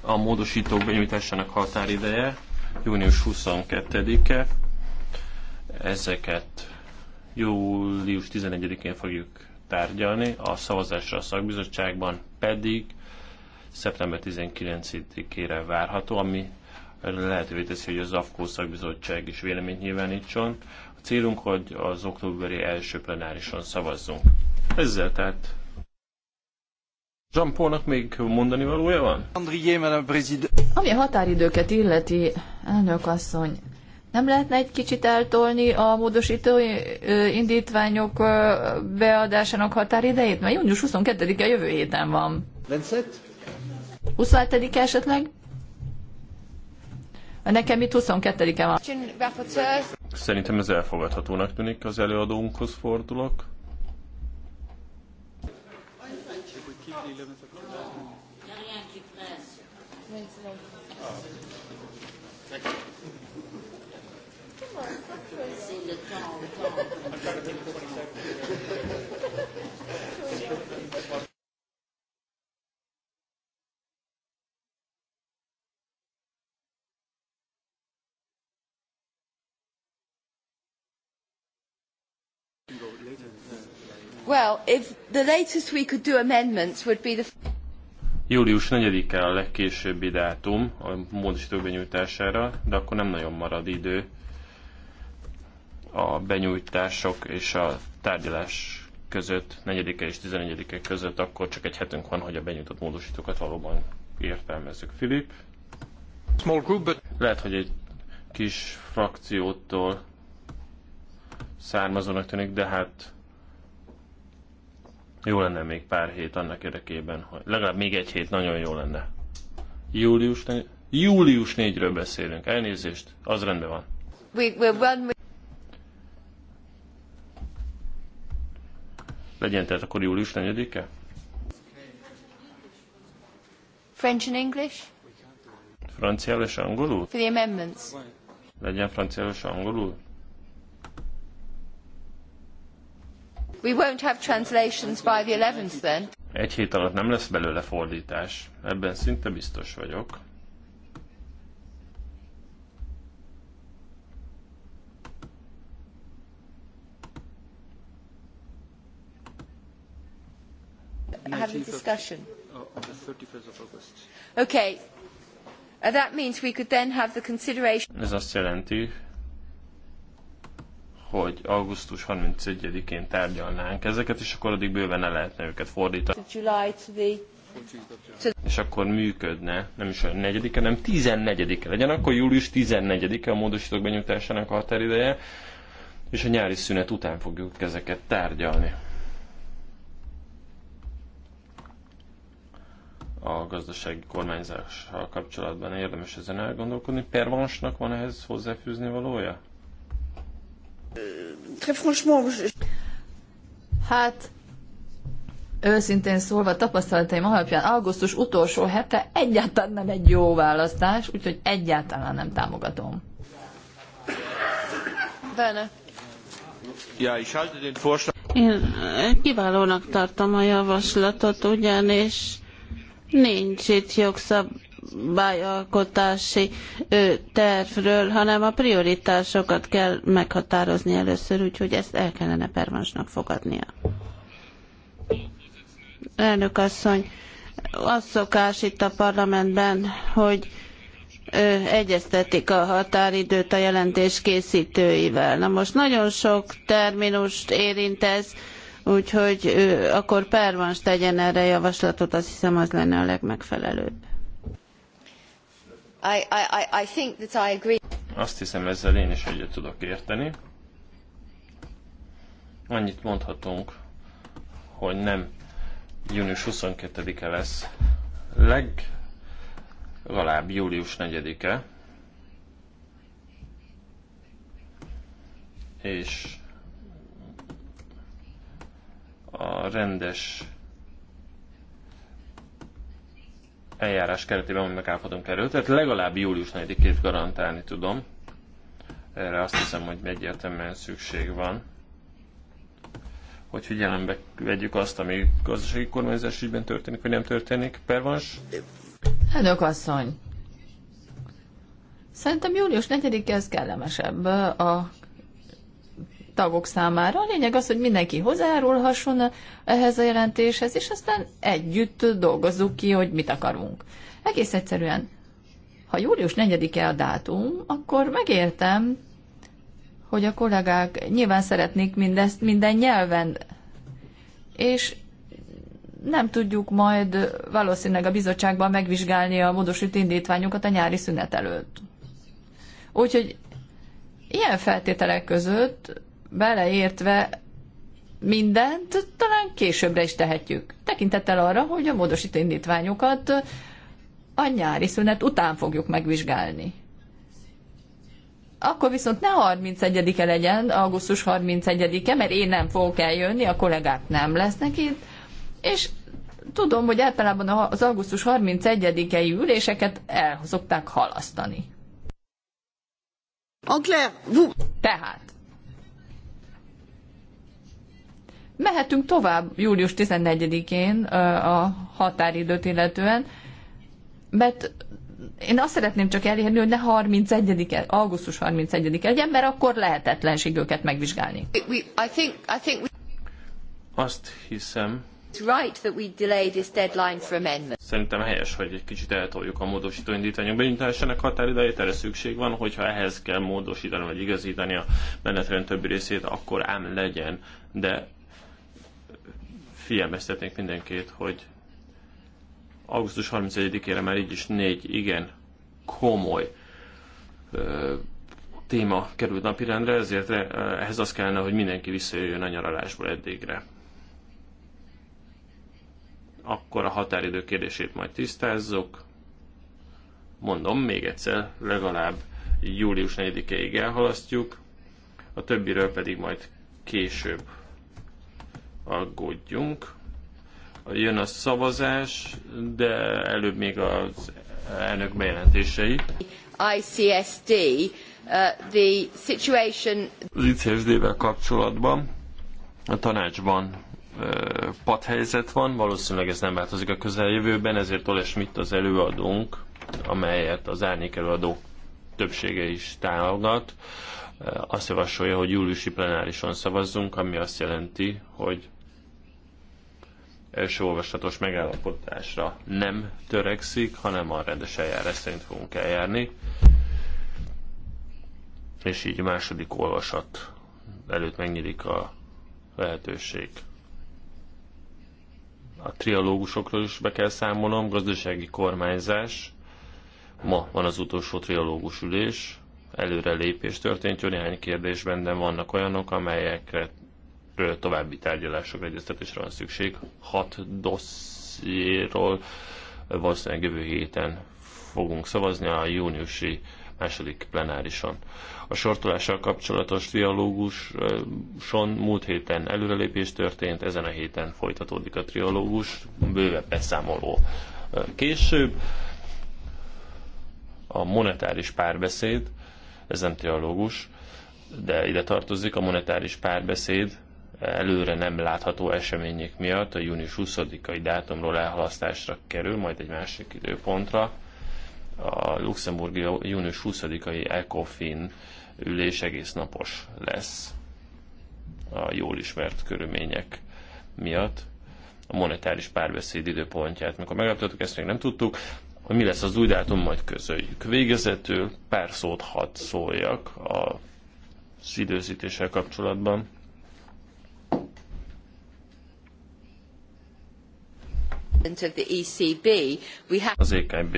A módosítók benyújtásának határideje június 22-e. Ezeket július 11-én fogjuk tárgyalni, a szavazásra a szakbizottságban pedig szeptember 19-ére várható, ami lehetővé teszi, hogy az AFKO szakbizottság is véleményt nyilvánítson. A célunk, hogy az októberi első plenárison szavazzunk. Ezzel tehát jean Paulnak még mondani valója van? Ami a határidőket illeti, elnök asszony, nem lehetne egy kicsit eltolni a módosító indítványok beadásának határidejét? Mert június 22-e jövő héten van. 27? 27 -e esetleg? Nekem itt 22-e van. Szerintem ez elfogadhatónak tűnik, az előadónkhoz fordulok. be Július 4-e a legkésőbbi dátum a módosítók benyújtására, de akkor nem nagyon marad idő a benyújtások és a tárgyalás között, 4-e és 11-e között, akkor csak egy hetünk van, hogy a benyújtott módosítókat valóban értelmezzük. Filip? Small group, but... Lehet, hogy egy kis frakciótól származónak tűnik, de hát jó lenne még pár hét annak érdekében, hogy legalább még egy hét nagyon jó lenne. Július, július 4-ről beszélünk. Elnézést, az rendben van. Legyen tehát akkor július 4-e? French and English? Franciául és angolul? For the amendments. Legyen franciául és angolul? We won't have translations by the 11th then. Egy hét alatt nem lesz belőle fordítás. Ebben szinte biztos vagyok. Have a discussion. Oh, okay. Uh, that means we could then have the consideration. Ez azt jelenti, hogy augusztus 31-én tárgyalnánk ezeket, és akkor addig bőven el lehetne őket fordítani. És akkor működne, nem is olyan negyedike, nem 14-e legyen, akkor július 14-e a módosítók benyújtásának a határideje, és a nyári szünet után fogjuk ezeket tárgyalni. a gazdasági kormányzással kapcsolatban érdemes ezen elgondolkodni. Pervansnak van ehhez hozzáfűzni valója? Hát, őszintén szólva tapasztalataim alapján augusztus utolsó hete egyáltalán nem egy jó választás, úgyhogy egyáltalán nem támogatom. Bene. Ja, és halte Én eh, kiválónak tartom a javaslatot, ugyanis nincs itt jogszab szabályalkotási tervről, hanem a prioritásokat kell meghatározni először, úgyhogy ezt el kellene pervansnak fogadnia. Elnök asszony, az szokás itt a parlamentben, hogy egyeztetik a határidőt a jelentés készítőivel. Na most nagyon sok terminust érint ez, úgyhogy akkor pervans tegyen erre javaslatot, azt hiszem az lenne a legmegfelelőbb. I, I, I think that I agree. Azt hiszem ezzel én is egyet tudok érteni. Annyit mondhatunk, hogy nem június 22-e lesz, legalább július 4-e, és a rendes eljárás keretében annak állapodunk erről, tehát legalább július 4-ét garantálni tudom. Erre azt hiszem, hogy egyértelműen szükség van hogy figyelembe vegyük azt, ami gazdasági kormányzás ügyben történik, vagy nem történik. Pervans? Elnök asszony, szerintem július 4 ez kellemesebb a tagok számára. A lényeg az, hogy mindenki hozzájárulhasson ehhez a jelentéshez, és aztán együtt dolgozzuk ki, hogy mit akarunk. Egész egyszerűen, ha július 4-e a dátum, akkor megértem, hogy a kollégák nyilván szeretnék mindezt minden nyelven, és nem tudjuk majd valószínűleg a bizottságban megvizsgálni a módosít indítványokat a nyári szünet előtt. Úgyhogy ilyen feltételek között beleértve mindent, talán későbbre is tehetjük. Tekintettel arra, hogy a módosító indítványokat a nyári szünet után fogjuk megvizsgálni. Akkor viszont ne 31-e legyen, augusztus 31-e, mert én nem fogok eljönni, a kollégák nem lesznek itt, és tudom, hogy általában az augusztus 31-i üléseket el szokták halasztani. vous... Tehát, mehetünk tovább július 14-én a határidőt illetően, mert én azt szeretném csak elérni, hogy ne 31 -e, augusztus 31 -e legyen, mert akkor lehetetlenség őket megvizsgálni. Azt hiszem, Szerintem helyes, hogy egy kicsit eltoljuk a módosító indítványok benyújtásának határidejét, erre szükség van, hogyha ehhez kell módosítani vagy igazítani a menetrend többi részét, akkor ám legyen, de figyelmeztetnék mindenkit, hogy augusztus 31-ére már így is négy igen komoly ö, téma került napirendre, ezért ehhez az kellene, hogy mindenki visszajöjjön a nyaralásból eddigre. Akkor a határidő kérdését majd tisztázzuk. Mondom, még egyszer, legalább július 4-ig elhalasztjuk, a többiről pedig majd később aggódjunk. Jön a szavazás, de előbb még az elnök bejelentései. ICSD, uh, the situation... Az ICSD-vel kapcsolatban a tanácsban uh, padhelyzet van, valószínűleg ez nem változik a közeljövőben, ezért Oles mit az előadónk, amelyet az árnyék előadó többsége is támogat, uh, azt javasolja, hogy júliusi plenárison szavazzunk, ami azt jelenti, hogy első olvasatos megállapodásra nem törekszik, hanem a rendes eljárás szerint fogunk eljárni. És így második olvasat előtt megnyílik a lehetőség. A trialógusokról is be kell számolnom, gazdasági kormányzás. Ma van az utolsó trialógus ülés, előrelépés történt jó néhány kérdésben, de vannak olyanok, amelyekre további tárgyalásokra, egyeztetésre van szükség. Hat dossziéról valószínűleg jövő héten fogunk szavazni a júniusi második plenárison. A sortolással kapcsolatos trialóguson múlt héten előrelépés történt, ezen a héten folytatódik a trialógus, bővebb beszámoló később. A monetáris párbeszéd, ez nem trialógus, de ide tartozik a monetáris párbeszéd, előre nem látható események miatt a június 20-ai dátumról elhalasztásra kerül, majd egy másik időpontra. A luxemburgi június 20-ai ECOFIN ülés egész napos lesz a jól ismert körülmények miatt. A monetáris párbeszéd időpontját, mikor megleptettük, ezt még nem tudtuk, hogy mi lesz az új dátum, majd közöljük. Végezetül pár szót hadd szóljak a időzítéssel kapcsolatban E az EKB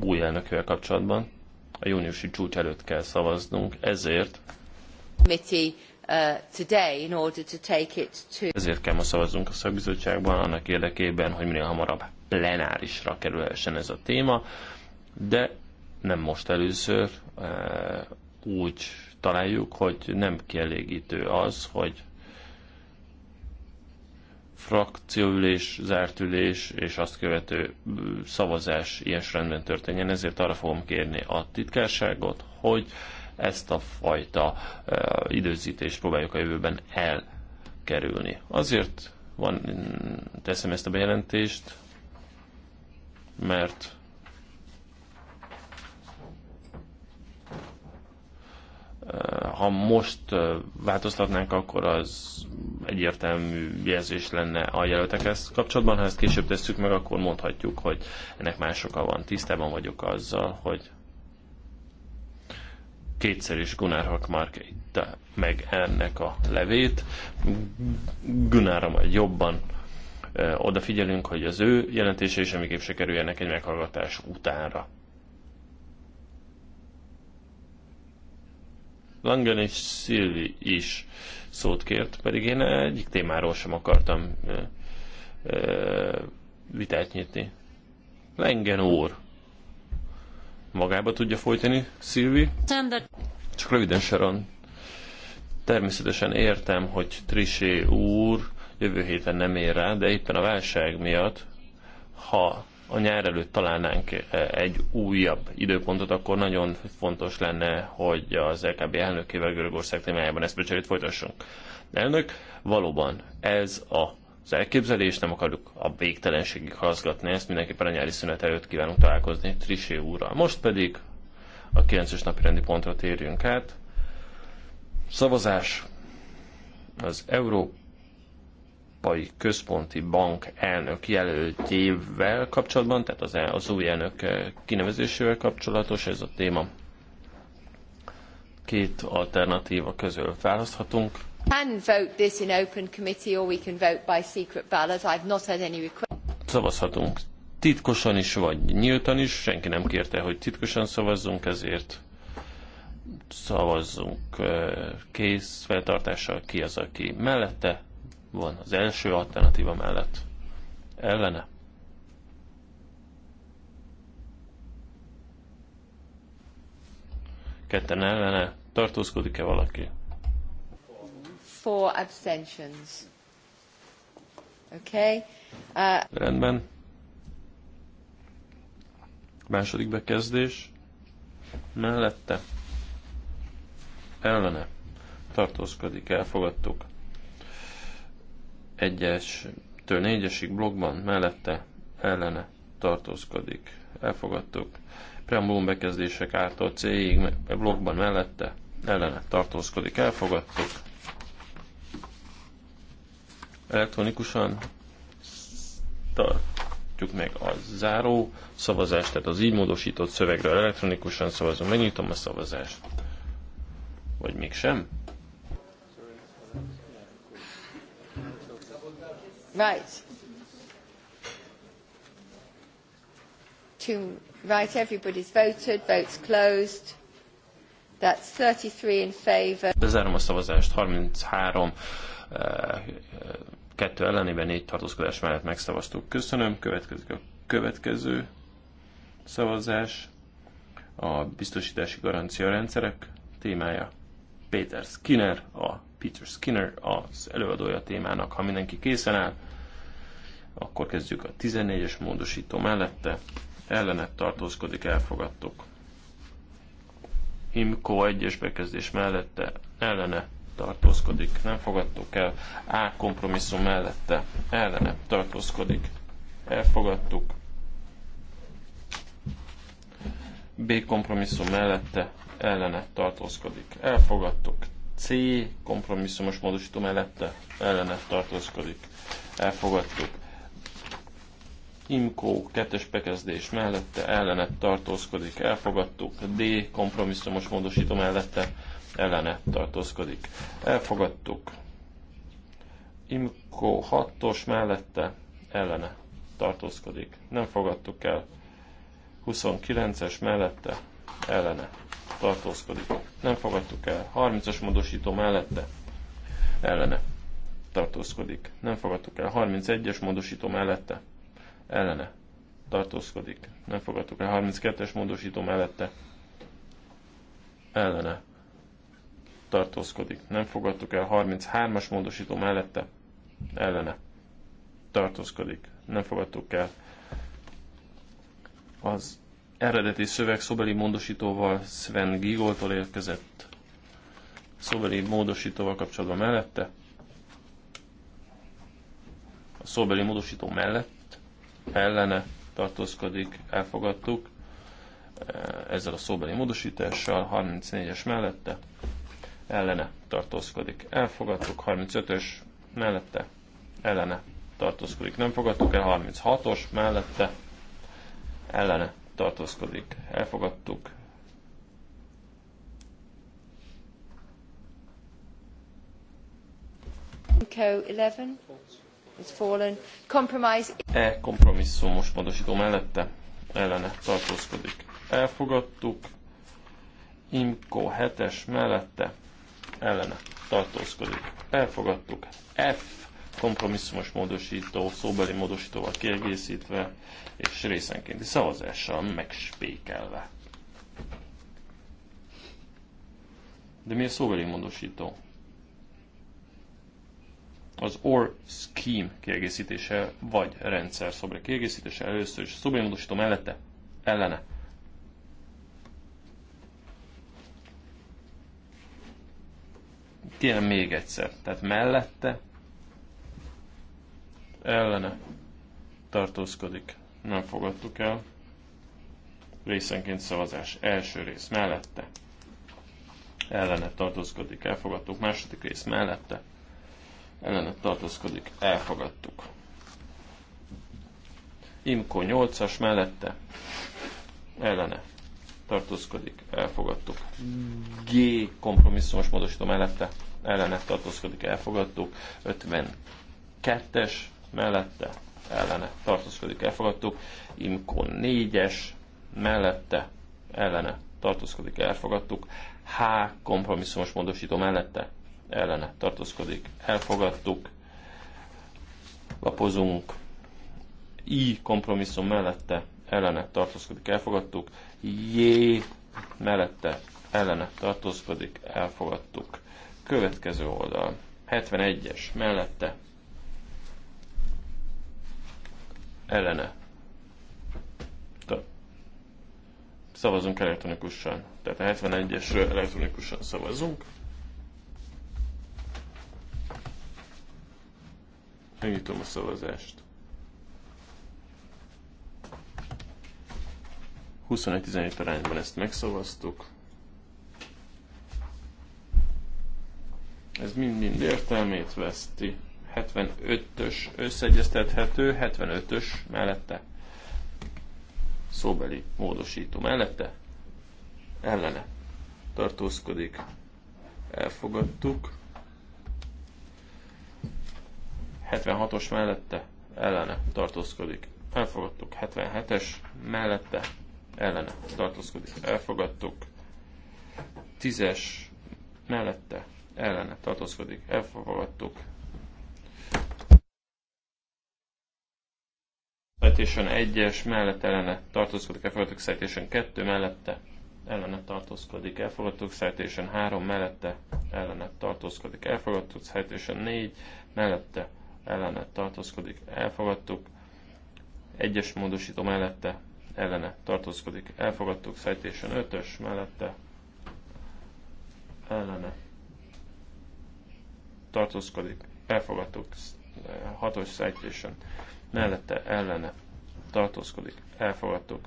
új elnökével kapcsolatban a júniusi csúcs előtt kell szavaznunk, ezért uh, ezért kell ma szavaznunk a szakbizottságban, annak érdekében, hogy minél hamarabb plenárisra kerülhessen ez a téma, de nem most először uh, úgy találjuk, hogy nem kielégítő az, hogy frakcióülés, zárt ülés és azt követő szavazás ilyes rendben történjen. Ezért arra fogom kérni a titkárságot, hogy ezt a fajta időzítést próbáljuk a jövőben elkerülni. Azért van, teszem ezt a bejelentést, mert ha most változtatnánk, akkor az egyértelmű jelzés lenne a jelöltekhez kapcsolatban. Ha ezt később tesszük meg, akkor mondhatjuk, hogy ennek más oka van. Tisztában vagyok azzal, hogy kétszer is Gunnar Hakmark itta meg ennek a levét. Gunnarra majd jobban odafigyelünk, hogy az ő jelentése is amiképp se kerüljenek egy meghallgatás utánra. Langen és Szilvi is szót kért, pedig én egyik témáról sem akartam ö, ö, vitát nyitni. Lengen úr. Magába tudja folytani, Szilvi? Csak röviden, Sharon. Természetesen értem, hogy Trisé úr jövő héten nem ér rá, de éppen a válság miatt, ha a nyár előtt találnánk eh, egy újabb időpontot, akkor nagyon fontos lenne, hogy az LKB elnökével Görögország témájában ezt becserét folytassunk. Elnök, valóban ez a az elképzelés, nem akarjuk a végtelenségig hazgatni ezt, mindenképpen a nyári szünet előtt kívánunk találkozni Trisé úrral. Most pedig a 9-es napi rendi pontra térjünk át. Szavazás az Európa Európai Központi Bank elnök jelöltjével kapcsolatban, tehát az, az új elnök eh, kinevezésével kapcsolatos ez a téma. Két alternatíva közül választhatunk. Can vote this in open committee, or we can vote by secret ballot. I've not had any request. Szavazhatunk titkosan is, vagy nyíltan is. Senki nem kérte, hogy titkosan szavazzunk, ezért szavazzunk eh, kész feltartással ki az, aki mellette, van az első alternatíva mellett. Ellene. Ketten ellene. Tartózkodik-e valaki? Four abstentions. Okay. Uh... Rendben. Második bekezdés. Mellette. Ellene. Tartózkodik. Elfogadtuk. 1 től 4-esig blogban mellette ellene tartózkodik. Elfogadtuk. Preambulum bekezdések ártól C-ig blogban mellette ellene tartózkodik. Elfogadtuk. Elektronikusan tartjuk meg a záró szavazást, tehát az így módosított szövegről elektronikusan szavazom. Megnyitom a szavazást. Vagy mégsem? Right. to right, everybody's voted, votes closed. That's 33 in favor. Bezárom a szavazást, 33 eh, eh, kettő ellenében négy tartózkodás mellett megszavaztuk. Köszönöm, következik a következő szavazás, a biztosítási garancia rendszerek témája. Peter Skinner, a Peter Skinner az előadója a témának. Ha mindenki készen áll, akkor kezdjük a 14-es módosító mellette. Ellenet tartózkodik, elfogadtuk. Imco 1-es bekezdés mellette ellene tartózkodik, nem fogadtuk el. A kompromisszum mellette ellene tartózkodik, elfogadtuk. B kompromisszum mellette ellene tartózkodik. Elfogadtuk. C kompromisszumos módosító mellette ellene tartózkodik. Elfogadtuk. Imkó kettes bekezdés mellette ellene tartózkodik. Elfogadtuk. D kompromisszumos módosító mellette ellene tartózkodik. Elfogadtuk. Imkó 6-os mellette ellene tartózkodik. Nem fogadtuk el. 29-es mellette ellene tartózkodik. Nem fogadtuk el. 30-as módosító mellette ellene tartózkodik. Nem fogadtuk el. 31-es módosító mellette ellene tartózkodik. Nem fogadtuk el. 32-es módosító mellette ellene tartózkodik. Nem fogadtuk el. 33-as módosító mellette ellene tartózkodik. Nem fogadtuk el. Az eredeti szöveg szobeli módosítóval Sven Gigoltól érkezett szobeli módosítóval kapcsolatban mellette. A szobeli módosító mellett ellene tartózkodik, elfogadtuk eh, ezzel a szóbeli módosítással, 34-es mellette ellene tartózkodik, elfogadtuk, 35-ös mellette ellene tartózkodik, nem fogadtuk el, 36-os mellette ellene tartózkodik. Elfogadtuk. Co 11 has fallen. Compromise. E kompromisszumos módosító mellette ellene tartózkodik. Elfogadtuk. Imco 7-es mellette ellene tartózkodik. Elfogadtuk. F kompromisszumos módosító, szóbeli módosítóval kiegészítve és részenkénti szavazással megspékelve. De mi a szóbeli módosító? Az OR scheme kiegészítése vagy rendszer szóbeli kiegészítése először is szóbeli módosító mellette ellene. Kérem még egyszer, tehát mellette ellene tartózkodik, nem fogadtuk el. Részenként szavazás első rész mellette, ellene tartózkodik, elfogadtuk. Második rész mellette, ellene tartózkodik, elfogadtuk. Imko 8-as mellette, ellene tartózkodik, elfogadtuk. G kompromisszumos módosító mellette, ellene tartózkodik, elfogadtuk. 52-es mellette ellene tartózkodik, elfogadtuk. Imko 4-es mellette ellene tartózkodik, elfogadtuk. H kompromisszumos módosító mellette ellene tartózkodik, elfogadtuk. Lapozunk. I kompromisszum mellette ellene tartózkodik, elfogadtuk. J mellette ellene tartózkodik, elfogadtuk. Következő oldal. 71-es mellette ellene. Szavazunk elektronikusan. Tehát a 71-esről elektronikusan szavazunk. Megnyitom a szavazást. 21-17 arányban ezt megszavaztuk. Ez mind-mind értelmét veszti. 75-ös összeegyeztethető, 75-ös mellette. Szóbeli módosító mellette. Ellene. Tartózkodik. Elfogadtuk. 76-os mellette. Ellene. Tartózkodik. Elfogadtuk. 77-es mellette. Ellene. Tartózkodik. Elfogadtuk. 10-es mellette ellene tartózkodik. Elfogadtuk Citation 1-es mellett ellene tartózkodik, elfogadtuk Citation 2 mellette ellene tartózkodik, elfogadtuk Citation 3 mellette ellene tartózkodik, elfogadtuk Citation 4 mellette ellene tartózkodik, elfogadtuk egyes módosító mellette ellene tartózkodik, elfogadtuk Citation 5-ös mellette ellene tartózkodik, elfogadtuk 6-os Citation mellette ellene tartózkodik, elfogadtuk.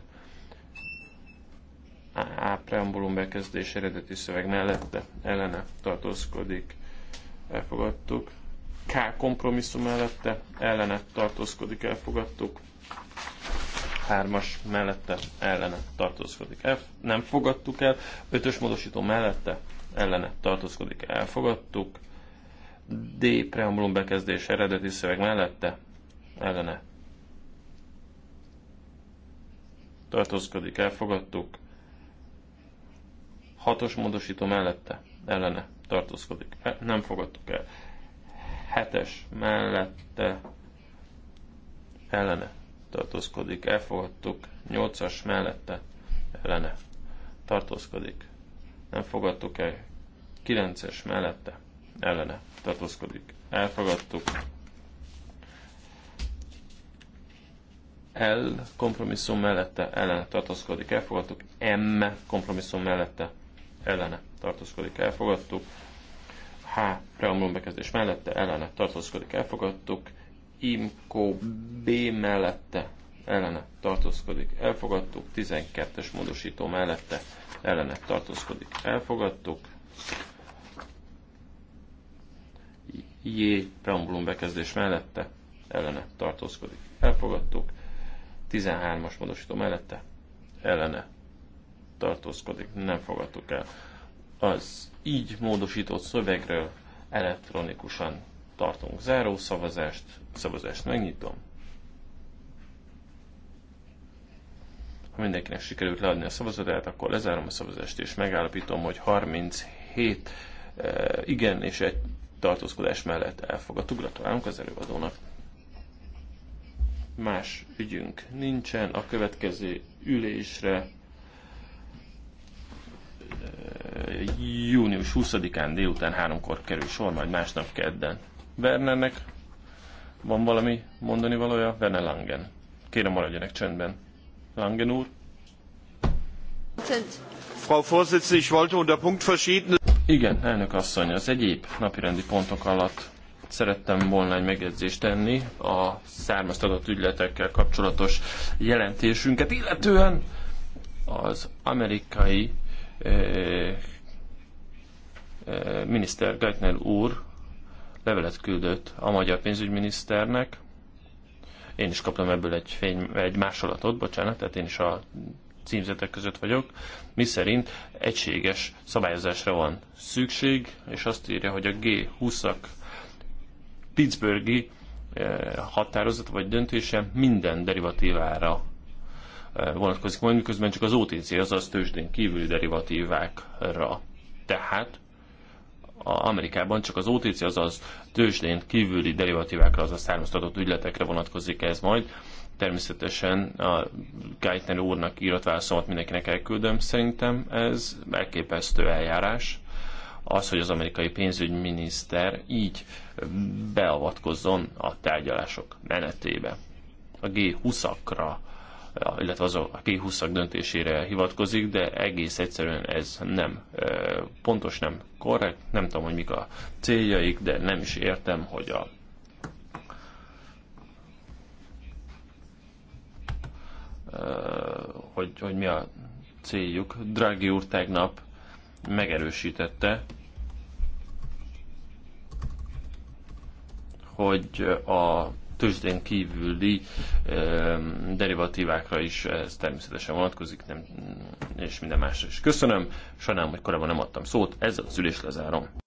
A preambulum bekezdés eredeti szöveg mellette ellene tartózkodik, elfogadtuk. K kompromisszum mellette ellene tartózkodik, elfogadtuk. Hármas mellette ellene tartózkodik. F, nem fogadtuk el. Ötös módosító mellette ellene tartózkodik. Elfogadtuk. D preambulum bekezdés eredeti szöveg mellette ellene tartózkodik, elfogadtuk. Hatos módosító mellette, ellene tartózkodik, e, nem fogadtuk el. Hetes mellette, ellene tartózkodik, elfogadtuk. Nyolcas mellette, ellene tartózkodik, nem fogadtuk el. Kilences mellette, ellene tartózkodik, elfogadtuk. L kompromisszum mellette ellene tartózkodik, elfogadtuk. M kompromisszum mellette ellene tartózkodik, elfogadtuk. H preambulum bekezdés mellette ellene tartózkodik, elfogadtuk. Imco B mellette ellene tartózkodik, elfogadtuk. 12-es módosító mellette ellene tartózkodik, elfogadtuk. J preambulum bekezdés mellette ellene tartózkodik, elfogadtuk 13-as módosító mellette ellene tartózkodik, nem fogadtuk el. Az így módosított szövegről elektronikusan tartunk záró szavazást, szavazást megnyitom. Ha mindenkinek sikerült leadni a szavazatát, akkor lezárom a szavazást, és megállapítom, hogy 37 eh, igen és egy tartózkodás mellett elfogadtuk. Gratulálunk az előadónak más ügyünk nincsen. A következő ülésre eh, június 20-án délután háromkor kerül sor, majd másnap kedden. Wernernek van valami mondani valója? Verne Langen. Kérem maradjanak csendben. Langen úr. Frau Vorsitzende, ich wollte unter Punkt verschieden. Igen, elnök asszony, az egyéb napirendi pontok alatt szerettem volna egy megjegyzést tenni a származtatott ügyletekkel kapcsolatos jelentésünket, illetően az amerikai eh, eh, miniszter Geithner úr levelet küldött a magyar pénzügyminiszternek. Én is kaptam ebből egy, fény, egy másolatot, bocsánat, tehát én is a címzetek között vagyok, mi szerint egységes szabályozásra van szükség, és azt írja, hogy a G20-ak Pittsburghi eh, határozat vagy döntése minden derivatívára eh, vonatkozik majd, miközben csak az OTC, azaz tőzsdén kívüli derivatívákra. Tehát a Amerikában csak az OTC, azaz tőzsdén kívüli derivatívákra, azaz származtatott ügyletekre vonatkozik ez majd. Természetesen a Geithner úrnak írott válaszomat mindenkinek elküldöm. Szerintem ez elképesztő eljárás az, hogy az amerikai pénzügyminiszter így beavatkozzon a tárgyalások menetébe. A G20-akra, illetve az a G20-ak döntésére hivatkozik, de egész egyszerűen ez nem pontos, nem korrekt, nem tudom, hogy mik a céljaik, de nem is értem, hogy a hogy, hogy mi a céljuk. Drági úr tegnap megerősítette, hogy a tőzsdén kívüli derivatívákra is ez természetesen vonatkozik, nem, és minden másra is. Köszönöm, sajnálom, hogy korábban nem adtam szót, ezzel az ülés lezárom.